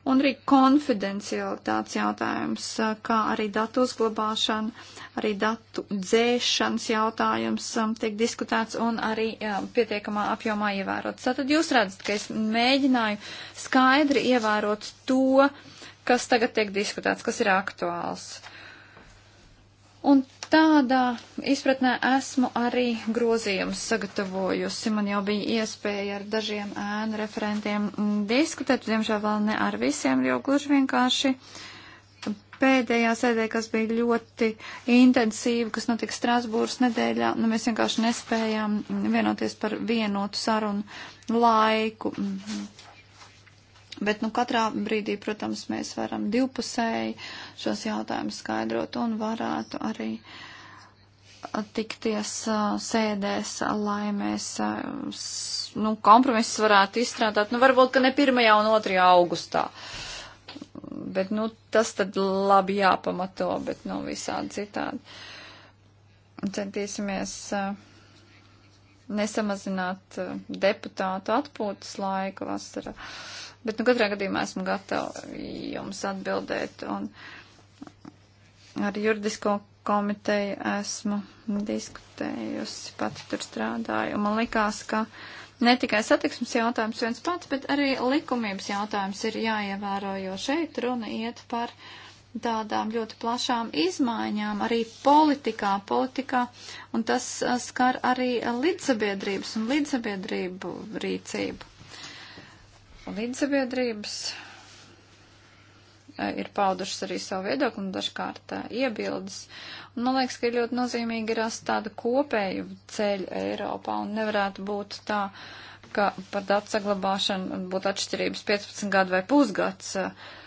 Un arī konfidencialitātes jautājums, kā arī datu uzglabāšana, arī datu dzēšanas jautājums um, tiek diskutēts un arī jā, um, pietiekamā apjomā ievērots. Tātad jūs redzat, ka es mēģināju skaidri ievērot to, kas tagad tiek diskutēts, kas ir aktuāls. Un Tādā izpratnē esmu arī grozījumus sagatavojusi. Man jau bija iespēja ar dažiem ēnu referentiem diskutēt, diemžēl vēl ne ar visiem, jo gluži vienkārši pēdējā sēdē, kas bija ļoti intensīva, kas notika Strasbūras nedēļā, nu, mēs vienkārši nespējām vienoties par vienotu sarunu laiku. Mhm. Bet, nu, katrā brīdī, protams, mēs varam divpusēji šos jautājumus skaidrot un varētu arī tikties uh, sēdēs, lai mēs, uh, nu, kompromisus varētu izstrādāt. Nu, varbūt, ka ne 1. un 2. augustā. Bet, nu, tas tad labi jāpamato, bet, nu, visādi citādi. Centīsimies. Uh, nesamazināt eh, deputātu atpūtas laiku vasarā. Bet, nu, katrā gadījumā esmu gatava jums atbildēt un ar juridisko komiteju esmu diskutējusi, pati tur strādāju. Un man likās, ka ne tikai satiksmes jautājums viens pats, bet arī likumības jautājums ir jāievēro, jo šeit runa iet par uh, tādām ļoti plašām izmaiņām arī politikā, politikā, un tas skar arī līdzsabiedrības un līdzsabiedrību rīcību. Līdzsabiedrības ir paudušas arī savu viedokli un dažkārt iebildes. Un man liekas, ka ir ļoti nozīmīgi rast tādu kopēju ceļu Eiropā un nevarētu būt tā, ka par datu saglabāšanu būtu atšķirības 15 gadu vai pusgads. Uh,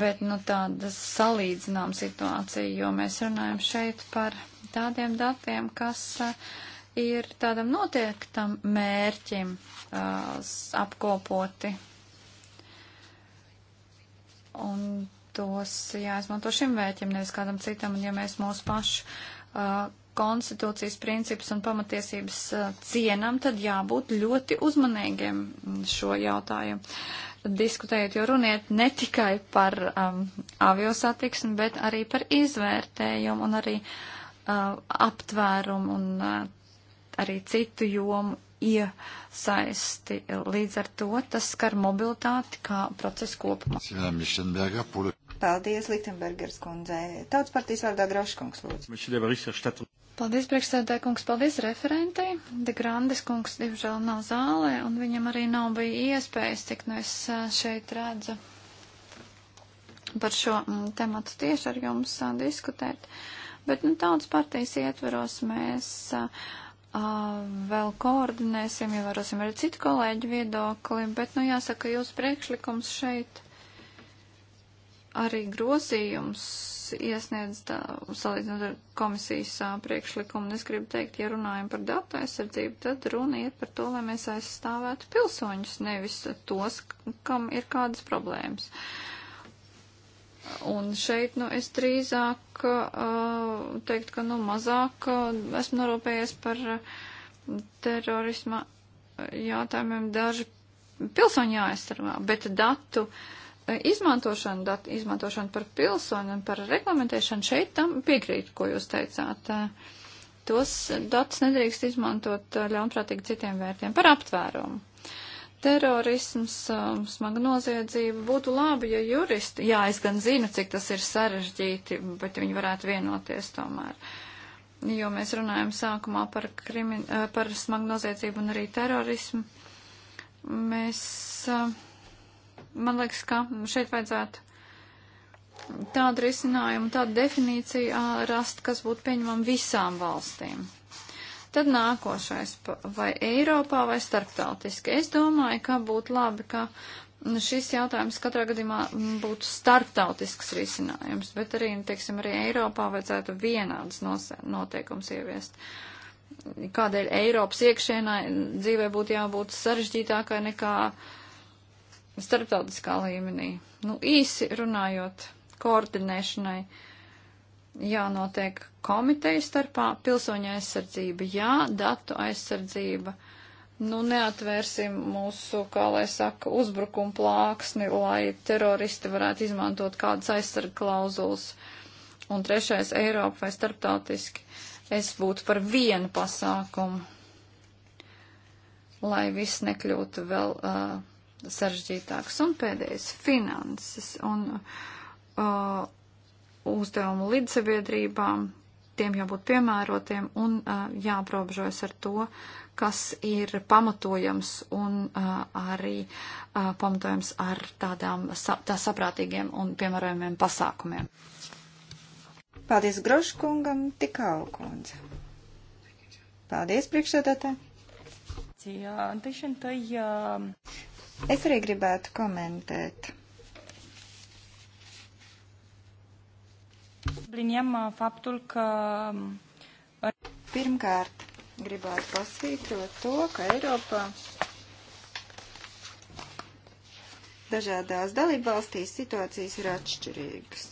bet nu, tāda salīdzināma situācija, jo mēs runājam šeit par tādiem datiem, kas uh, ir tādam noteiktam mērķim uh, apkopoti. Un tos jāizmanto šim mērķim, nevis kādam citam, un ja mēs mūsu pašu uh, konstitūcijas principus un pamatiesības uh, cienam, tad jābūt ļoti uzmanīgiem šo jautājumu diskutējot, jo runiet ne tikai par um, aviosatiksmi, bet arī par izvērtējumu un arī uh, aptvērumu un uh, arī citu jomu iesaisti. Līdz ar to tas skar mobilitāti kā procesu kopumā. Paldies, Liktenbergers kundze. Tautas partijas vārdā Graškungs, lūdzu. Paldies, priekšsēdē kungs, paldies referentei. De Grandes kungs, diemžēl, nav zālē, un viņam arī nav bija iespējas, cik nu es šeit redzu par šo tematu tieši ar jums diskutēt. Bet, nu, tautas partijas ietveros mēs vēl koordinēsim, ievērosim arī citu kolēģu viedokli, bet, nu, jāsaka, jūsu priekšlikums šeit arī grozījums iesniedz tā, salīdzinot ar komisijas priekšlikumu. Es gribu teikt, ja runājam par datu aizsardzību, tad runa iet par to, lai mēs aizstāvētu pilsoņus, nevis tos, kam ir kādas problēmas. Un šeit, nu, es drīzāk uh, teiktu, ka, nu, mazāk uh, esmu norūpējies par uh, terorisma jautājumiem daži pilsoņi jāaizsargā, bet datu uh, Eh, izmantošanu, datu izmantošanu par pilsoni un par reglamentēšanu šeit tam piekrītu, ko jūs teicāt. Eh, tos datus nedrīkst izmantot eh, ļaunprātīgi citiem vērtiem par aptvērumu. Terorisms, smaga noziedzība būtu labi, ja juristi, jā, es gan zinu, cik tas ir sarežģīti, bet viņi varētu vienoties tomēr. Jo mēs runājam sākumā par, krimi, par smagu noziedzību un arī terorismu. Mēs uh, Man liekas, ka šeit vajadzētu tādu risinājumu, tādu definīciju rast, kas būtu pieņemama visām valstīm. Tad nākošais, vai Eiropā vai starptautiski. Es domāju, ka būtu labi, ka šis jautājums katrā gadījumā būtu starptautisks risinājums, bet arī, teiksim, arī Eiropā vajadzētu vienādas noteikums ieviest. Kādēļ Eiropas iekšienai dzīvē būtu jābūt sarežģītākai nekā uh, starptautiskā līmenī. Nu, īsi runājot, koordinēšanai jānotiek komiteju starpā, pilsoņa aizsardzība jā, datu aizsardzība. Nu, neatvērsim mūsu, kā lai saka, uzbrukumu plāksni, lai teroristi varētu izmantot kādas aizsardz klauzulas. Un trešais Eiropa vai starptautiski. Es būtu par vienu pasākumu, lai viss nekļūtu vēl. Uh, sarežģītāks. Un pēdējais - finanses un uh, uzdevumu līdzsaviedrībām. Tiem jābūt piemērotiem un uh, jāaprobežojas ar to, kas ir pamatojams un uh, arī uh, pamatojams ar tādām sa tā saprātīgiem un piemērojumiem pasākumiem. Paldies Groškungam, tikau kundze. Paldies priekšsēdētē. Es arī gribētu komentēt. Subliniem uh, faptul, ka. Um, Pirmkārt, gribētu pasvītrot to, ka Eiropā dažādās dalībvalstīs situācijas ir atšķirīgas,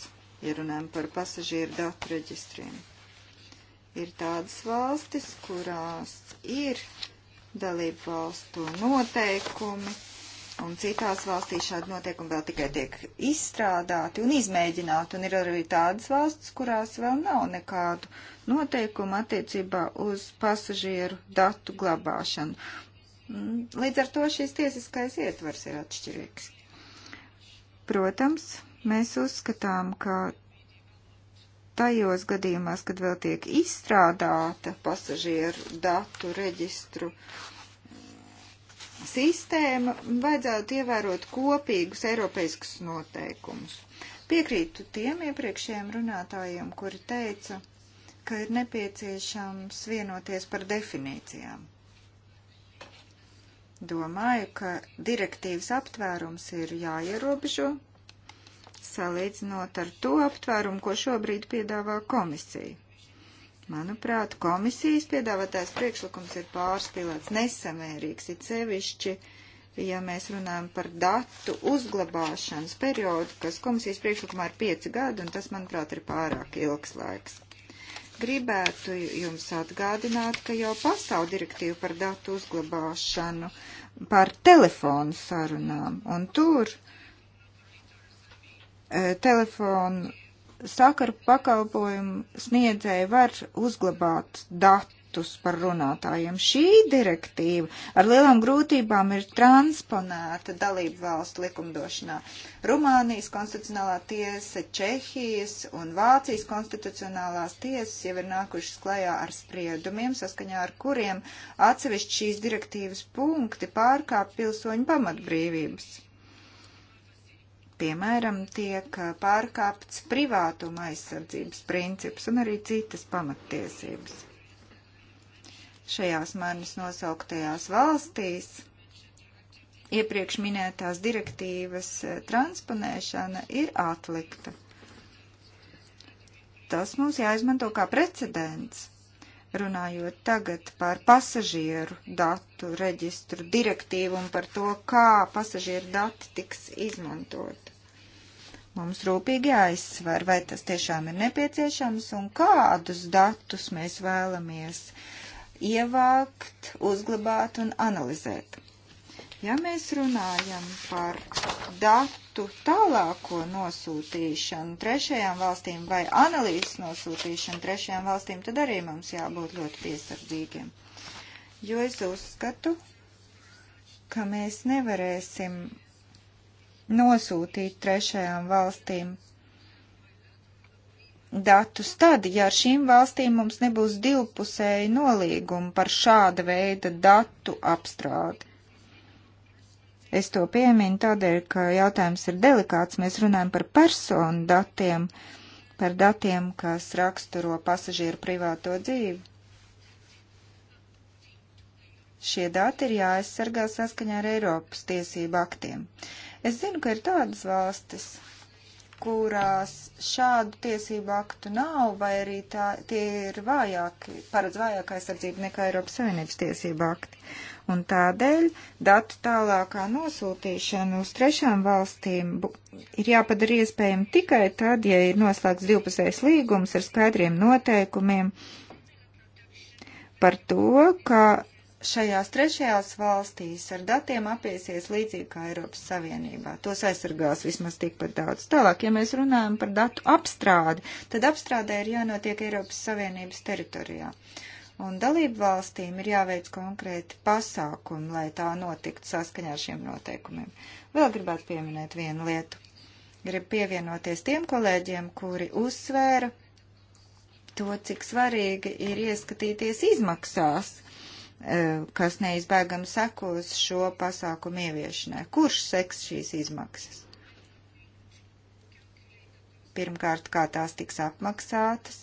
ja runājam par pasažieru datu reģistriem. Ir tādas valstis, kurās ir dalībvalstu noteikumi, Un citās valstīs šādi noteikumi vēl tikai tiek izstrādāti un izmēģināti, un ir arī tādas valstis, kurās vēl nav nekādu noteikumu attiecībā uz pasažieru datu glabāšanu. Mm, līdz ar to šīs tiesiskais ietvars ir atšķirīgs. Protams, mēs uzskatām, ka tajos gadījumās, kad vēl tiek izstrādāta pasažieru datu reģistru sistēma vajadzētu ievērot kopīgus eiropeiskus noteikumus. Piekrītu tiem iepriekšējiem runātājiem, kuri teica, ka ir nepieciešams vienoties par definīcijām. Domāju, ka direktīvas aptvērums ir jāierobežo, salīdzinot ar to aptvērumu, ko šobrīd piedāvā komisija. Manuprāt, komisijas piedāvātais priekšlikums ir pārspīlēts, nesamērīgs, it sevišķi, ja mēs runājam par datu uzglabāšanas periodu, kas komisijas priekšlikumā ir pieci gadi, un tas, manuprāt, ir pārāk ilgs laiks. Gribētu jums atgādināt, ka jau pastāv direktīva par datu uzglabāšanu, par telefonu sarunām, un tur eh, telefonu sakaru pakalpojumu sniedzēji var uzglabāt datus par runātājiem. Šī direktīva ar lielām grūtībām ir transponēta dalību valstu likumdošanā. Rumānijas konstitucionālā tiesa, Čehijas un Vācijas konstitucionālās tiesas jau ir nākušas klajā ar spriedumiem, saskaņā ar kuriem atsevišķi šīs direktīvas punkti pārkāp pilsoņu pamatbrīvības piemēram, tiek pārkāpts privātuma aizsardzības princips un arī citas pamattiesības. Šajās manis nosauktajās valstīs iepriekš minētās direktīvas transponēšana ir atlikta. Tas mums jāizmanto kā precedents. Runājot tagad par pasažieru datu reģistru direktīvu un par to, kā pasažieru dati tiks izmantoti. Mums rūpīgi jāizsver, vai tas tiešām ir nepieciešams un kādus datus mēs vēlamies ievākt, uzglabāt un analizēt. Ja mēs runājam par datu tālāko nosūtīšanu trešajām valstīm vai analīzes nosūtīšanu trešajām valstīm, tad arī mums jābūt ļoti piesardzīgiem. Jo es uzskatu, ka mēs nevarēsim nosūtīt trešajām valstīm datus tad, ja ar šīm valstīm mums nebūs divpusēji nolīgumi par šāda veida datu apstrādi. Es to pieminu tādēļ, ka jautājums ir delikāts. Mēs runājam par personu datiem, par datiem, kas raksturo pasažieru privāto dzīvi. Šie dati ir jāaizsargā saskaņā ar Eiropas tiesību aktiem. Uh, Es zinu, ka ir tādas valstis, kurās šādu tiesību aktu nav, vai arī tā, tie ir vājāki, paredz vājāka aizsardzība nekā Eiropas Savienības tiesību akti. Un tādēļ datu tālākā nosūtīšana uz trešām valstīm ir jāpadara iespējama tikai tad, ja ir noslēgts divpusējs līgums ar skaidriem noteikumiem par to, ka šajās trešajās valstīs ar datiem apiesies līdzīgi kā Eiropas Savienībā. Tos aizsargās vismaz tikpat daudz. Tālāk, ja mēs runājam par datu apstrādi, tad apstrādē ir jānotiek Eiropas Savienības teritorijā. Un dalību valstīm ir jāveic konkrēti pasākumi, lai tā notiktu saskaņā ar šiem noteikumiem. Vēl gribētu pieminēt vienu lietu. Gribu pievienoties tiem kolēģiem, kuri uzsvēra to, cik svarīgi ir ieskatīties izmaksās E, kas neizbēgami sekos šo pasākumu ieviešanai. Kurš seks šīs izmaksas? Pirmkārt, kā tās tiks apmaksātas,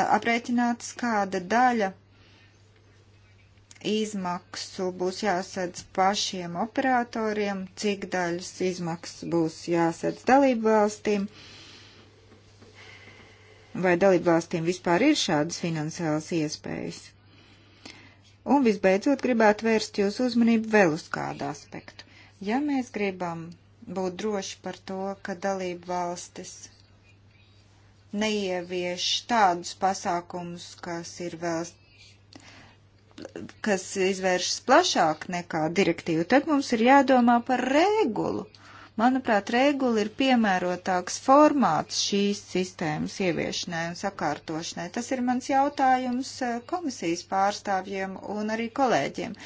aprēķinātas, kāda daļa izmaksu būs jāsadz pašiem operatoriem, cik daļas izmaksas būs jāsadz dalību valstīm. Vai dalību valstīm vispār ir šādas finansiālas iespējas? Un visbeidzot gribētu vērst jūsu uzmanību vēl uz kādu aspektu. Ja mēs gribam būt droši par to, ka dalību valstis neievieš tādus pasākumus, kas ir vēl kas izvēršas plašāk nekā direktīva, tad mums ir jādomā par regulu, Manuprāt, regula ir piemērotāks formāts šīs sistēmas ieviešanai un sakārtošanai. Tas ir mans jautājums e, komisijas pārstāvjiem un arī kolēģiem.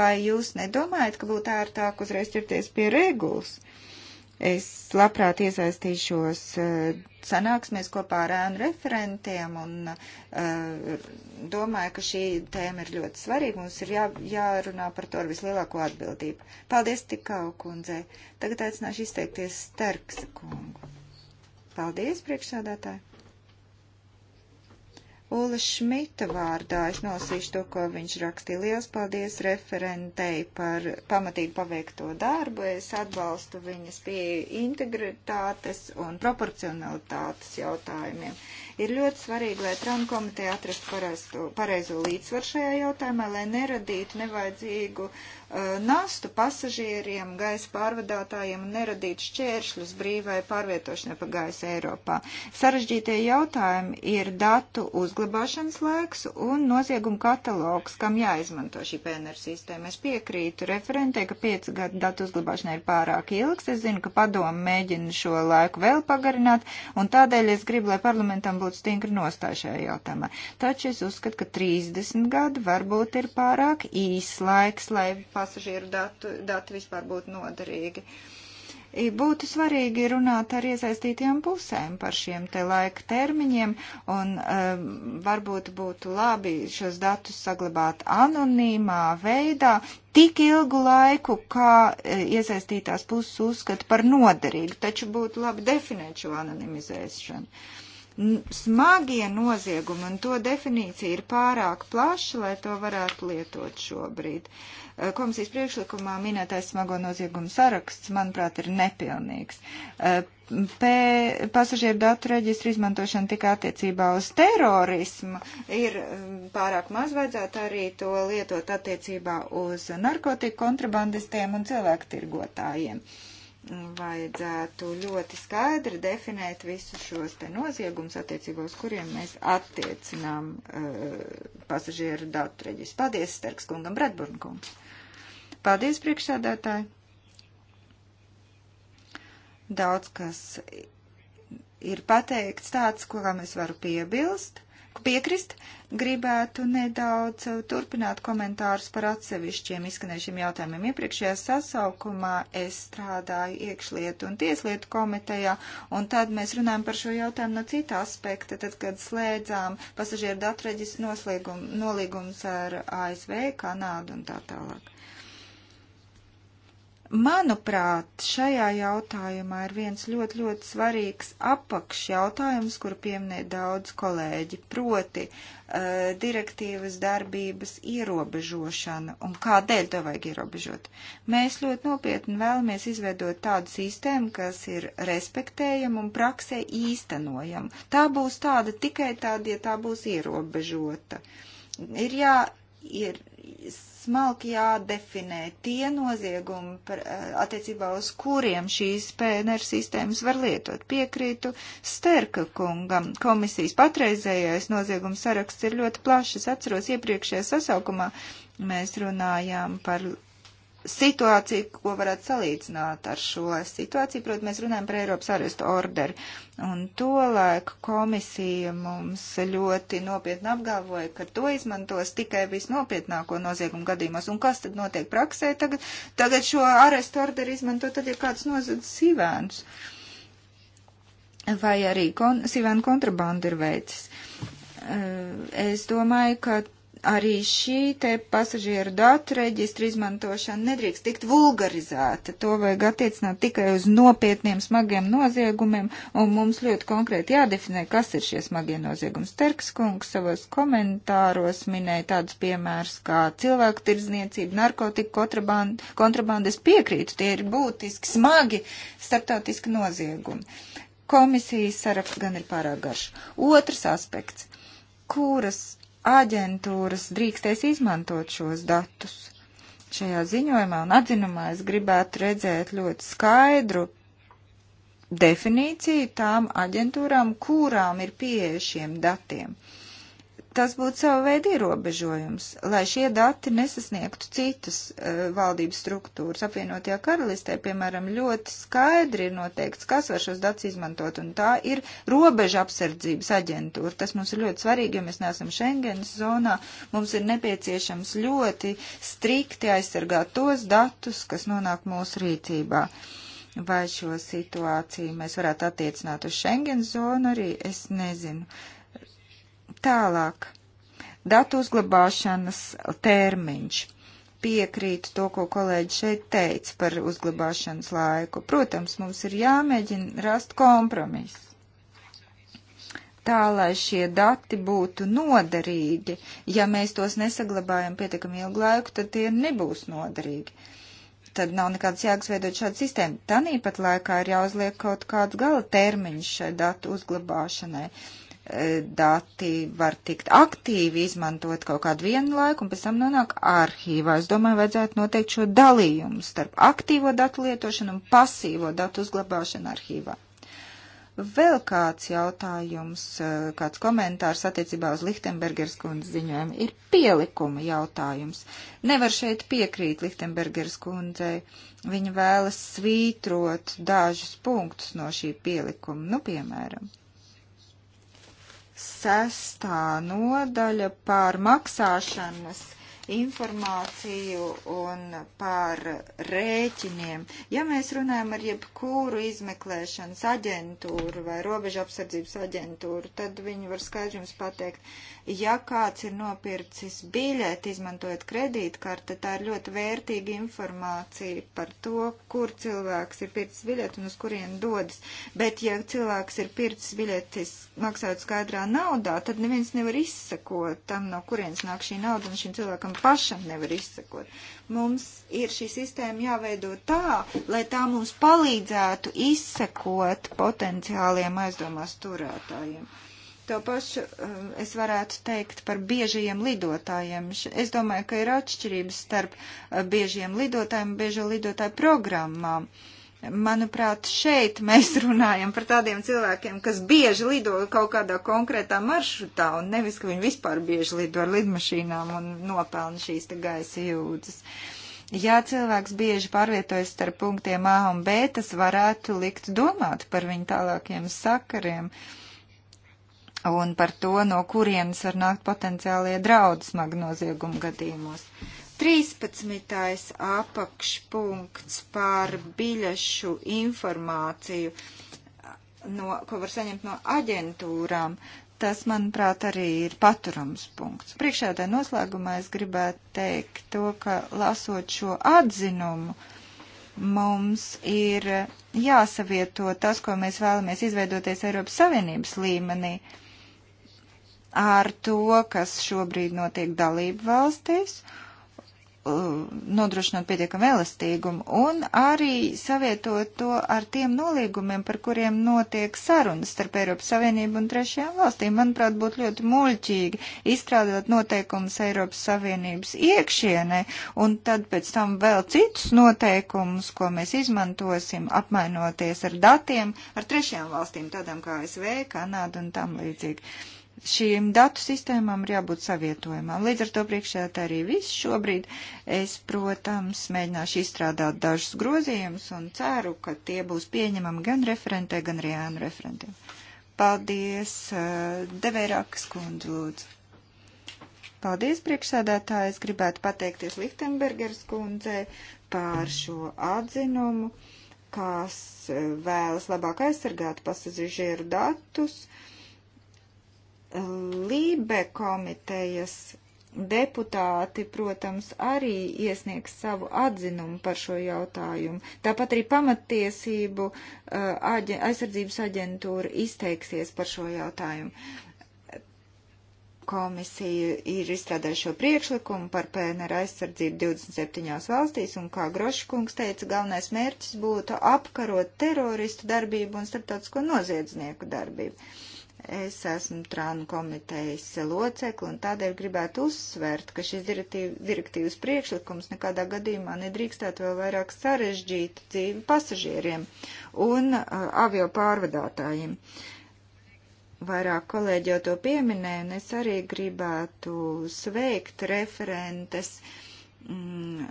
Vai jūs nedomājat, ka būtu ērtāk uzreiz ķerties pie regulas? Es labprāt iesaistīšos eh, sanāksmēs kopā ar ēnu referentiem un uh, domāju, ka šī tēma ir ļoti svarīga. Mums ir jā, jārunā par to ar vislielāko atbildību. Paldies tikau, kundze. Tagad aicināšu izteikties Sterksa kungu. Paldies, priekšsādātāji. Ulla Šmita vārdā. Es nolasīšu to, ko viņš rakstīja. Lielas paldies referentei par pamatīgi paveikto darbu. Es atbalstu viņas pieeju integritātes un proporcionalitātes jautājumiem. Ir ļoti svarīgi, lai Trump komiteja atrastu pareizo līdzsvaru šajā jautājumā, lai neradītu nevajadzīgu Eh, nastu pasažieriem, gaisa pārvadātājiem un neradītu šķēršļus brīvai pārvietošanai pa gaisa Eiropā. Sarežģītie jautājumi ir datu uzglabāšanas laiks un nozieguma katalogs, kam jāizmanto šī PNR sistēma. Es piekrītu referentē, ka 5 gadu datu uzglabāšanai ir pārāk ilgs. Es zinu, ka padomu mēģina šo laiku vēl pagarināt, un tādēļ es gribu, lai parlamentam būtu stingri nostāja šajā jautājumā. Taču es uzskatu, ka 30 gadu varbūt ir pārāk īs laiks, lai pārvadātu pasažieru datu, dati vispār būtu noderīgi. Būtu svarīgi runāt ar iesaistītajām pusēm par šiem te laika termiņiem, un um, varbūt būtu labi šos datus saglabāt anonīmā veidā tik ilgu laiku, kā e, iesaistītās puses uzskata par noderīgu, taču būtu labi definēt šo anonimizēšanu. Uh, smagie noziegumi, un to definīcija ir pārāk plaša, lai to varētu lietot šobrīd. Komisijas priekšlikumā minētais smago noziegumu saraksts, manuprāt, ir nepilnīgs. P pasažieru datu reģistru izmantošana tikai attiecībā uz terorismu ir pārāk maz vajadzētu arī to lietot attiecībā uz narkotiku kontrabandistiem un cilvēku tirgotājiem. Uh, vajadzētu ļoti skaidri definēt visus šos te noziegumus, attiecībos kuriem mēs attiecinām uh, pasažieru datu reģistru. Paldies, Sterks kungam, Bredburn kungs. Paldies, priekšsādātāji. Daudz kas ir pateikts tāds, ko mēs varu piebilst. Uh, piekrist. Gribētu nedaudz uh, turpināt komentārus par atsevišķiem izskanējušiem jautājumiem. Iepriekšējā sasaukumā es strādāju iekšlietu un tieslietu komitejā, un tad mēs runājam par šo jautājumu no cita aspekta, tad, kad slēdzām pasažieru datreģis nolīgums ar ASV, Kanādu un tā tālāk. Manuprāt, šajā jautājumā ir viens ļoti, ļoti svarīgs apakšjautājums, kuru pieminē daudz kolēģi, proti uh, direktīvas darbības ierobežošana un kādēļ to vajag ierobežot. Mēs ļoti nopietni vēlamies izveidot tādu sistēmu, kas ir respektējama un praksē īstenojama. Tā būs tāda tikai tāda, ja tā būs ierobežota. Ir jā ir smalki jādefinē tie noziegumi, par, eh, attiecībā uz kuriem šīs PNR sistēmas var lietot. Piekrītu Sterka kungam. Komisijas patreizējais nozieguma saraksts ir ļoti plašs. Es atceros iepriekšējā sasaukumā mēs runājām par situāciju, ko varētu salīdzināt ar šo situāciju. Protams, mēs runājam par Eiropas arestu orderi. Un tolaik komisija mums ļoti nopietni apgalvoja, ka to izmantos tikai visnopietnāko noziegumu gadījumos. Un kas tad notiek praksē tagad? Tagad šo arestu orderi izmanto tad, ja kāds nozadz sīvēns. Vai arī kon sīvēnu kontrabandu ir veicis. Eh, es domāju, ka arī šī te pasažieru datu reģistra izmantošana nedrīkst tikt vulgarizēta. To vajag attiecināt tikai uz nopietniem smagiem noziegumiem, un mums ļoti konkrēti jādefinē, kas ir šie smagie noziegumi. Sterks kungs savos komentāros minēja tādus piemērus kā cilvēku tirdzniecība, narkotika kontrabanda. Kontrabandas piekrītu, tie ir būtiski smagi starptautiski noziegumi. Komisijas saraksts gan ir pārāk garš. Otrs aspekts kuras aģentūras drīkstēs izmantot šos datus. Šajā ziņojumā un atzinumā es gribētu redzēt ļoti skaidru definīciju tām aģentūrām, kurām ir pieeja šiem datiem. Uh, tas būtu sava veida ierobežojums, lai šie dati nesasniegtu citas uh, valdības struktūras. Apvienotajā karalistē, piemēram, ļoti skaidri ir noteikts, kas var šos datus izmantot, un tā ir robeža apsardzības aģentūra. Tas mums ir ļoti svarīgi, jo mēs neesam Schengenas zonā. Mums ir nepieciešams ļoti strikti aizsargāt tos datus, kas nonāk mūsu rīcībā. Vai šo situāciju mēs varētu attiecināt uz Schengen zonu arī, es nezinu. Uh, Tālāk. Datu uzglabāšanas termiņš. Piekrītu to, ko kolēģi šeit teica par uzglabāšanas laiku. Protams, mums ir jāmēģina rast kompromisu. Tā, lai šie dati būtu noderīgi, ja mēs tos nesaglabājam pietiekami ilgu laiku, tad tie nebūs noderīgi. Tad nav nekādas jēgas veidot šādu sistēmu. Tanīpat laikā ir jāuzliek kaut kāds gala termiņš šai datu uzglabāšanai. Uh, dati var tikt aktīvi izmantot kaut kādu vienu laiku un pēc tam nonāk arhīvā. Es domāju, vajadzētu noteikt šo dalījumu starp aktīvo datu lietošanu un pasīvo datu uzglabāšanu arhīvā. Vēl kāds jautājums, eh, kāds komentārs attiecībā uz Lichtenbergers kundzes ziņojumu ir pielikuma jautājums. Nevar šeit piekrīt Lichtenbergers kundzei. Viņa vēlas svītrot dažus punktus no šī pielikuma, nu, piemēram sestā nodaļa par maksāšanas informāciju un par rēķiniem. Ja mēs runājam ar jebkuru izmeklēšanas aģentūru vai robežu apsardzības aģentūru, tad viņi var skaidri jums pateikt, Ja kāds ir nopircis biļeti, izmantojot kredītkarti, tā ir ļoti vērtīga informācija par to, kur cilvēks ir pircis biļeti un uz kurien dodas. Bet, ja cilvēks ir pircis biļetis maksājot skaidrā naudā, tad neviens nevar izsekot tam, no kurienes nāk šī nauda, un šim cilvēkam pašam nevar izsekot. Mums ir šī sistēma jāveido tā, lai tā mums palīdzētu izsekot potenciāliem aizdomās turētājiem. To pašu um, es varētu teikt par biežajiem lidotājiem. Es domāju, ka ir atšķirības starp uh, biežajiem lidotājiem un biežo lidotāju programmām. Manuprāt, šeit mēs runājam par tādiem cilvēkiem, kas bieži lido kaut kādā konkrētā maršrutā un nevis, ka viņi vispār bieži lido ar lidmašīnām un nopelna šīs te gaisa jūdzes. Ja cilvēks bieži pārvietojas starp punktiem A un B, tas varētu likt domāt par viņu tālākiem sakariem. Uh, un par to, no kurienes var nākt potenciālie draudi smagu noziegumu gadījumos. 13. apakšpunkts par biļešu informāciju, no, ko var saņemt no aģentūrām. Tas, manuprāt, arī ir paturums punkts. Priekšēdē noslēgumā es gribētu teikt to, ka lasot šo atzinumu, mums ir jāsavieto tas, ko mēs vēlamies izveidoties Eiropas Savienības līmenī ar to, kas šobrīd notiek dalību valstīs, nodrošinot pietiekamu elastīgumu un arī savietot to ar tiem nolīgumiem, par kuriem notiek sarunas starp Eiropas Savienību un trešajām valstīm. Manuprāt, būtu ļoti muļķīgi izstrādāt noteikumus Eiropas Savienības iekšienē un tad pēc tam vēl citus noteikumus, ko mēs izmantosim, apmainoties ar datiem, ar trešajām valstīm, tādām kā ASV, Kanāda un tam līdzīgi šīm datu sistēmām ir jābūt savietojumām. Līdz ar to priekšējā tā arī viss šobrīd. Es, protams, mēģināšu izstrādāt dažus grozījumus un ceru, ka tie būs pieņemami gan referentē, gan arī ēnu referentiem. Paldies, eh, Devērākas kundze, lūdzu. Paldies, priekšsēdētāji. Es gribētu pateikties Lichtenbergers kundzei pār šo atzinumu, kas eh, vēlas labāk aizsargāt pasažieru datus. Uh, Lībe komitejas deputāti, protams, arī iesniegs savu atzinumu par šo jautājumu. Tāpat arī pamattiesību uh, aģe, aizsardzības aģentūra izteiksies par šo jautājumu. Komisija ir izstrādājuši šo priekšlikumu par PNR aizsardzību 27 valstīs, un, kā Groškungs teica, galvenais mērķis būtu apkarot teroristu darbību un starptautisko noziedznieku darbību. Uh, Es esmu Trānu komitejas locekli un tādēļ gribētu uzsvērt, ka šis direktīvas priekšlikums nekādā gadījumā nedrīkstētu vēl vairāk sarežģīt dzīvi pasažieriem un uh, avio pārvadātājiem. Vairāk kolēģi jau to pieminēja, un es arī gribētu sveikt referentes uh, Mm,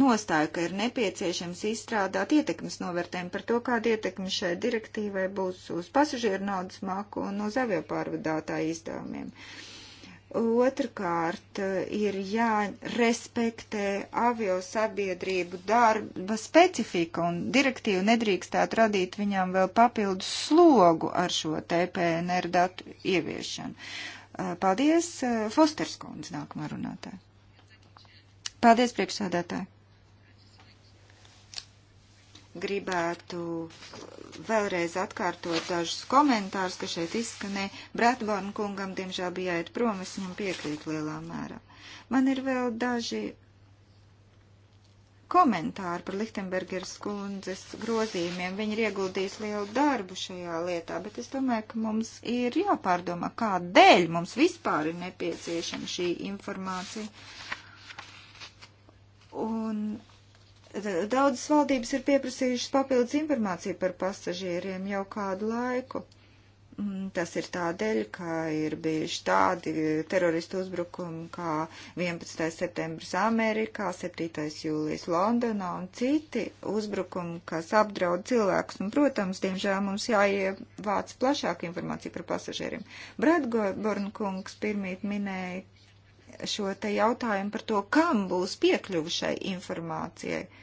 nostāju, ka ir nepieciešams izstrādāt ietekmes novērtējumu par to, kāda ietekme šai direktīvai būs uz pasažieru naudas māku un uz avio pārvadātāju izdevumiem. Otrakārt, ir jārespektē avio sabiedrību darba specifika un direktīva nedrīkstētu radīt viņām vēl papildus slogu ar šo TPNR datu ieviešanu. Paldies, Fosters kundze, nākamā runātāja. Paldies, priekšsādātāji! Gribētu vēlreiz atkārtot dažus komentārus, kas šeit izskanēja. Bratborn kungam, diemžēl, bija jāiet prom, es viņam piekrītu lielā mērā. Man ir vēl daži komentāri par Lichtenbergeras kundzes grozījumiem. Viņi ir ieguldījis lielu darbu šajā lietā, bet es domāju, ka mums ir jāpārdomā, kādēļ mums vispār ir nepieciešama šī informācija. Un daudzas valdības ir pieprasījušas papildus informāciju par pasažieriem jau kādu laiku. Mm, tas ir tādēļ, ka ir bijuši tādi teroristu uzbrukumi kā 11. septembris Amerikā, 7. jūlijas Londonā un citi uzbrukumi, kas apdraud cilvēkus. Un, protams, diemžēl mums jāievāc plašāka informācija par pasažieriem. Bradborn kungs pirmīt minēja, šo te jautājumu par to, kam būs piekļuva šai informācijai. Uh,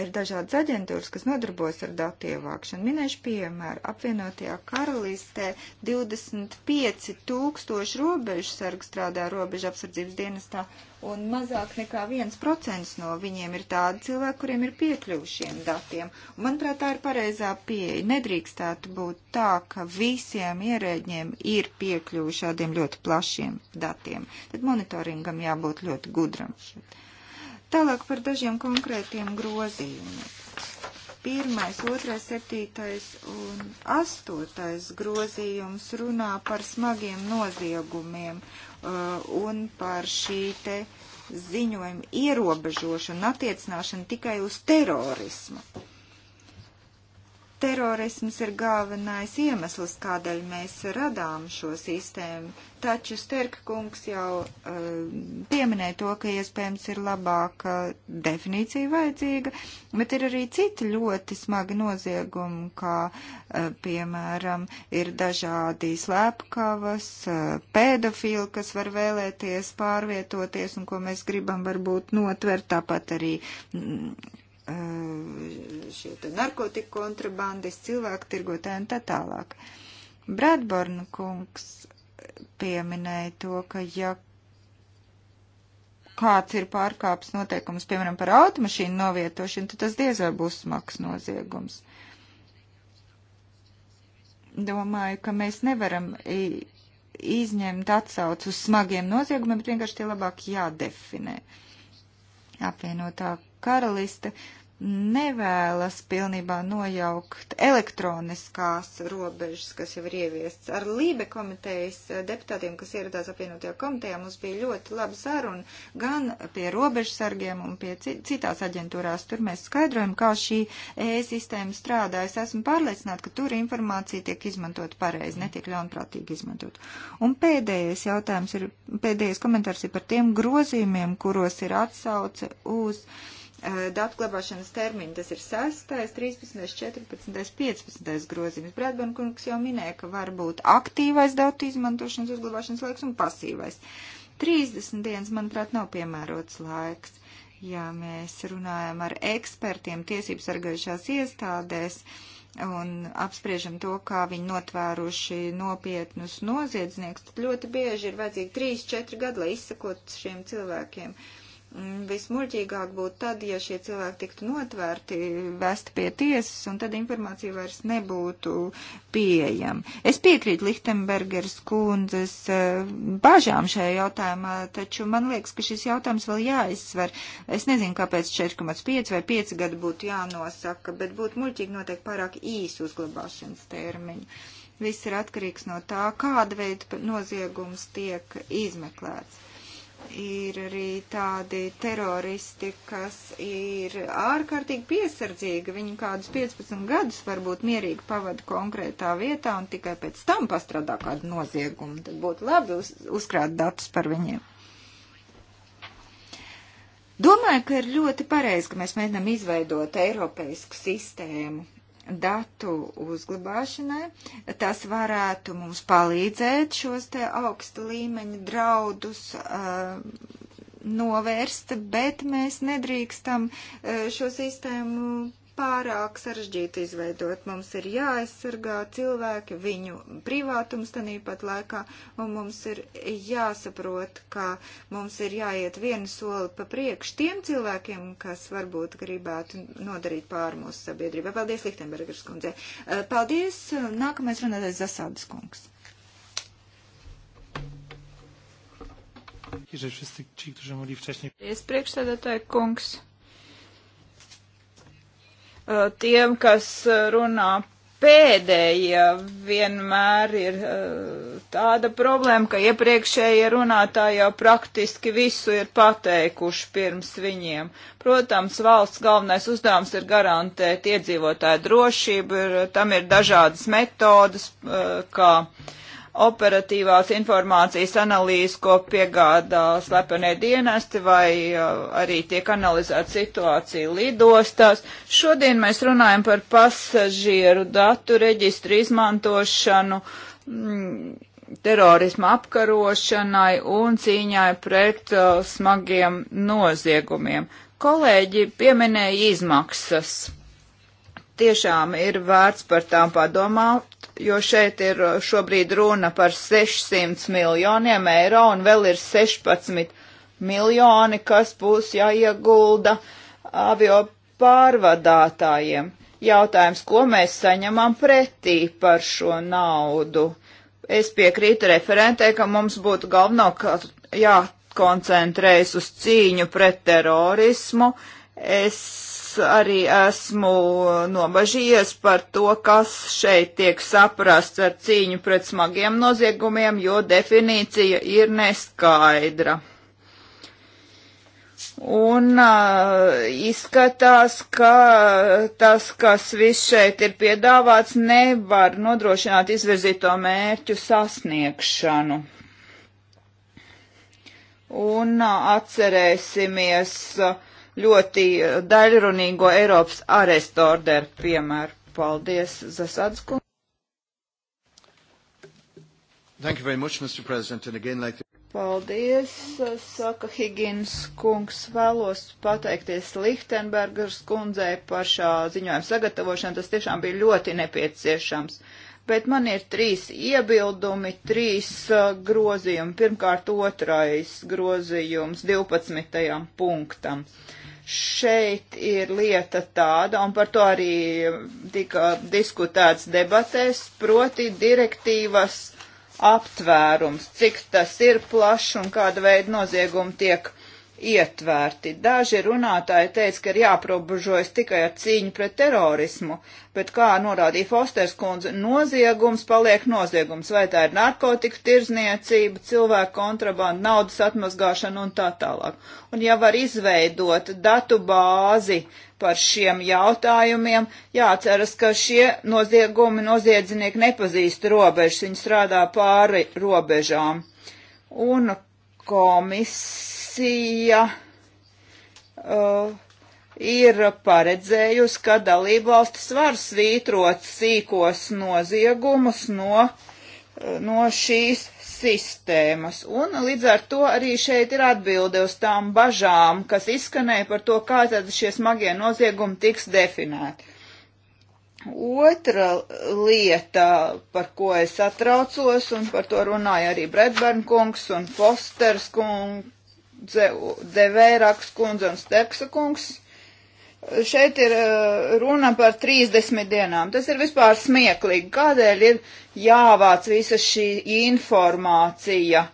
ir dažādas aģentūras, kas nodarbojas ar datu ievākšanu. Minēšu piemēru, apvienotajā karalistē 25 tūkstoši robežu sargu strādā robežu apsardzības dienestā, un mazāk nekā 1% no viņiem ir tādi cilvēki, kuriem ir piekļuvušiem datiem. Un, manuprāt, tā ir pareizā pieeja. Nedrīkstētu būt tā, ka visiem ierēģiem ir piekļuvuši šādiem ļoti plašiem datiem. Tad monitoringam jābūt ļoti gudram. Šeit. Tālāk par dažiem konkrētiem grozījumiem. Pirmais, otrais, septītais un astotais grozījums runā par smagiem noziegumiem uh, un par šī te ziņojuma ierobežošanu, attiecināšanu tikai uz terorismu. Terorisms ir galvenais iemesls, kādēļ mēs radām šo sistēmu, taču Sterka kungs jau uh, pieminēja to, ka iespējams ir labāka definīcija vajadzīga, bet ir arī citi ļoti smagi noziegumi, kā uh, piemēram ir dažādi slēpkavas, uh, eh, pedofili, kas var vēlēties pārvietoties un ko mēs gribam varbūt notvert, tāpat arī. Mm, Ehm, šie te narkotika kontrabandis, cilvēku tirgotāji un tā tālāk. Bradborna kungs pieminēja to, ka ja kāds ir pārkāps noteikums, piemēram, par automašīnu novietošanu, tad tas diez vai būs smags noziegums. Domāju, ka mēs nevaram izņemt atsaucu uz smagiem noziegumiem, bet vienkārši tie labāk jādefinē. Apvienotā karaliste nevēlas pilnībā nojaukt elektroniskās robežas, kas jau ir ieviests. Ar Lībe komitejas eh, deputātiem, kas ieradās apvienotajā komitejā, mums bija ļoti laba saruna gan pie robežsargiem un pie citās aģentūrās. Tur mēs skaidrojam, kā šī e-sistēma strādā. Es esmu pārliecināta, ka tur informācija tiek izmantot pareizi, netiek ļaunprātīgi izmantot. Un pēdējais jautājums ir, pēdējais komentārs ir par tiem grozījumiem, kuros ir atsauce uz Eh, datu glabāšanas termiņu. Tas ir 6., 13., 14., 15. grozījums. Bradbankungs jau minēja, ka var būt aktīvais datu izmantošanas uzglabāšanas laiks un pasīvais. 30 dienas, manuprāt, nav piemērots laiks. Ja mēs runājam ar ekspertiem, tiesību sargājušās iestādēs, un apspriežam to, kā viņi notvēruši nopietnus noziedzniekus, tad ļoti bieži ir vajadzīgi 3-4 gadi, lai izsakot šiem cilvēkiem. Uh, Mm, vismuļķīgāk būtu tad, ja šie cilvēki tiktu notvērti, vest pie tiesas, un tad informācija vairs nebūtu pieejama. Es piekrītu Lichtenbergers kundzes eh, bažām šajā jautājumā, taču man liekas, ka šis jautājums vēl jāizsver. Es nezinu, kāpēc 4,5 vai 5 gadi būtu jānosaka, bet būtu muļķīgi noteikti pārāk īsu uzglabāšanas termiņu. Viss ir atkarīgs no tā, kāda veida noziegums tiek izmeklēts Ir arī tādi teroristi, kas ir ārkārtīgi piesardzīgi. Viņi kādus 15 gadus varbūt mierīgi pavada konkrētā vietā un tikai pēc tam pastrādā kādu noziegumu. Tad būtu labi uz, uzkrāt datus par viņiem. Domāju, ka ir ļoti pareizi, ka mēs mēģinām izveidot Eiropeisku sistēmu datu uzglabāšanai. Tas varētu mums palīdzēt šos te augsta līmeņa draudus uh, novērst, bet mēs nedrīkstam uh, šo sistēmu pārāk sarežģīti izveidot. Mums ir jāaizsargā cilvēki, viņu privātums tanīpat laikā, un mums ir jāsaprot, ka mums ir jāiet vienu soli pa priekš tiem cilvēkiem, kas varbūt gribētu nodarīt pār mūsu sabiedrībai. Paldies, Lichtenbergers kundze. Eh, paldies, nākamais runātais Zasādas kungs. Paldies, priekšsēdētāji kungs. Eh, tiem, kas eh, runā pēdējie vienmēr ir eh, tāda problēma, ka iepriekšējie runātāji jau praktiski visu ir pateikuši pirms viņiem. Protams, valsts galvenais uzdevums ir garantēt iedzīvotāju drošību, ir, tam ir dažādas metodas, kā uh, operatīvās informācijas analīzes, ko piegādā slepenie dienesti vai uh, arī tiek analizēta situācija lidostās. Šodien mēs runājam par pasažieru datu reģistru izmantošanu m, mm, terorismu apkarošanai un cīņai pret uh, smagiem noziegumiem. Kolēģi pieminēja izmaksas tiešām ir vērts par tām padomāt, jo šeit ir uh, šobrīd runa par 600 miljoniem eiro un vēl ir 16 miljoni, kas būs jāiegulda avio pārvadātājiem. Jautājums, ko mēs saņemam pretī par šo naudu? Es piekrītu referentē, ka mums būtu galvenokārt jākoncentrējas uz cīņu pret terorismu. Es arī esmu nobažījies par to, kas šeit tiek saprasts ar cīņu pret smagiem noziegumiem, jo definīcija ir neskaidra. Un uh, izskatās, ka tas, kas viss šeit ir piedāvāts, nevar nodrošināt izvirzīto mērķu sasniegšanu. Un uh, atcerēsimies uh, ļoti eh, daļrunīgo Eiropas arestorderu piemēru. Paldies, Zasadsku. Thank you very much, Mr. President, and again like the... Paldies, saka Higins kungs. Vēlos pateikties Lichtenbergers kundzei par šā ziņojuma sagatavošanu. Tas tiešām bija ļoti nepieciešams. Bet man ir trīs iebildumi, trīs uh, grozījumi. Pirmkārt, otrais grozījums 12. punktam. Uh, Šeit ir lieta tāda, un par to arī tika diskutēts debatēs, proti direktīvas aptvērums, cik tas ir plašs un kāda veida noziegumi tiek ietvērti. Daži runātāji teica, ka ir jāprobežojas tikai ar cīņu pret terorismu, bet, kā norādīja Fosters kundze, noziegums paliek noziegums, vai tā ir narkotiku tirzniecība, cilvēku kontrabanda, naudas atmazgāšana un tā tālāk. Un ja var izveidot datu bāzi par šiem jautājumiem, jāceras, ka šie noziegumi, noziedznieki nepazīst robežas, viņi strādā pāri robežām. Un komisija uh, ir paredzējusi, ka dalībvalstis var svītrot sīkos noziegumus no, uh, no šīs sistēmas. Un līdz ar to arī šeit ir atbilde uz tām bažām, kas izskanēja par to, kā tad šie smagie noziegumi tiks definēti. Otra lieta, par ko es atraucos, un par to runāja arī Bredbern kungs un Fosters kundze, Devēraks kundze un Sterksa kungs, šeit ir eh, runa par 30 dienām. Tas ir vispār smieklīgi. Kādēļ ir jāvāc visa šī informācija?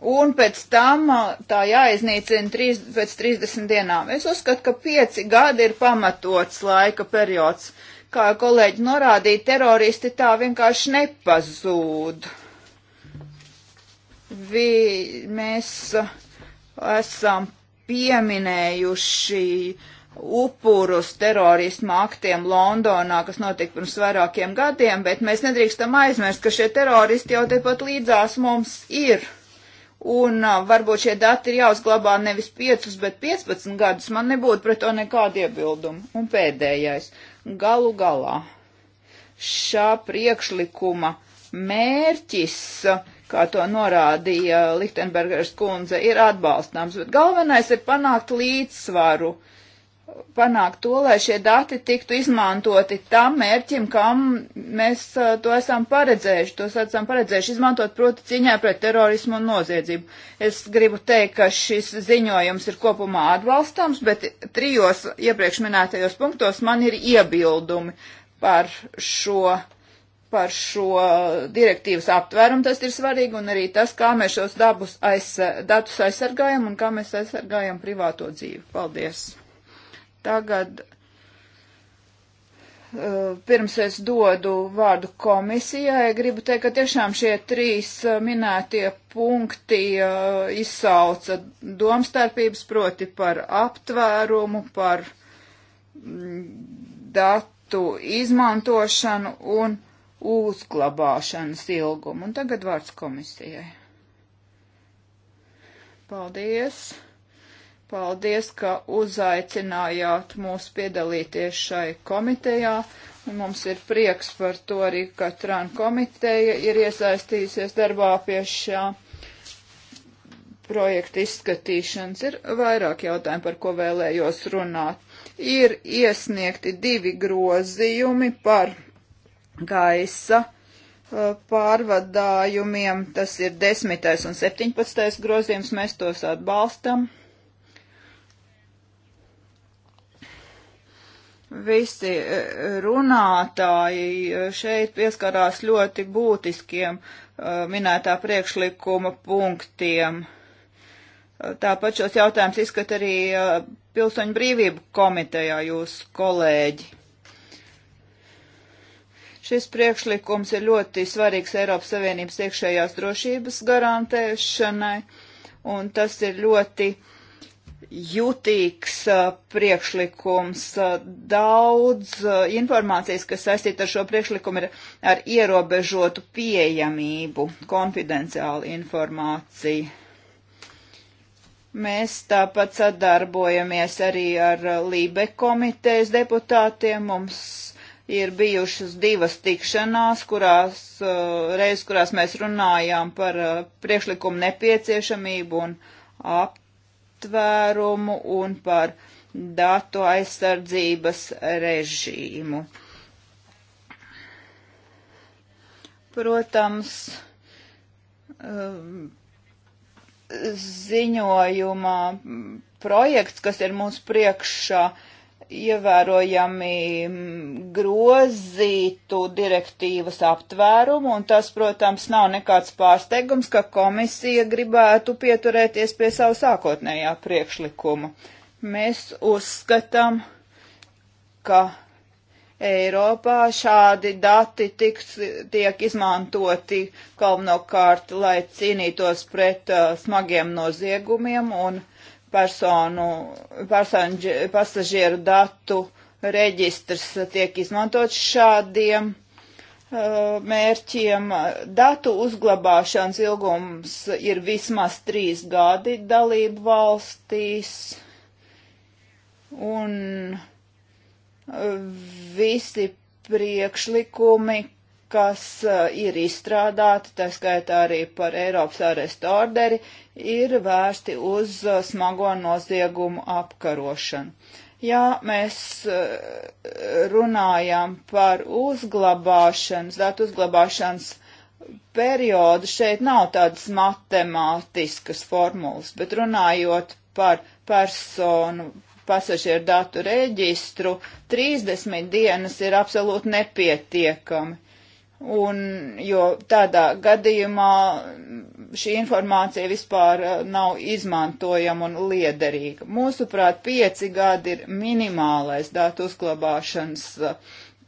un pēc tam tā jāiznīcina trīs, pēc 30 dienām. Es uzskatu, ka pieci gadi ir pamatots laika periods. Kā kolēģi norādīja, teroristi tā vienkārši nepazūd. Vi, mēs esam pieminējuši upurus terorisma aktiem Londonā, kas notika pirms vairākiem gadiem, bet mēs nedrīkstam aizmirst, ka šie teroristi jau tepat līdzās mums ir. Un uh, varbūt šie dati ir jāuzglabā nevis 5, bet 15 gadus. Man nebūtu pret to nekāda iebilduma. Un pēdējais. Galu galā šā priekšlikuma mērķis, kā to norādīja Lichtenbergers kundze, ir atbalstāms, bet galvenais ir panākt līdzsvaru panākt to, lai šie dati tiktu izmantoti tam mērķim, kam mēs uh, to esam paredzējuši, tos esam paredzējuši izmantot proti cīņā pret terorismu un noziedzību. Es gribu teikt, ka šis ziņojums ir kopumā atbalstams, bet trijos iepriekš minētajos punktos man ir iebildumi par šo par šo direktīvas aptvērumu, tas ir svarīgi, un arī tas, kā mēs šos dabus aiz, datus aizsargājam un kā mēs aizsargājam privāto dzīvi. Paldies! Tagad, eh, pirms es dodu vārdu komisijai, gribu teikt, ka tiešām šie trīs eh, minētie punkti eh, izsauca domstarpības proti par aptvērumu, par mm, datu izmantošanu un uzglabāšanas ilgumu. Un tagad vārds komisijai. Paldies! Paldies, ka uzaicinājāt mūs piedalīties šai komitejā. Un mums ir prieks par to arī, ka Tran komiteja ir iesaistījusies darbā pie šā projekta izskatīšanas. Ir vairāk jautājumu, par ko vēlējos runāt. Ir iesniegti divi grozījumi par gaisa uh, pārvadājumiem. Tas ir 10. un 17. grozījums. Mēs tos atbalstam. visi e, runātāji e, šeit pieskarās ļoti būtiskiem e, minētā priekšlikuma punktiem. Tāpat šos jautājumus izskat arī Pilsoņu brīvību komitejā jūs kolēģi. Šis priekšlikums ir ļoti svarīgs Eiropas Savienības iekšējās drošības garantēšanai, un tas ir ļoti uh, jutīgs priekšlikums. Daudz informācijas, kas saistīta ar šo priekšlikumu, ir ar ierobežotu pieejamību, konfidenciālu informāciju. Mēs tāpat sadarbojamies arī ar Lībe komitejas deputātiem. Mums ir bijušas divas tikšanās, kurās, reiz, kurās mēs runājām par priekšlikumu nepieciešamību un aptvērumu patvērumu un par datu aizsardzības režīmu. Protams, um, ziņojumā projekts, kas ir mūsu priekšā, uh, ievērojami grozītu direktīvas aptvērumu, un tas, protams, nav nekāds pārsteigums, ka komisija gribētu pieturēties pie savu sākotnējā priekšlikuma. Mēs uzskatām, ka Eiropā šādi dati tiks, tiek izmantoti galvenokārt, lai cīnītos pret uh, smagiem noziegumiem un personu, personu, pasažieru datu reģistrs tiek izmantots šādiem uh, mērķiem. Datu uzglabāšanas ilgums ir vismaz trīs gadi dalību valstīs. Un uh, visi priekšlikumi, kas eh, ir izstrādāti, tā skaitā arī par Eiropas arestu orderi, ir vērsti uz eh, smago noziegumu apkarošanu. Ja mēs eh, runājam par uzglabāšanas, datu uzglabāšanas periodu, šeit nav tādas matemātiskas formulas, bet runājot par personu pasažieru datu reģistru, 30 dienas ir absolūti nepietiekami un jo tādā gadījumā šī informācija vispār eh, nav izmantojama un liederīga. Mūsuprāt, pieci gadi ir minimālais datu uzglabāšanas eh,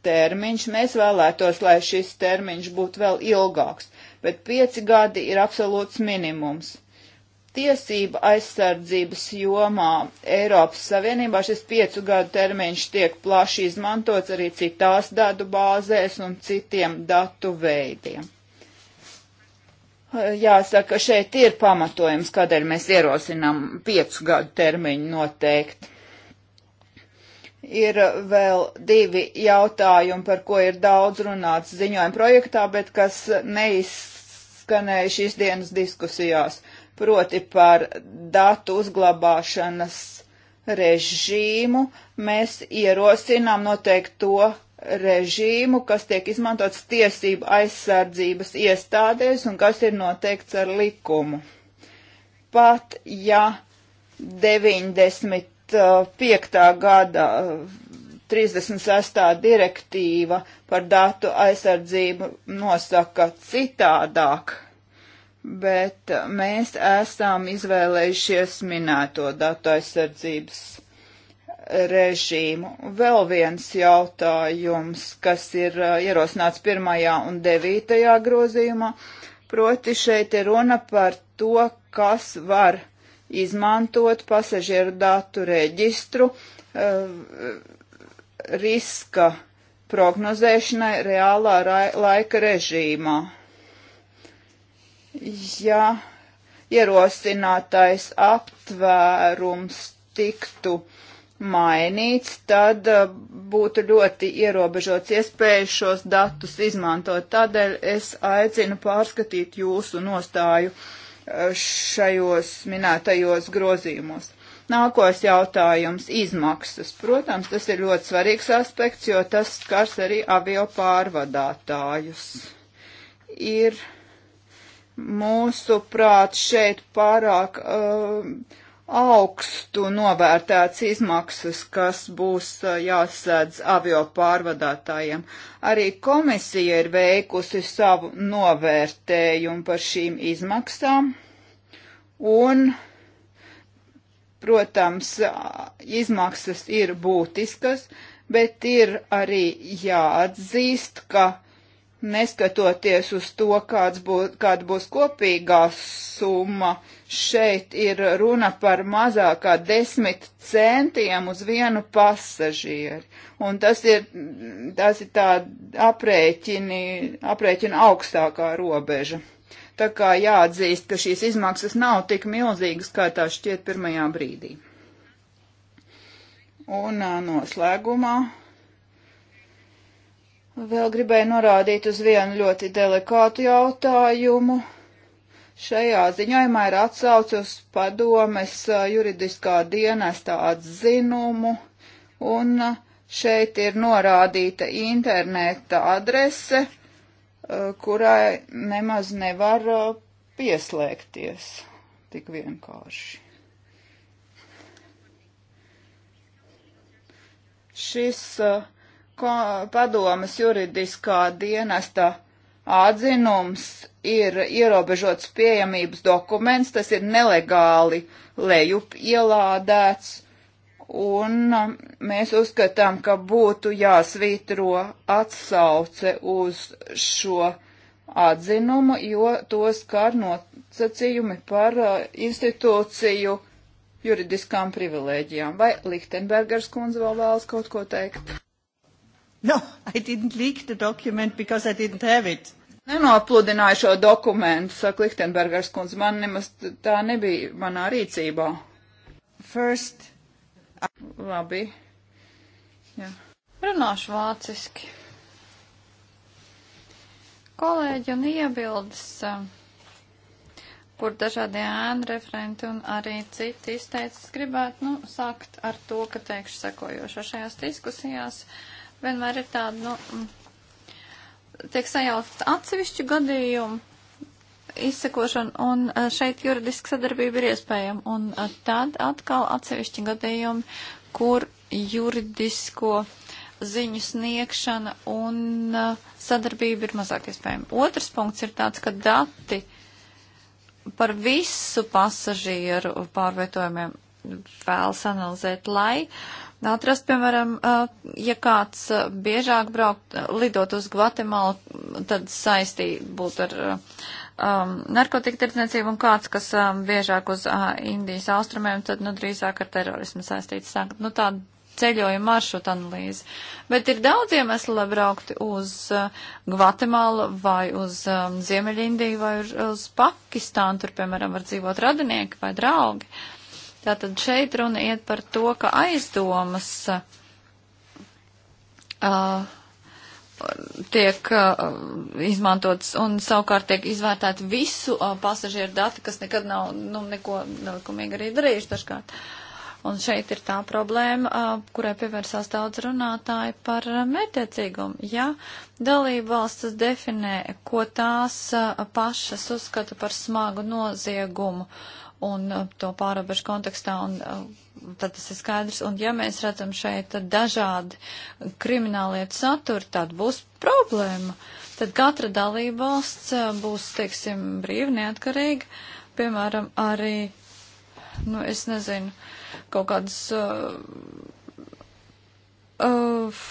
termiņš. Mēs vēlētos, lai šis termiņš būtu vēl ilgāks, bet pieci gadi ir absolūts minimums tiesība aizsardzības jomā Eiropas Savienībā šis piecu gadu termiņš tiek plaši izmantots arī citās datu bāzēs un citiem datu veidiem. Jāsaka, šeit ir pamatojums, kādēļ mēs ierosinām piecu gadu termiņu noteikti. Ir vēl divi jautājumi, par ko ir daudz runāts ziņojuma projektā, bet kas neizskanēja šīs dienas diskusijās. Uh, proti par datu uzglabāšanas režīmu, mēs ierosinām noteikti to režīmu, kas tiek izmantots tiesību aizsardzības iestādēs un kas ir noteikts ar likumu. Pat ja 95. gada 36. direktīva par datu aizsardzību nosaka citādāk bet mēs esam izvēlējušies minēto datu aizsardzības režīmu. Vēl viens jautājums, kas ir uh, ierosināts pirmajā un devītajā grozījumā, proti šeit ir runa par to, kas var izmantot pasažieru datu reģistru uh, riska prognozēšanai reālā laika režīmā ja ierosinātais aptvērums tiktu mainīts, tad eh, būtu ļoti ierobežots iespējas šos datus izmantot. Tādēļ es aicinu pārskatīt jūsu nostāju eh, šajos minētajos grozījumos. Nākos jautājums - izmaksas. Protams, tas ir ļoti svarīgs aspekts, jo tas skars arī avio pārvadātājus. Ir mūsu prāt šeit pārāk uh, augstu novērtēts izmaksas, kas būs uh, jāsēdz avio pārvadātājiem. Arī komisija ir veikusi savu novērtējumu par šīm izmaksām un, protams, izmaksas ir būtiskas, bet ir arī jāatzīst, ka neskatoties uz to, būs, kāda būs kopīgā summa, šeit ir runa par mazākā desmit centiem uz vienu pasažieri. Un tas ir, tas ir tā aprēķini, aprēķina augstākā robeža. Tā kā jāatzīst, ka šīs izmaksas nav tik milzīgas, kā tā šķiet pirmajā brīdī. Un noslēgumā Vēl gribēju norādīt uz vienu ļoti delikātu jautājumu. Šajā ziņojumā ir atsauce uz padomes juridiskā dienesta atzinumu, un šeit ir norādīta interneta adrese, kurai nemaz nevar pieslēgties tik vienkārši. Šis uh, padomas juridiskā dienesta atzinums ir ierobežots pieejamības dokuments, tas ir nelegāli lejup ielādēts, un um, mēs uzskatām, ka būtu jāsvītro atsauce uz šo atzinumu, jo to skar nosacījumi par uh, institūciju juridiskām privilēģijām. Vai Lichtenbergers kundze vēl vēlas kaut ko teikt? No, I didn't leak the document because I didn't have it. Nenopludināju šo dokumentu, saka Lichtenbergers kundze, man nemaz tā nebija manā rīcībā. First. Labi. Jā. Runāšu vāciski. Kolēģi un iebildes, kur dažādi ēnu referenti un arī citi izteicis, gribētu, nu, sākt ar to, ka teikšu sekojošo šajās diskusijās. Uh, vienmēr ir tāda, nu, mm, tiek sajaukt atsevišķu gadījumu izsekošanu, un e, šeit juridiska sadarbība ir iespējama. Un e, tad atkal atsevišķi gadījumi, kur juridisko ziņu sniegšana un e, sadarbība ir mazāk iespējama. Otrs punkts ir tāds, ka dati par visu pasažieru pārvietojumiem vēlas analizēt, lai uh, Atrast, piemēram, ja kāds biežāk braukt, lidot uz Gvatemalu, tad saistība būtu ar um, narkotika tirdzniecību un kāds, kas um, biežāk uz uh, Indijas austrumiem, tad, nu, drīzāk ar terorismu saistīts sāk. Nu, tā ceļojuma maršruta analīze. Bet ir daudz iemeslu, lai brauktu uz uh, Gvatemalu vai uz um, Ziemeļindiju vai uz, uz Pakistānu, tur, piemēram, var dzīvot radinieki vai draugi. Uh, Tātad šeit runa iet par to, ka aizdomas uh, tiek uh, izmantotas un savukārt tiek izvērtēti visu uh, pasažieru dati, kas nekad nav nu, neko nelikumīgi arī darījuši dažkārt. Un šeit ir tā problēma, uh, kurai pievērsās daudz runātāji par uh, mērķiecīgumu. Ja dalība valstis definē, ko tās uh, pašas uzskata par smagu noziegumu, uh, un uh, to pārobežu kontekstā, un uh, tad tas ir skaidrs. Un ja mēs redzam šeit dažādi krimināliet saturi, tad būs problēma. Tad katra dalība valsts uh, būs, teiksim, brīvi neatkarīga, piemēram, arī, nu, es nezinu, kaut kādas. Uh, uh,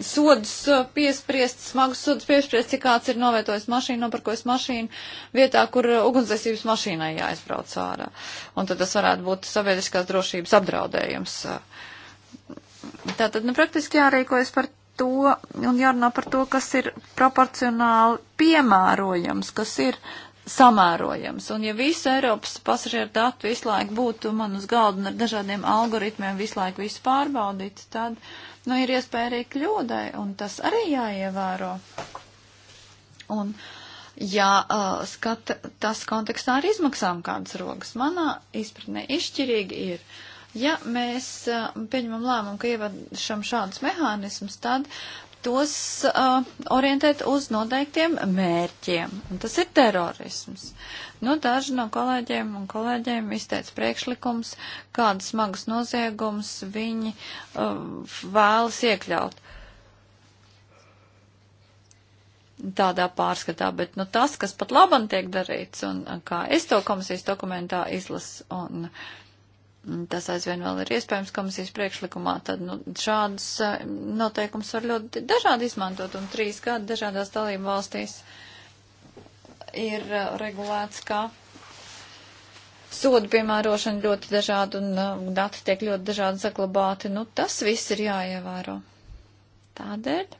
sodus piespriest, smagus sodus piespriest, cik kāds ir novietojis mašīnu, noparkojis mašīnu vietā, kur ugunsdzēsības mašīnai jāizbrauc ārā. Un tad tas varētu būt sabiedriskās drošības apdraudējums. Tātad, nu, praktiski jārīkojas par to un jārunā par to, kas ir proporcionāli piemērojams, kas ir samērojams. Un ja visu Eiropas pasažieru datu visu laiku būtu man uz galda un ar dažādiem algoritmiem visu laiku visu pārbaudīt, tad, nu, ir iespēja arī kļūdai, un tas arī jāievēro. Un jāskata uh, tas kontekstā ar izmaksām kādas rokas. Manā izpratnē izšķirīgi ir. Ja mēs uh, pieņemam lēmumu, ka ievadšam šādus mehānismus, tad tos uh, orientēt uz noteiktiem mērķiem. Un tas ir terorisms. Nu, daži no kolēģiem un kolēģiem izteica priekšlikums, kādas smagas noziegums viņi uh, vēlas iekļaut. Tādā pārskatā, bet nu, tas, kas pat labam tiek darīts, un uh, kā es to komisijas dokumentā izlasu, un uh, tas aizvien vēl ir iespējams komisijas priekšlikumā, tad nu, šādas eh, noteikums var ļoti dažādi izmantot, un trīs gadi dažādās dalību valstīs ir eh, regulēts kā sodu piemērošana ļoti dažāda, un eh, dati tiek ļoti dažādi saglabāti. Nu, tas viss ir jāievēro. Tādēļ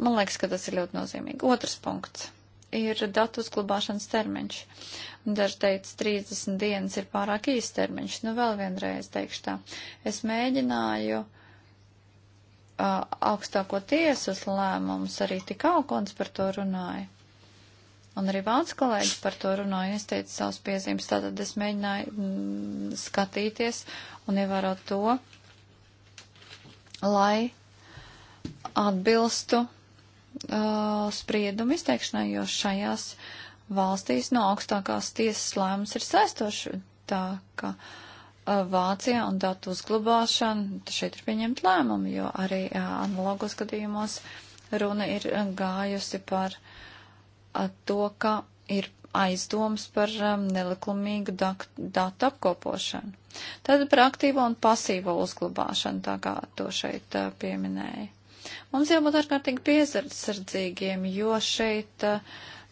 man liekas, ka tas ir ļoti nozīmīgi. Otrs punkts ir datu uzglabāšanas termiņš. Daži teica, 30 dienas ir pārāk īsts termiņš. Nu, vēl vienreiz teikšu tā. Es mēģināju uh, augstāko tiesas lēmumus, arī tik augons par to runāja. Un arī vācu kolēģi par to runāja, es teicu savus piezīmes, tātad es mēģināju mm, skatīties un ievērot to, lai atbilstu uh, spriedumu izteikšanai, jo šajās uh, valstīs no augstākās tiesas lēmums ir saistošs. Tā ka uh, Vācijā un datu uzglabāšana šeit ir pieņemt lēmumu, jo arī uh, analogos gadījumos runa ir gājusi par uh, to, ka ir aizdoms par um, nelikumīgu datu apkopošanu. Tad par aktīvo un pasīvo uzglabāšanu, tā kā to šeit uh, pieminēja. Mums jābūt ārkārtīgi piesardzīgiem, jo šeit uh,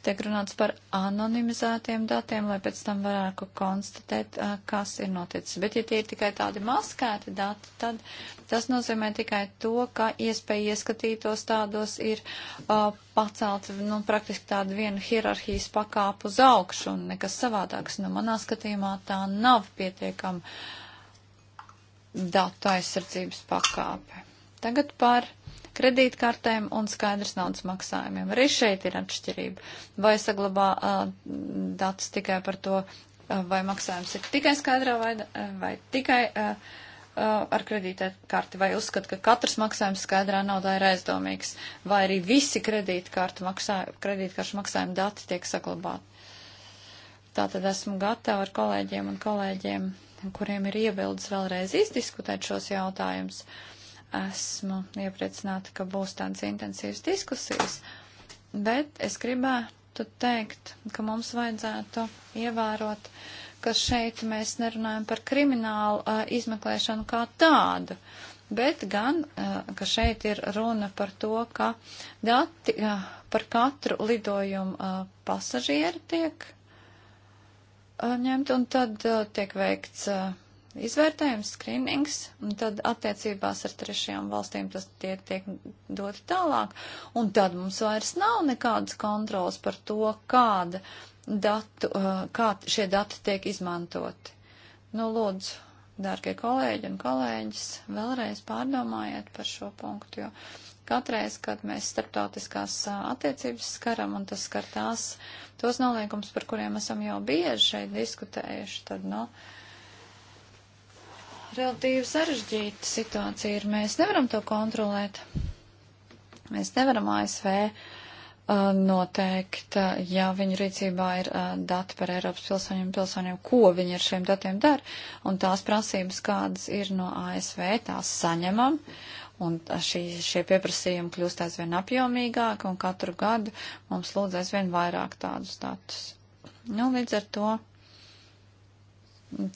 tiek runāts par anonimizētiem datiem, lai pēc tam varētu konstatēt, kas ir noticis. Bet ja tie ir tikai tādi maskēti dati, tad tas nozīmē tikai to, ka iespēja ieskatītos tādos ir uh, pacelt, nu, praktiski tādu vienu hierarhijas pakāpu uz augšu un nekas savādāks. Nu, manā skatījumā tā nav pietiekama datu aizsardzības pakāpe. Tagad par kredītkartēm un skaidrs naudas maksājumiem. Arī šeit ir atšķirība. Vai saglabā uh, dats tikai par to, uh, vai maksājums ir tikai skaidrā vai, uh, vai tikai uh, uh, ar kredītkarti, vai uzskata, ka katrs maksājums skaidrā naudā ir aizdomīgs, vai arī visi kredītkartu maksā, kredītkaršu maksājumu dati tiek saglabāti. Tātad esmu gatava ar kolēģiem un kolēģiem, kuriem ir iebildes vēlreiz izdiskutēt šos jautājumus. Uh, Esmu iepriecināta, ka būs tādas intensīvas diskusijas, bet es gribētu teikt, ka mums vajadzētu ievērot, ka šeit mēs nerunājam par kriminālu uh, izmeklēšanu kā tādu, bet gan, uh, ka šeit ir runa par to, ka dati uh, par katru lidojumu uh, pasažieri tiek ņemti un tad tiek veikts izvērtējums, skrīnings, un tad attiecībās ar trešajām valstīm tas tie tiek doti tālāk, un tad mums vairs nav nekādas kontrols par to, kāda datu, uh, kā šie dati tiek izmantoti. Nu, lūdzu, dārgie kolēģi un kolēģis, vēlreiz pārdomājiet par šo punktu, jo katreiz, kad mēs starptautiskās uh, attiecības skaram, un tas skar tās, tos noliekums, par kuriem esam jau bieži šeit diskutējuši, tad, nu, no, relatīvi sarežģīta situācija ir. Mēs nevaram to kontrolēt. Mēs nevaram ASV uh, noteikt, uh, ja viņu rīcībā ir uh, dati par Eiropas pilsoņiem un pilsoņiem, ko viņi ar šiem datiem dara, un tās prasības, kādas ir no ASV, tās saņemam, un uh, šī, šie pieprasījumi kļūst aizvien apjomīgāki, un katru gadu mums lūdz aizvien vairāk tādus datus. Nu, līdz ar to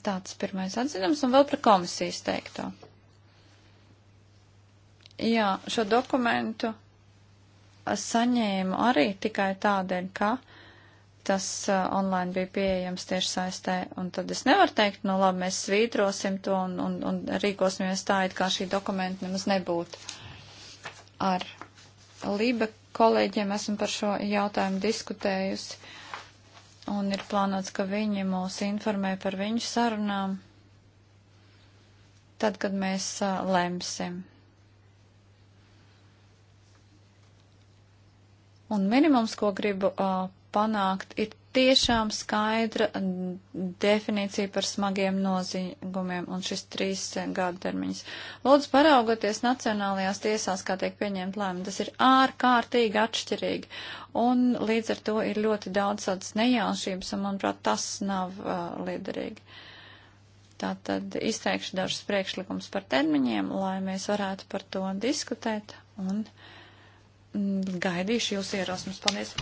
Tāds pirmais atzinums un vēl par komisijas teikto. Jā, šo dokumentu saņēmu arī tikai tādēļ, ka tas uh, online bija pieejams tieši saistē, un tad es nevaru teikt, nu labi, mēs svītrosim to un, un, un rīkosimies tā, it kā šī dokumenta nemaz nebūtu. Ar Lība kolēģiem esmu par šo jautājumu diskutējusi. Uh, un ir plānots, ka viņi mūs informē par viņu sarunām tad, kad mēs uh, lemsim. Un minimums, ko gribu uh, panākt, ir tiešām skaidra definīcija par smagiem noziegumiem un šis trīs gadu termiņš. Lūdzu, paraugoties nacionālajās tiesās, kā tiek pieņemt lēmumi, tas ir ārkārtīgi atšķirīgi. Un līdz ar to ir ļoti daudz tādas nejaušības, un manuprāt, tas nav uh, liederīgi. Tātad izteikšu dažus priekšlikums par termiņiem, lai mēs varētu par to diskutēt un mm, gaidīšu jūs ierosmes. Paldies!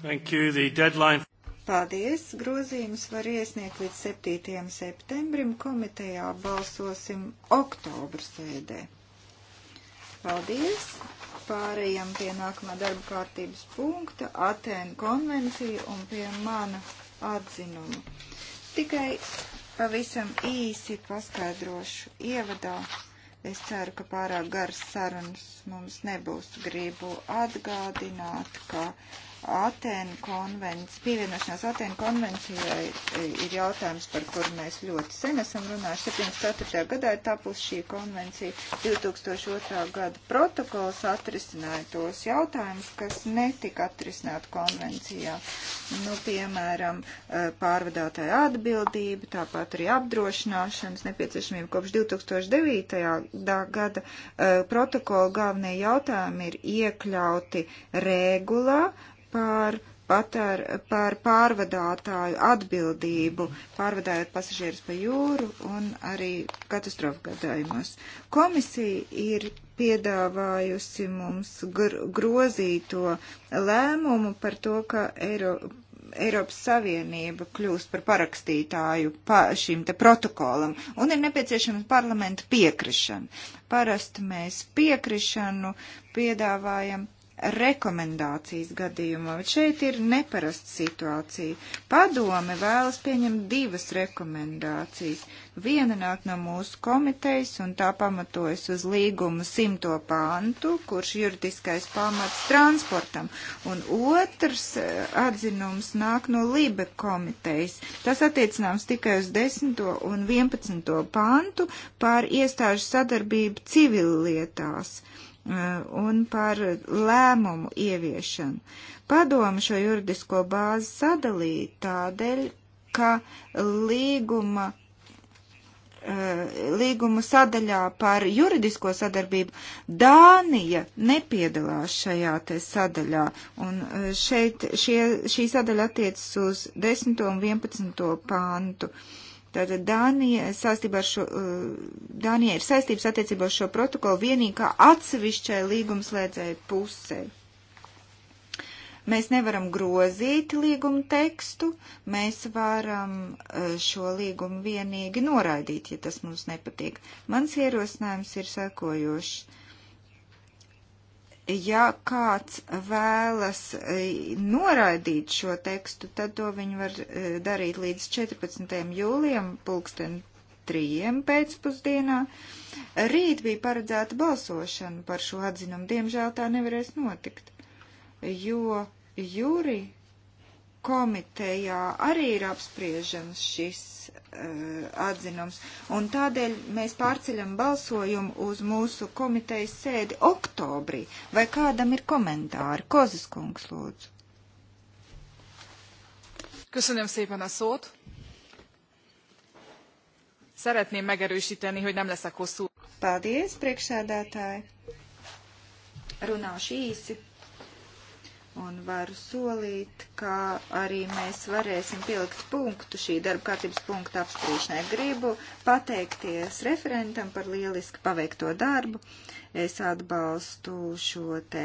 Thank you. The deadline. Paldies! Grozījums var iesniegt līdz 7. septembrim. Komitejā balsosim oktobra sēdē. Paldies! Pārējām pie nākamā darba kārtības punkta - Atēnu konvencija un pie mana atzinuma. Tikai pavisam īsi paskaidrošu ievadā. Es ceru, ka pārāk garas sarunas mums nebūs. Gribu atgādināt, ka Atēnu konvencija, pievienošanās Atēnu konvencijai e, ir jautājums, par kuru mēs ļoti sen esam runājuši. 74. gadā ir tapus šī konvencija. 2002. gada protokols atrisināja tos jautājumus, kas netika atrisināti konvencijā. Nu, piemēram, e, pārvadātāja atbildība, tāpat arī apdrošināšanas nepieciešamība. Kopš 2009. gada e, protokola galvenie jautājumi ir iekļauti regulā, par, patēr, par pārvadātāju atbildību, pārvadājot pasažierus pa jūru un arī katastrofu gadījumos. Komisija ir piedāvājusi mums gr grozīto lēmumu par to, ka Eiropa. Eiropas Savienība kļūst par parakstītāju pa šim te protokolam un ir nepieciešama parlamenta piekrišana. Parasti mēs piekrišanu piedāvājam rekomendācijas gadījumā, bet šeit ir neparasta situācija. Padome vēlas pieņemt divas rekomendācijas. Viena nāk no mūsu komitejas un tā pamatojas uz līguma simto pāntu, kurš juridiskais pamats transportam, un otrs eh, atzinums nāk no Libe komitejas. Tas attiecināms tikai uz 10. un 11. pāntu par iestāžu sadarbību civillietās. lietās Eh, un par lēmumu ieviešanu. Padomu šo juridisko bāzi sadalīja tādēļ, ka līguma eh, līguma sadaļā par juridisko sadarbību. Dānija nepiedalās šajā te sadaļā, un eh, šeit šie, šī sadaļa attiecas uz 10. un 11. pāntu. Uh, Tātad Dānija, saistībā ar šo, uh, Dānija ir saistības attiecībā uz šo protokolu vienīgā atsevišķai līgumslēdzēju pusē. Mēs nevaram grozīt līgumu tekstu, mēs varam uh, šo līgumu vienīgi noraidīt, ja tas mums nepatīk. Mans ierosinājums ir sekojošs ja kāds vēlas e, noraidīt šo tekstu, tad to viņi var e, darīt līdz 14. jūlijam, pulksten 3. pēcpusdienā. Rīt bija paredzēta balsošana par šo atzinumu, diemžēl tā nevarēs notikt, jo jūri komitejā arī ir apspriežams šis uh, atzinums, un tādēļ mēs pārceļam balsojumu uz mūsu komitejas sēdi oktobrī. Vai kādam ir komentāri? Kozas kungs, lūdzu. Köszönöm szépen a szót. Szeretném megerősíteni, hogy nem leszek hosszú. Paldies, priekšsēdētāji. Runāšu īsi Un varu solīt, ka arī mēs varēsim pielikt punktu šī darba kārtības punkta apspriešanai. Gribu pateikties referentam par lieliski paveikto darbu. Es atbalstu šo te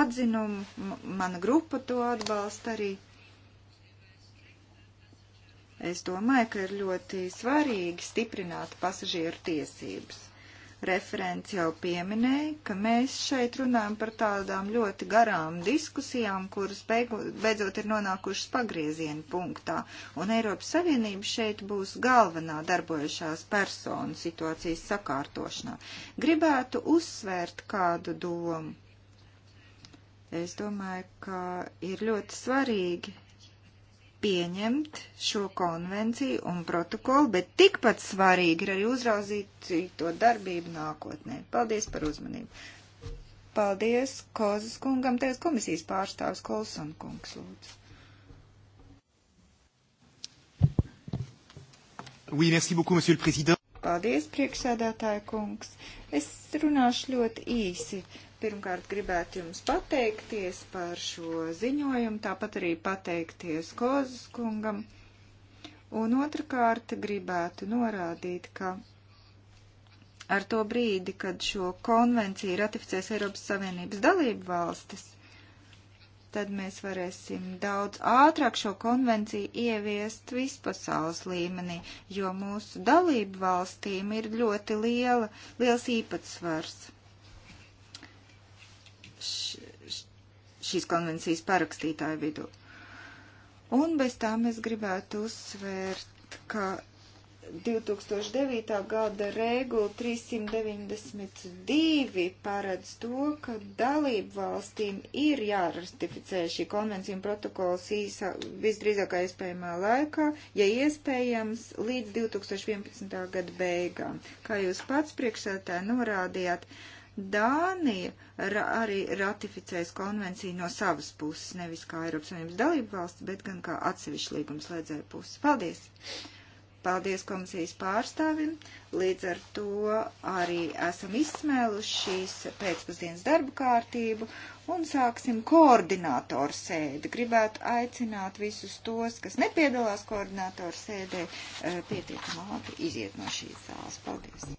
atzinumu, mana grupa to atbalsta arī. Es domāju, ka ir ļoti svarīgi stiprināt pasažieru tiesības. Referents jau pieminēja, ka mēs šeit runājam par tādām ļoti garām diskusijām, kuras beigu, beidzot ir nonākušas pagrieziena punktā, un Eiropas Savienība šeit būs galvenā darbojušās personu situācijas sakārtošanā. Gribētu uzsvērt kādu domu. Es domāju, ka ir ļoti svarīgi pieņemt šo konvenciju un protokolu, bet tikpat svarīgi ir arī uzraudzīt to darbību nākotnē. Paldies par uzmanību. Paldies Kozas kungam, tevis komisijas pārstāvs Kolson kungs lūdzu. Oui, merci beaucoup, monsieur le président. Paldies, priekšsēdētāja kungs. Es runāšu ļoti īsi. Pirmkārt, gribētu jums pateikties par šo ziņojumu, tāpat arī pateikties Kozas kungam. Un otrkārt, gribētu norādīt, ka ar to brīdi, kad šo konvenciju ratificēs Eiropas Savienības dalību valstis, tad mēs varēsim daudz ātrāk šo konvenciju ieviest vispasaules līmenī, jo mūsu dalību valstīm ir ļoti liela, liels īpatsvars šīs konvencijas parakstītāju vidū. Un bez tām es gribētu uzsvērt, ka 2009. gada regula 392 paredz to, ka dalību valstīm ir jāratificē šī konvencija un protokols īsā, visdrīzākā iespējamā laikā, ja iespējams, līdz 2011. gada beigām. Kā jūs pats priekšsētā norādījāt, uh, Dānija ra arī ratificēs konvenciju no savas puses, nevis kā Eiropas Savienības dalība valsts, bet gan kā atsevišķa līgumslēdzēja puses. Paldies! Paldies komisijas pārstāvim. Līdz ar to arī esam izsmēluši šīs pēcpusdienas darba kārtību un sāksim koordinātoru sēdi. Gribētu aicināt visus tos, kas nepiedalās koordinātoru sēdē, eh, pietiekamāk iziet no šīs zāles. Paldies!